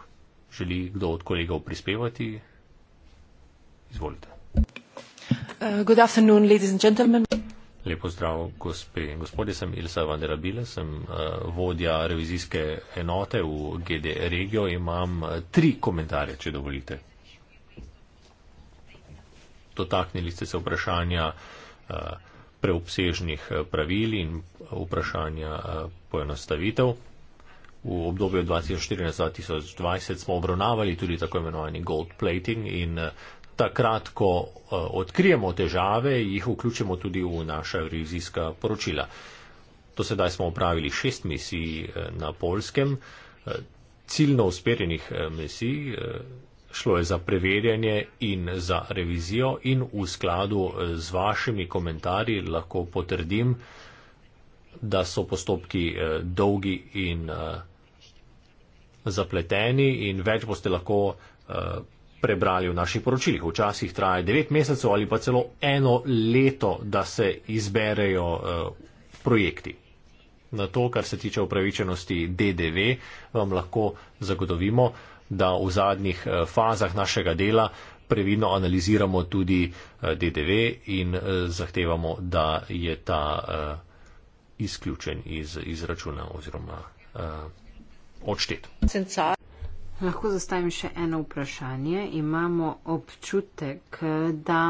Želi kdo od kolegov prispevati? Izvolite. Uh, good afternoon, ladies and gentlemen. Lepo zdrav, gospe in gospodje, sem Ilsa Vanderabile, sem eh, vodja revizijske enote v GD Regio in imam eh, tri komentarje, če dovolite. Dotaknili ste se vprašanja eh, preobsežnih pravil in vprašanja poenostavitev. V obdobju 2014-2020 smo obravnavali tudi tako imenovani gold plating in takrat, ko eh, odkrijemo težave, jih vključimo tudi v naša revizijska poročila. Do sedaj smo upravili šest misij eh, na polskem, eh, ciljno usperjenih misij, šlo je za preverjanje in za revizijo in v skladu z vašimi komentarji lahko potrdim, da so postopki dolgi in zapleteni in več boste lahko prebrali v naših poročilih. Včasih traje 9 mesecev ali pa celo eno leto, da se izberejo uh, projekti. Na to, kar se tiče upravičenosti DDV, vam lahko zagotovimo, da v zadnjih uh, fazah našega dela previdno analiziramo tudi uh, eh, DDV in uh, zahtevamo, da je ta uh, izključen iz izračuna oziroma uh, odštet. Sencar. Lahko zastavim še eno vprašanje. Imamo občutek, da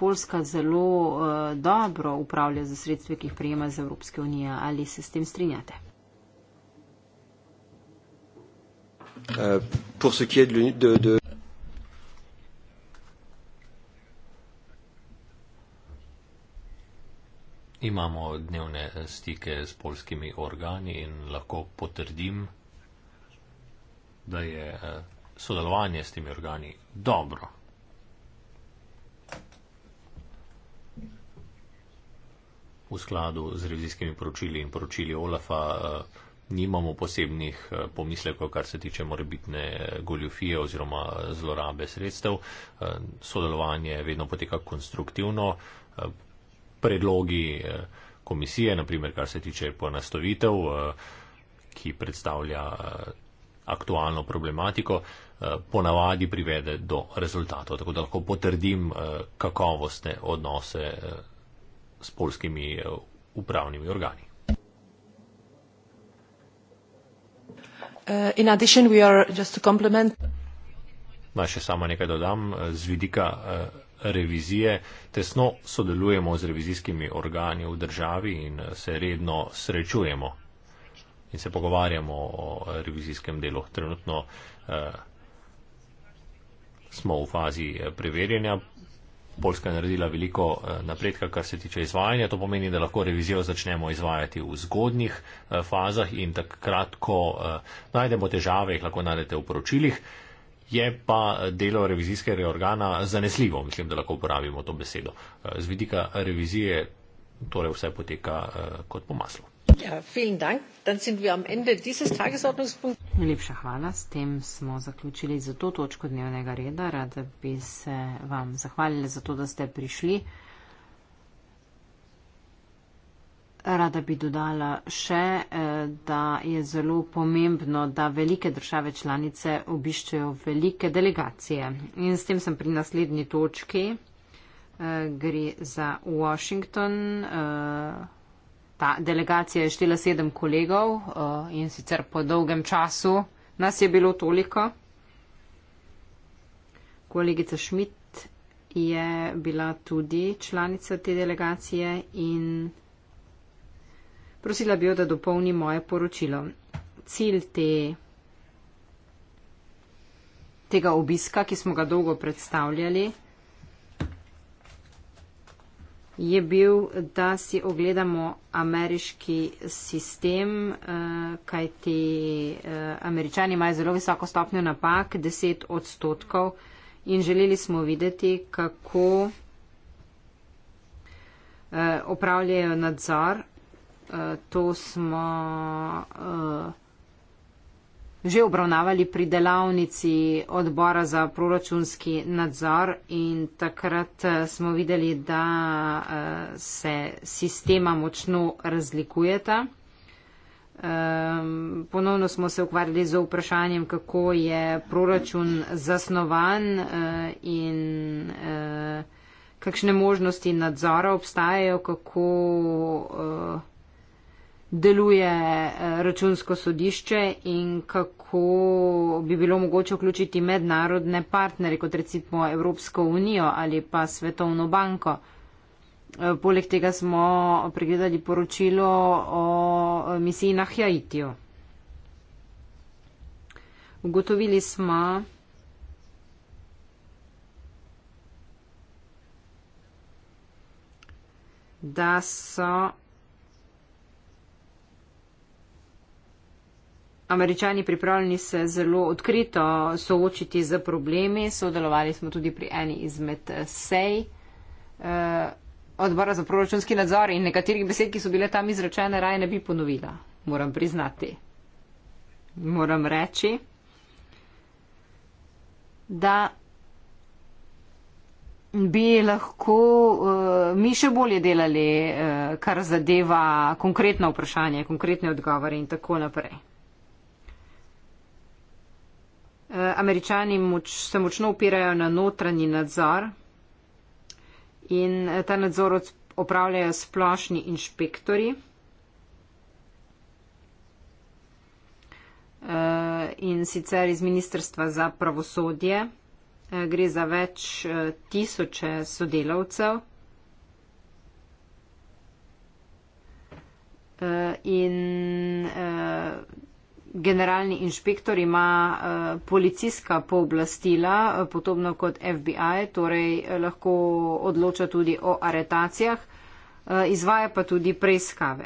Poljska zelo eh, dobro upravlja za sredstve, ki jih prijema z Evropske unije. Ali se s tem strinjate? Eh, Imamo dnevne stike s polskimi organi in lahko potrdim, da je eh, sodelovanje s temi organi dobro. V skladu z revizijskimi poročili in poročili Olafa eh, nimamo posebnih eh, pomislekov, kar se tiče morebitne goljufije oziroma zlorabe sredstev. Sodelovanje vedno poteka konstruktivno. Predlogi komisije, naprimer kar se tiče poenostavitev, ki predstavlja aktualno problematiko, eh, ponavadi privede do rezultatov. Tako da lahko potrdim eh, kakovostne odnose eh, s polskimi upravnimi organi. Naj še samo nekaj dodam. Z vidika revizije tesno sodelujemo z revizijskimi organi v državi in se redno srečujemo in se pogovarjamo o revizijskem delu. Trenutno eh, smo v fazi eh, preverjanja. Poljska je naredila veliko eh, napredka, kar se tiče izvajanja. To pomeni, da lahko revizijo začnemo izvajati v zgodnih eh, fazah in takrat, ko najdemo težave, jih lahko najdete v poročilih. Je pa delo revizijskega organa zanesljivo, mislim, da lahko uporabimo to besedo. Z vidika revizije torej vse poteka kot po maslu. Ja, Najlepša hvala. S tem smo zaključili za to točko dnevnega reda. Rada bi se vam zahvalila za to, da ste prišli. Rada bi dodala še, eh, da je zelo pomembno, da velike države članice obiščejo velike delegacije. In s tem sem pri naslednji točki. Eh, gre za Washington. Eh, Ta delegacija je štela sedem kolegov eh, in sicer po dolgem času nas je bilo toliko. Kolegica Šmit je bila tudi članica te delegacije in prosila bi jo, da dopolni moje poročilo. Cilj te, tega obiska, ki smo ga dolgo predstavljali, je bil, da si ogledamo ameriški sistem, eh, kaj ti eh, američani imajo zelo visoko stopnjo napak, 10 odstotkov in želeli smo videti, kako eh, opravljajo nadzor. To smo že obravnavali pri delavnici odbora za proračunski nadzor in takrat eh, smo videli, da eh, se sistema močno razlikujeta. Ehm, ponovno smo se ukvarjali z vprašanjem, kako je proračun zasnovan eh, in kakšne možnosti nadzora obstajajo, kako deluje eh, računsko sodišče in kako bi bilo mogoče vključiti mednarodne partnerje, kot recimo Evropsko unijo ali pa Svetovno banko. Eh, poleg tega smo pregledali poročilo o eh, misiji na Haitiju. Ugotovili smo, da so američani pripravljeni se zelo odkrito soočiti z problemi. Sodelovali smo tudi pri eni izmed sej eh, odbora za proračunski nadzor in nekaterih besed, ki so bile tam izrečene, raje ne bi ponovila, moram priznati. Moram reči, da bi lahko uh, mi še bolje delali, uh, kar zadeva konkretno vprašanje, konkretne odgovore in tako naprej. Američani moč, se močno upirajo na notranji nadzor in eh, ta nadzor opravljajo splošni inšpektori. Eh, in sicer iz Ministrstva za pravosodje eh, gre za več tisoče sodelavcev. In generalni inšpektor ima eh, policijska pooblastila, eh, podobno kot FBI, torej eh, lahko odloča tudi o aretacijah, izvaja pa tudi preiskave.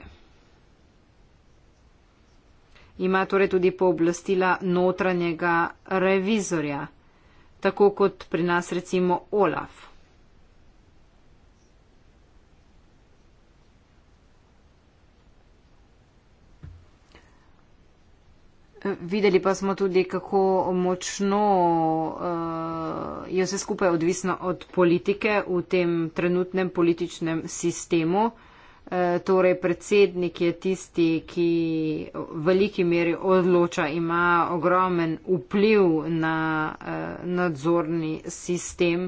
Ima torej tudi pooblastila notranjega revizorja, tako kot pri nas recimo Olaf. Videli pa smo tudi, kako močno uh, je vse skupaj odvisno od politike v tem trenutnem političnem sistemu. Uh, torej, predsednik je tisti, ki v veliki meri odloča, ima ogromen vpliv na uh, nadzorni sistem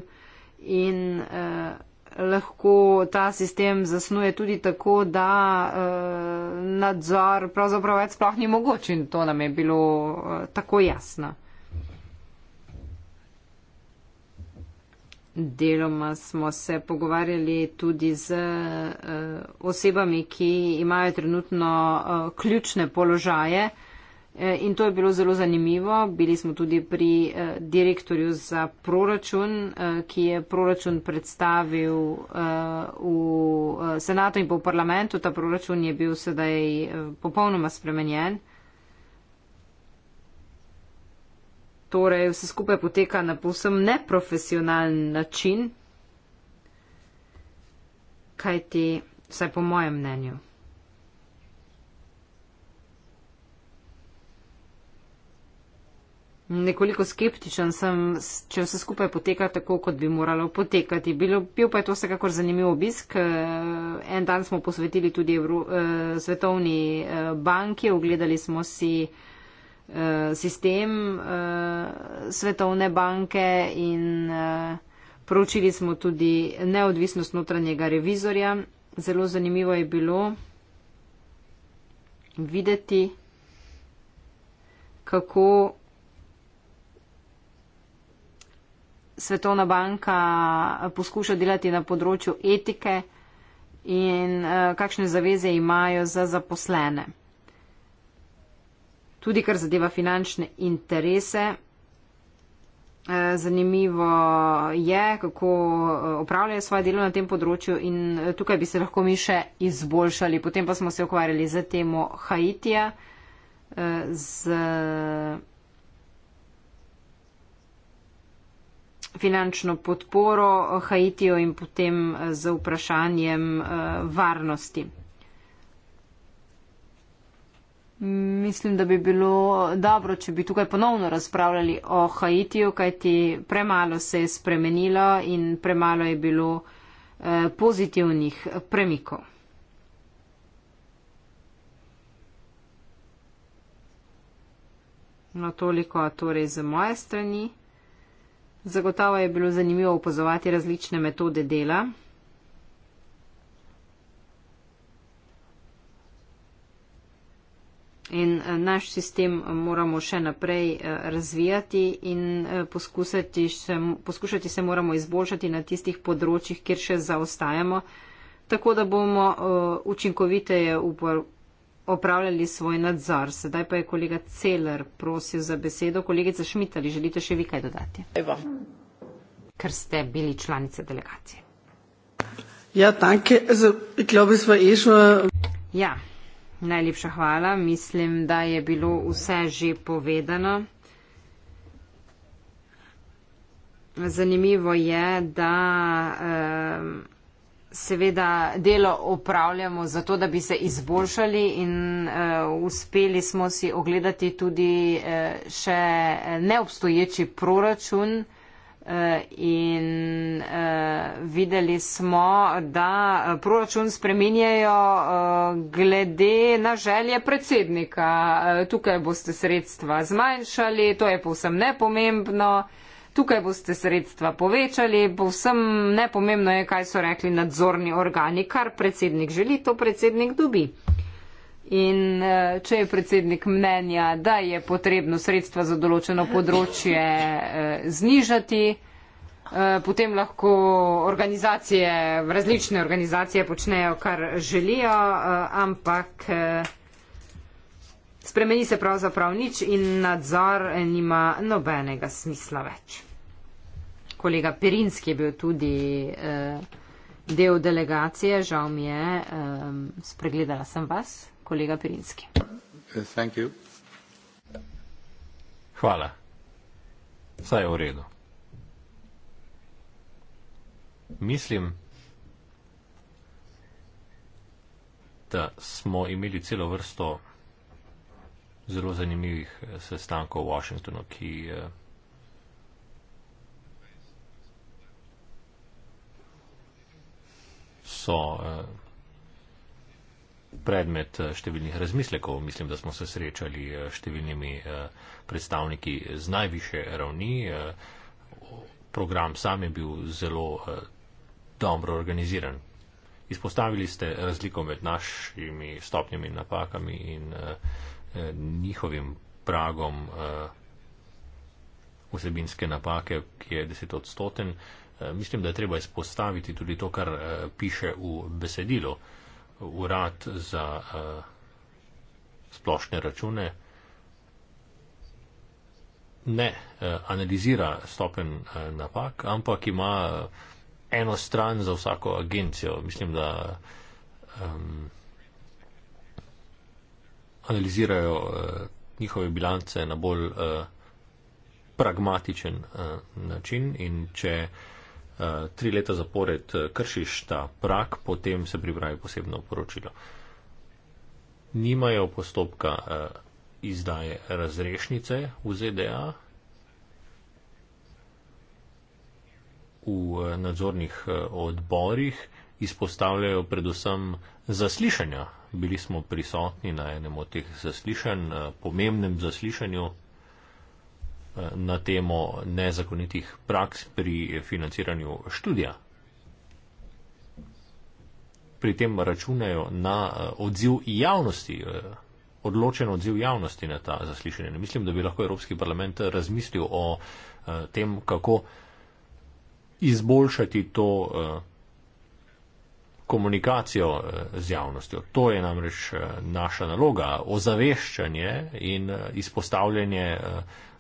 in uh, lahko ta sistem zasnuje tudi tako, da uh, nadzor pravzaprav več sploh ni mogoč in to nam je bilo uh, tako jasno. Deloma smo se pogovarjali tudi z uh, osebami, ki imajo trenutno uh, ključne položaje. E, in to je bilo zelo zanimivo. Bili smo tudi pri e, direktorju za proračun, e, ki je proračun predstavil v senatu in pa v parlamentu. Ta proračun je bil sedaj popolnoma spremenjen. Torej, vse skupaj poteka na povsem neprofesionalen način, kajti, vsaj po mojem mnenju. Nekoliko skeptičen sem, če vse skupaj poteka tako, kot bi moralo potekati. Bilo, bil pa je to vsekakor zanimiv obisk. Eh, en dan smo posvetili tudi Evro, eh, Svetovni eh, banki, ogledali smo si sistem Svetovne banke in proučili smo tudi neodvisnost notranjega revizorja. Zelo zanimivo je bilo videti, kako Svetovna banka eh, poskuša delati na področju etike in eh, kakšne zaveze imajo za zaposlene. Tudi kar zadeva finančne interese, eh, zanimivo je, kako upravljajo svoje delo na tem področju in tukaj bi se lahko mi še izboljšali. Potem pa smo se ukvarjali za temo Haitija z. finančno podporo Haitijo in potem eh, z vprašanjem eh, varnosti. Mislim, da bi bilo dobro, če bi tukaj ponovno razpravljali o Haitiju, kajti premalo se je spremenilo in premalo je bilo eh, pozitivnih premikov. No, toliko torej z moje strani. Zagotovo je bilo zanimivo opozovati različne metode dela. In eh, naš sistem moramo še naprej eh, razvijati in eh, poskusati se, poskušati se moramo izboljšati na tistih področjih, kjer še zaostajamo, tako da bomo učinkoviteje opravljali svoj nadzor. Sedaj pa je kolega Celer prosil za besedo. Kolegica Šmit, ali želite še vi kaj dodati? Evo. Ker ste bili članice delegacije. Ja, tanke, klobi smo išli. Ja, najlepša hvala. Mislim, da je bilo vse že povedano. Zanimivo je, da. Um, seveda delo opravljamo zato, da bi se izboljšali in uh, uspeli smo si ogledati tudi uh, še neobstoječi proračun uh, in uh, videli smo, da proračun spreminjajo uh, glede na želje predsednika. Uh, tukaj boste sredstva zmanjšali, to je povsem nepomembno. Uh, tukaj boste sredstva povečali, povsem nepomembno je, kaj so rekli nadzorni organi, kar predsednik želi, to predsednik dobi. In eh, če je predsednik mnenja, da je potrebno sredstva za določeno področje eh, znižati, eh, potem lahko organizacije, različne organizacije počnejo, kar želijo, ampak. Spremeni se pravzaprav nič in nadzor nima nobenega smisla več. Kolega Perinski je bil tudi eh, del delegacije, žal mi je, eh, spregledala sem vas, kolega Perinski. Hvala. Vse je v redu. Mislim, da smo imeli celo vrsto zelo zanimivih eh, sestankov v Washingtonu, ki eh, so eh, predmet številnih razmislekov. Mislim, da smo se srečali s številnimi predstavniki z najviše ravni. Program sam je bil zelo dobro organiziran. Izpostavili ste razliko med našimi stopnjami napakami in uh, Eh, njihovim pragom eh, vsebinske napake, ki je desetodstoten. Eh, mislim, da je treba izpostaviti tudi to, kar piše v besedilu. Urad za splošne račune ne analizira stopen napak, ampak ima eno stran za vsako agencijo. Mislim, da um, analizirajo uh, njihove bilance na bolj uh, pragmatičen uh, način in če uh, tri leta zapored kršiš ta prak, potem se pripravi posebno poročilo. Nimajo postopka uh, izdaje razrešnice v ZDA, v uh, nadzornih uh, odborih izpostavljajo predvsem zaslišanja bili smo prisotni na enem od teh zaslišanj, pomembnem zaslišanju eh, na temo nezakonitih praks pri financiranju študija. Pri tem računajo na eh, odziv javnosti, eh, odločen odziv javnosti na ta zaslišanje. Mislim, da bi lahko Evropski parlament razmislil o tem, kako izboljšati to komunikacijo eh, z javnostjo. To je namreč eh, naša naloga, ozaveščanje in eh, izpostavljanje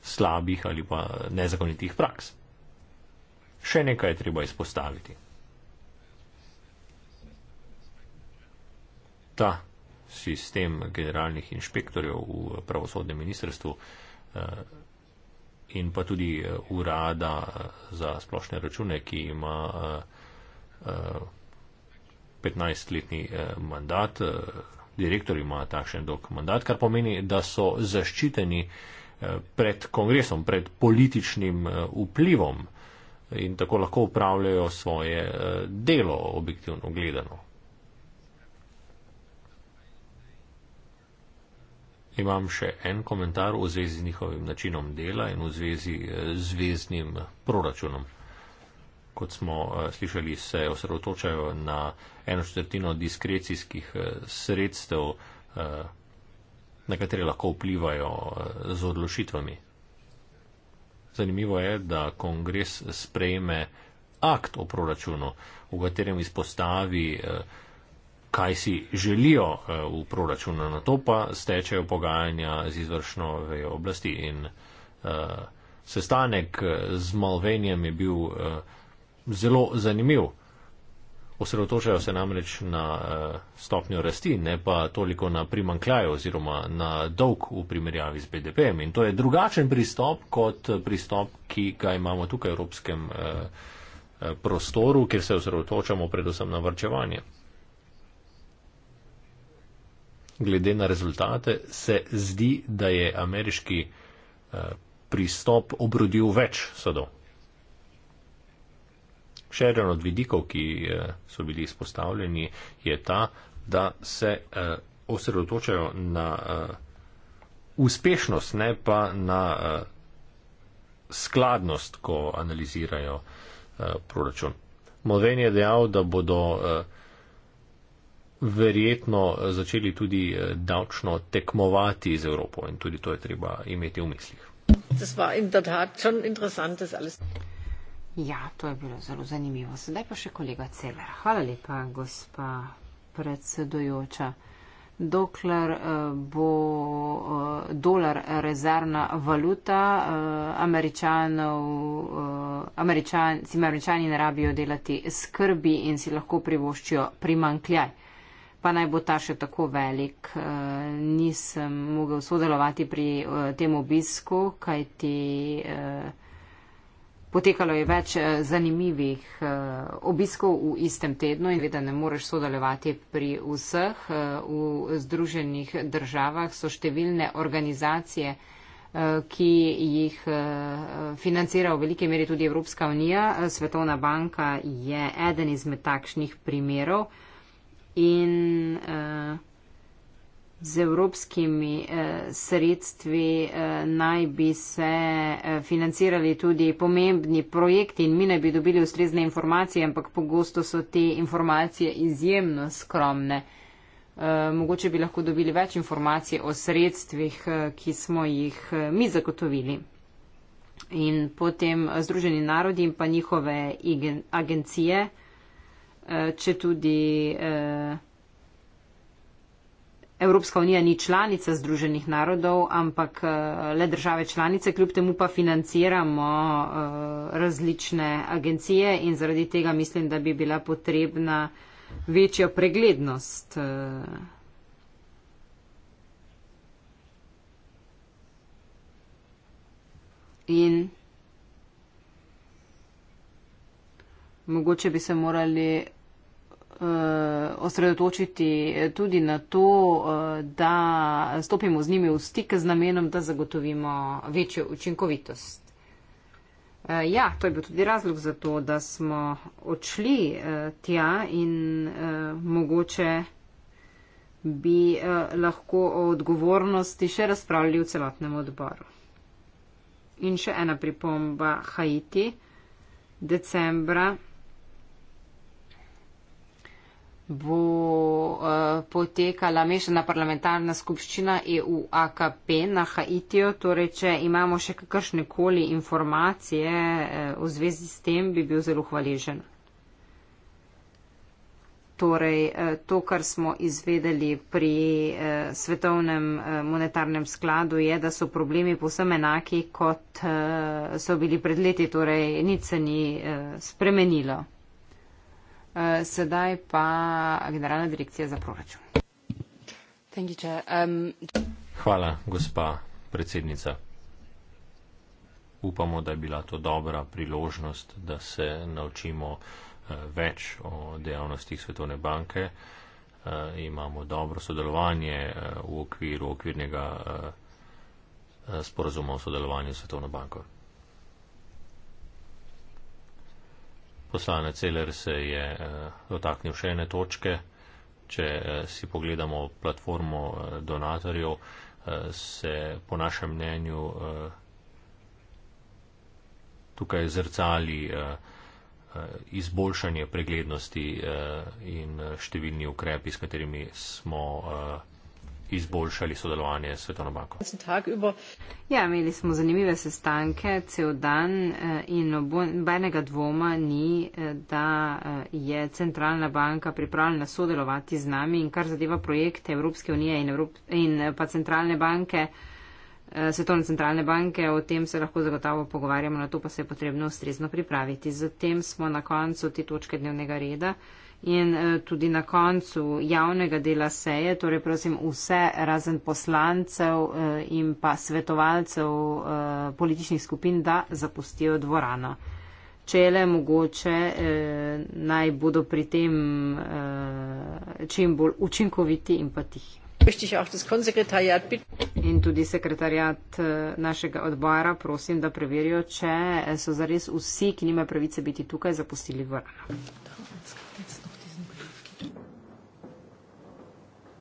slabih ali pa nezakonitih praks. Še nekaj je treba izpostaviti. Ta sistem generalnih inšpektorjev v pravosodnem ministrstvu in pa tudi urada za splošne račune, ki ima 15-letni eh, mandat, eh, direktor ima takšen dolg mandat, kar pomeni, da so zaščiteni eh, pred kongresom, pred političnim eh, vplivom in tako lahko upravljajo svoje eh, delo, objektivno gledano. Imam še en komentar v zvezi z njihovim načinom dela in v zvezi eh, z zvezdnim eh, proračunom. Kot smo eh, slišali, se osredotočajo na eno četrtino diskrecijskih eh, sredstev, eh, na katere lahko vplivajo eh, z odločitvami. Zanimivo je, da kongres sprejme akt o proračunu, v katerem izpostavi, kaj si želijo v proračunu, na to pa stečejo pogajanja z izvršno vejo oblasti. In sestanek z Malvenjem je bil zelo zanimiv. Osredotočajo se namreč na uh, stopnjo rasti, ne pa toliko na primankljaj oziroma na dolg v primerjavi z BDP-em. In to je drugačen pristop kot pristop, ki ga imamo tukaj v evropskem uh, prostoru, kjer se osredotočamo predvsem na vrčevanje. Glede na rezultate se zdi, da je ameriški uh, pristop obrodil več sadov. Še eden od vidikov, ki eh, so bili izpostavljeni, je ta, da se eh, osredotočajo na eh, uspešnost, ne pa na skladnost, ko analizirajo proračun. Moven je dejal, da bodo verjetno začeli tudi davčno tekmovati z Evropo in tudi to je treba imeti v mislih. Das war in der Tat schon interessantes alles. Ja, to je bilo zelo zanimivo. Sedaj pa še kolega Celer. Hvala lepa, gospa predsedujoča. Dokler uh, bo uh, dolar rezervna valuta, uh, američan, si američani ne rabijo delati skrbi in si lahko privoščijo primankljaj. Pa naj bo ta še tako velik, uh, nisem mogel sodelovati pri uh, tem obisku, kajti. Uh, Potekalo je več eh, zanimivih eh, obiskov v istem tednu in veda ne moreš sodelovati pri vseh. Eh, v Združenih državah so številne organizacije, ki jih financira v veliki meri tudi Evropska unija. Svetovna banka je eden izmed takšnih primerov. In, uh, z evropskimi eh, sredstvi eh, naj bi se eh, financirali tudi pomembni projekti in mi naj bi dobili ustrezne informacije, ampak pogosto so te informacije izjemno skromne. Eh, mogoče bi lahko dobili več informacij o sredstvih, eh, ki smo jih eh, mi zagotovili. In potem eh, Združeni narodi in pa njihove agencije, eh, če tudi. Eh, Evropska unija ni članica Združenih narodov, ampak eh, le države članice, kljub temu pa financiramo eh, različne agencije in zaradi tega mislim, da bi bila potrebna večja preglednost. Eh. In mogoče bi se morali Eh, osredotočiti tudi na to, eh, da stopimo z njimi v stik z namenom, da zagotovimo večjo učinkovitost. Eh, ja, to je bil tudi razlog za to, da smo odšli tja in mogoče bi lahko o odgovornosti še razpravljali v celotnem odboru. In še ena pripomba Haiti decembra bo uh, potekala mešana parlamentarna skupščina EU AKP na Haitijo. Torej, če imamo še kakršne koli informacije uh, v zvezi s tem, bi bil zelo hvaležen. Torej, eh, to, kar smo izvedeli pri Svetovnem monetarnem skladu, je, da so problemi povsem enaki, kot so bili pred leti, torej nič se ni spremenilo. Eh, sedaj pa Generalna direkcija za proračun. Um... Hvala, gospa predsednica. Upamo, da je bila to dobra priložnost, da se naučimo eh, več o dejavnostih Svetovne banke. Eh, imamo dobro sodelovanje v okviru okvirnega sporazuma o sodelovanju s Svetovno banko. poslanec Celer se je eh, dotaknil še ene točke. Če eh, si pogledamo platformo eh, donatorjev, se po našem mnenju tukaj zrcali izboljšanje preglednosti in številni ukrepi, s katerimi smo izboljšali sodelovanje s Svetovno banko. Ja, imeli smo zanimive sestanke cel dan eh, in obojnega dvoma ni, eh, da eh, je centralna banka pripravljena sodelovati z nami in kar zadeva projekte Evropske unije in, Evrop in pa centralne banke. Svetovne centralne banke, o tem se lahko zagotovo pogovarjamo, na to pa se je potrebno ustrezno pripraviti. Zatem smo na koncu te točke dnevnega reda. In eh, tudi na koncu javnega dela seje, torej prosim vse razen poslancev eh, in pa svetovalcev eh, političnih skupin, da zapustijo dvorano. Če je le mogoče, naj bodo pri tem čim bolj učinkoviti in pa tihi. In tudi sekretarjat našega odbora prosim, da preverijo, če so zares vsi, ki nima pravice biti tukaj, zapustili vrh.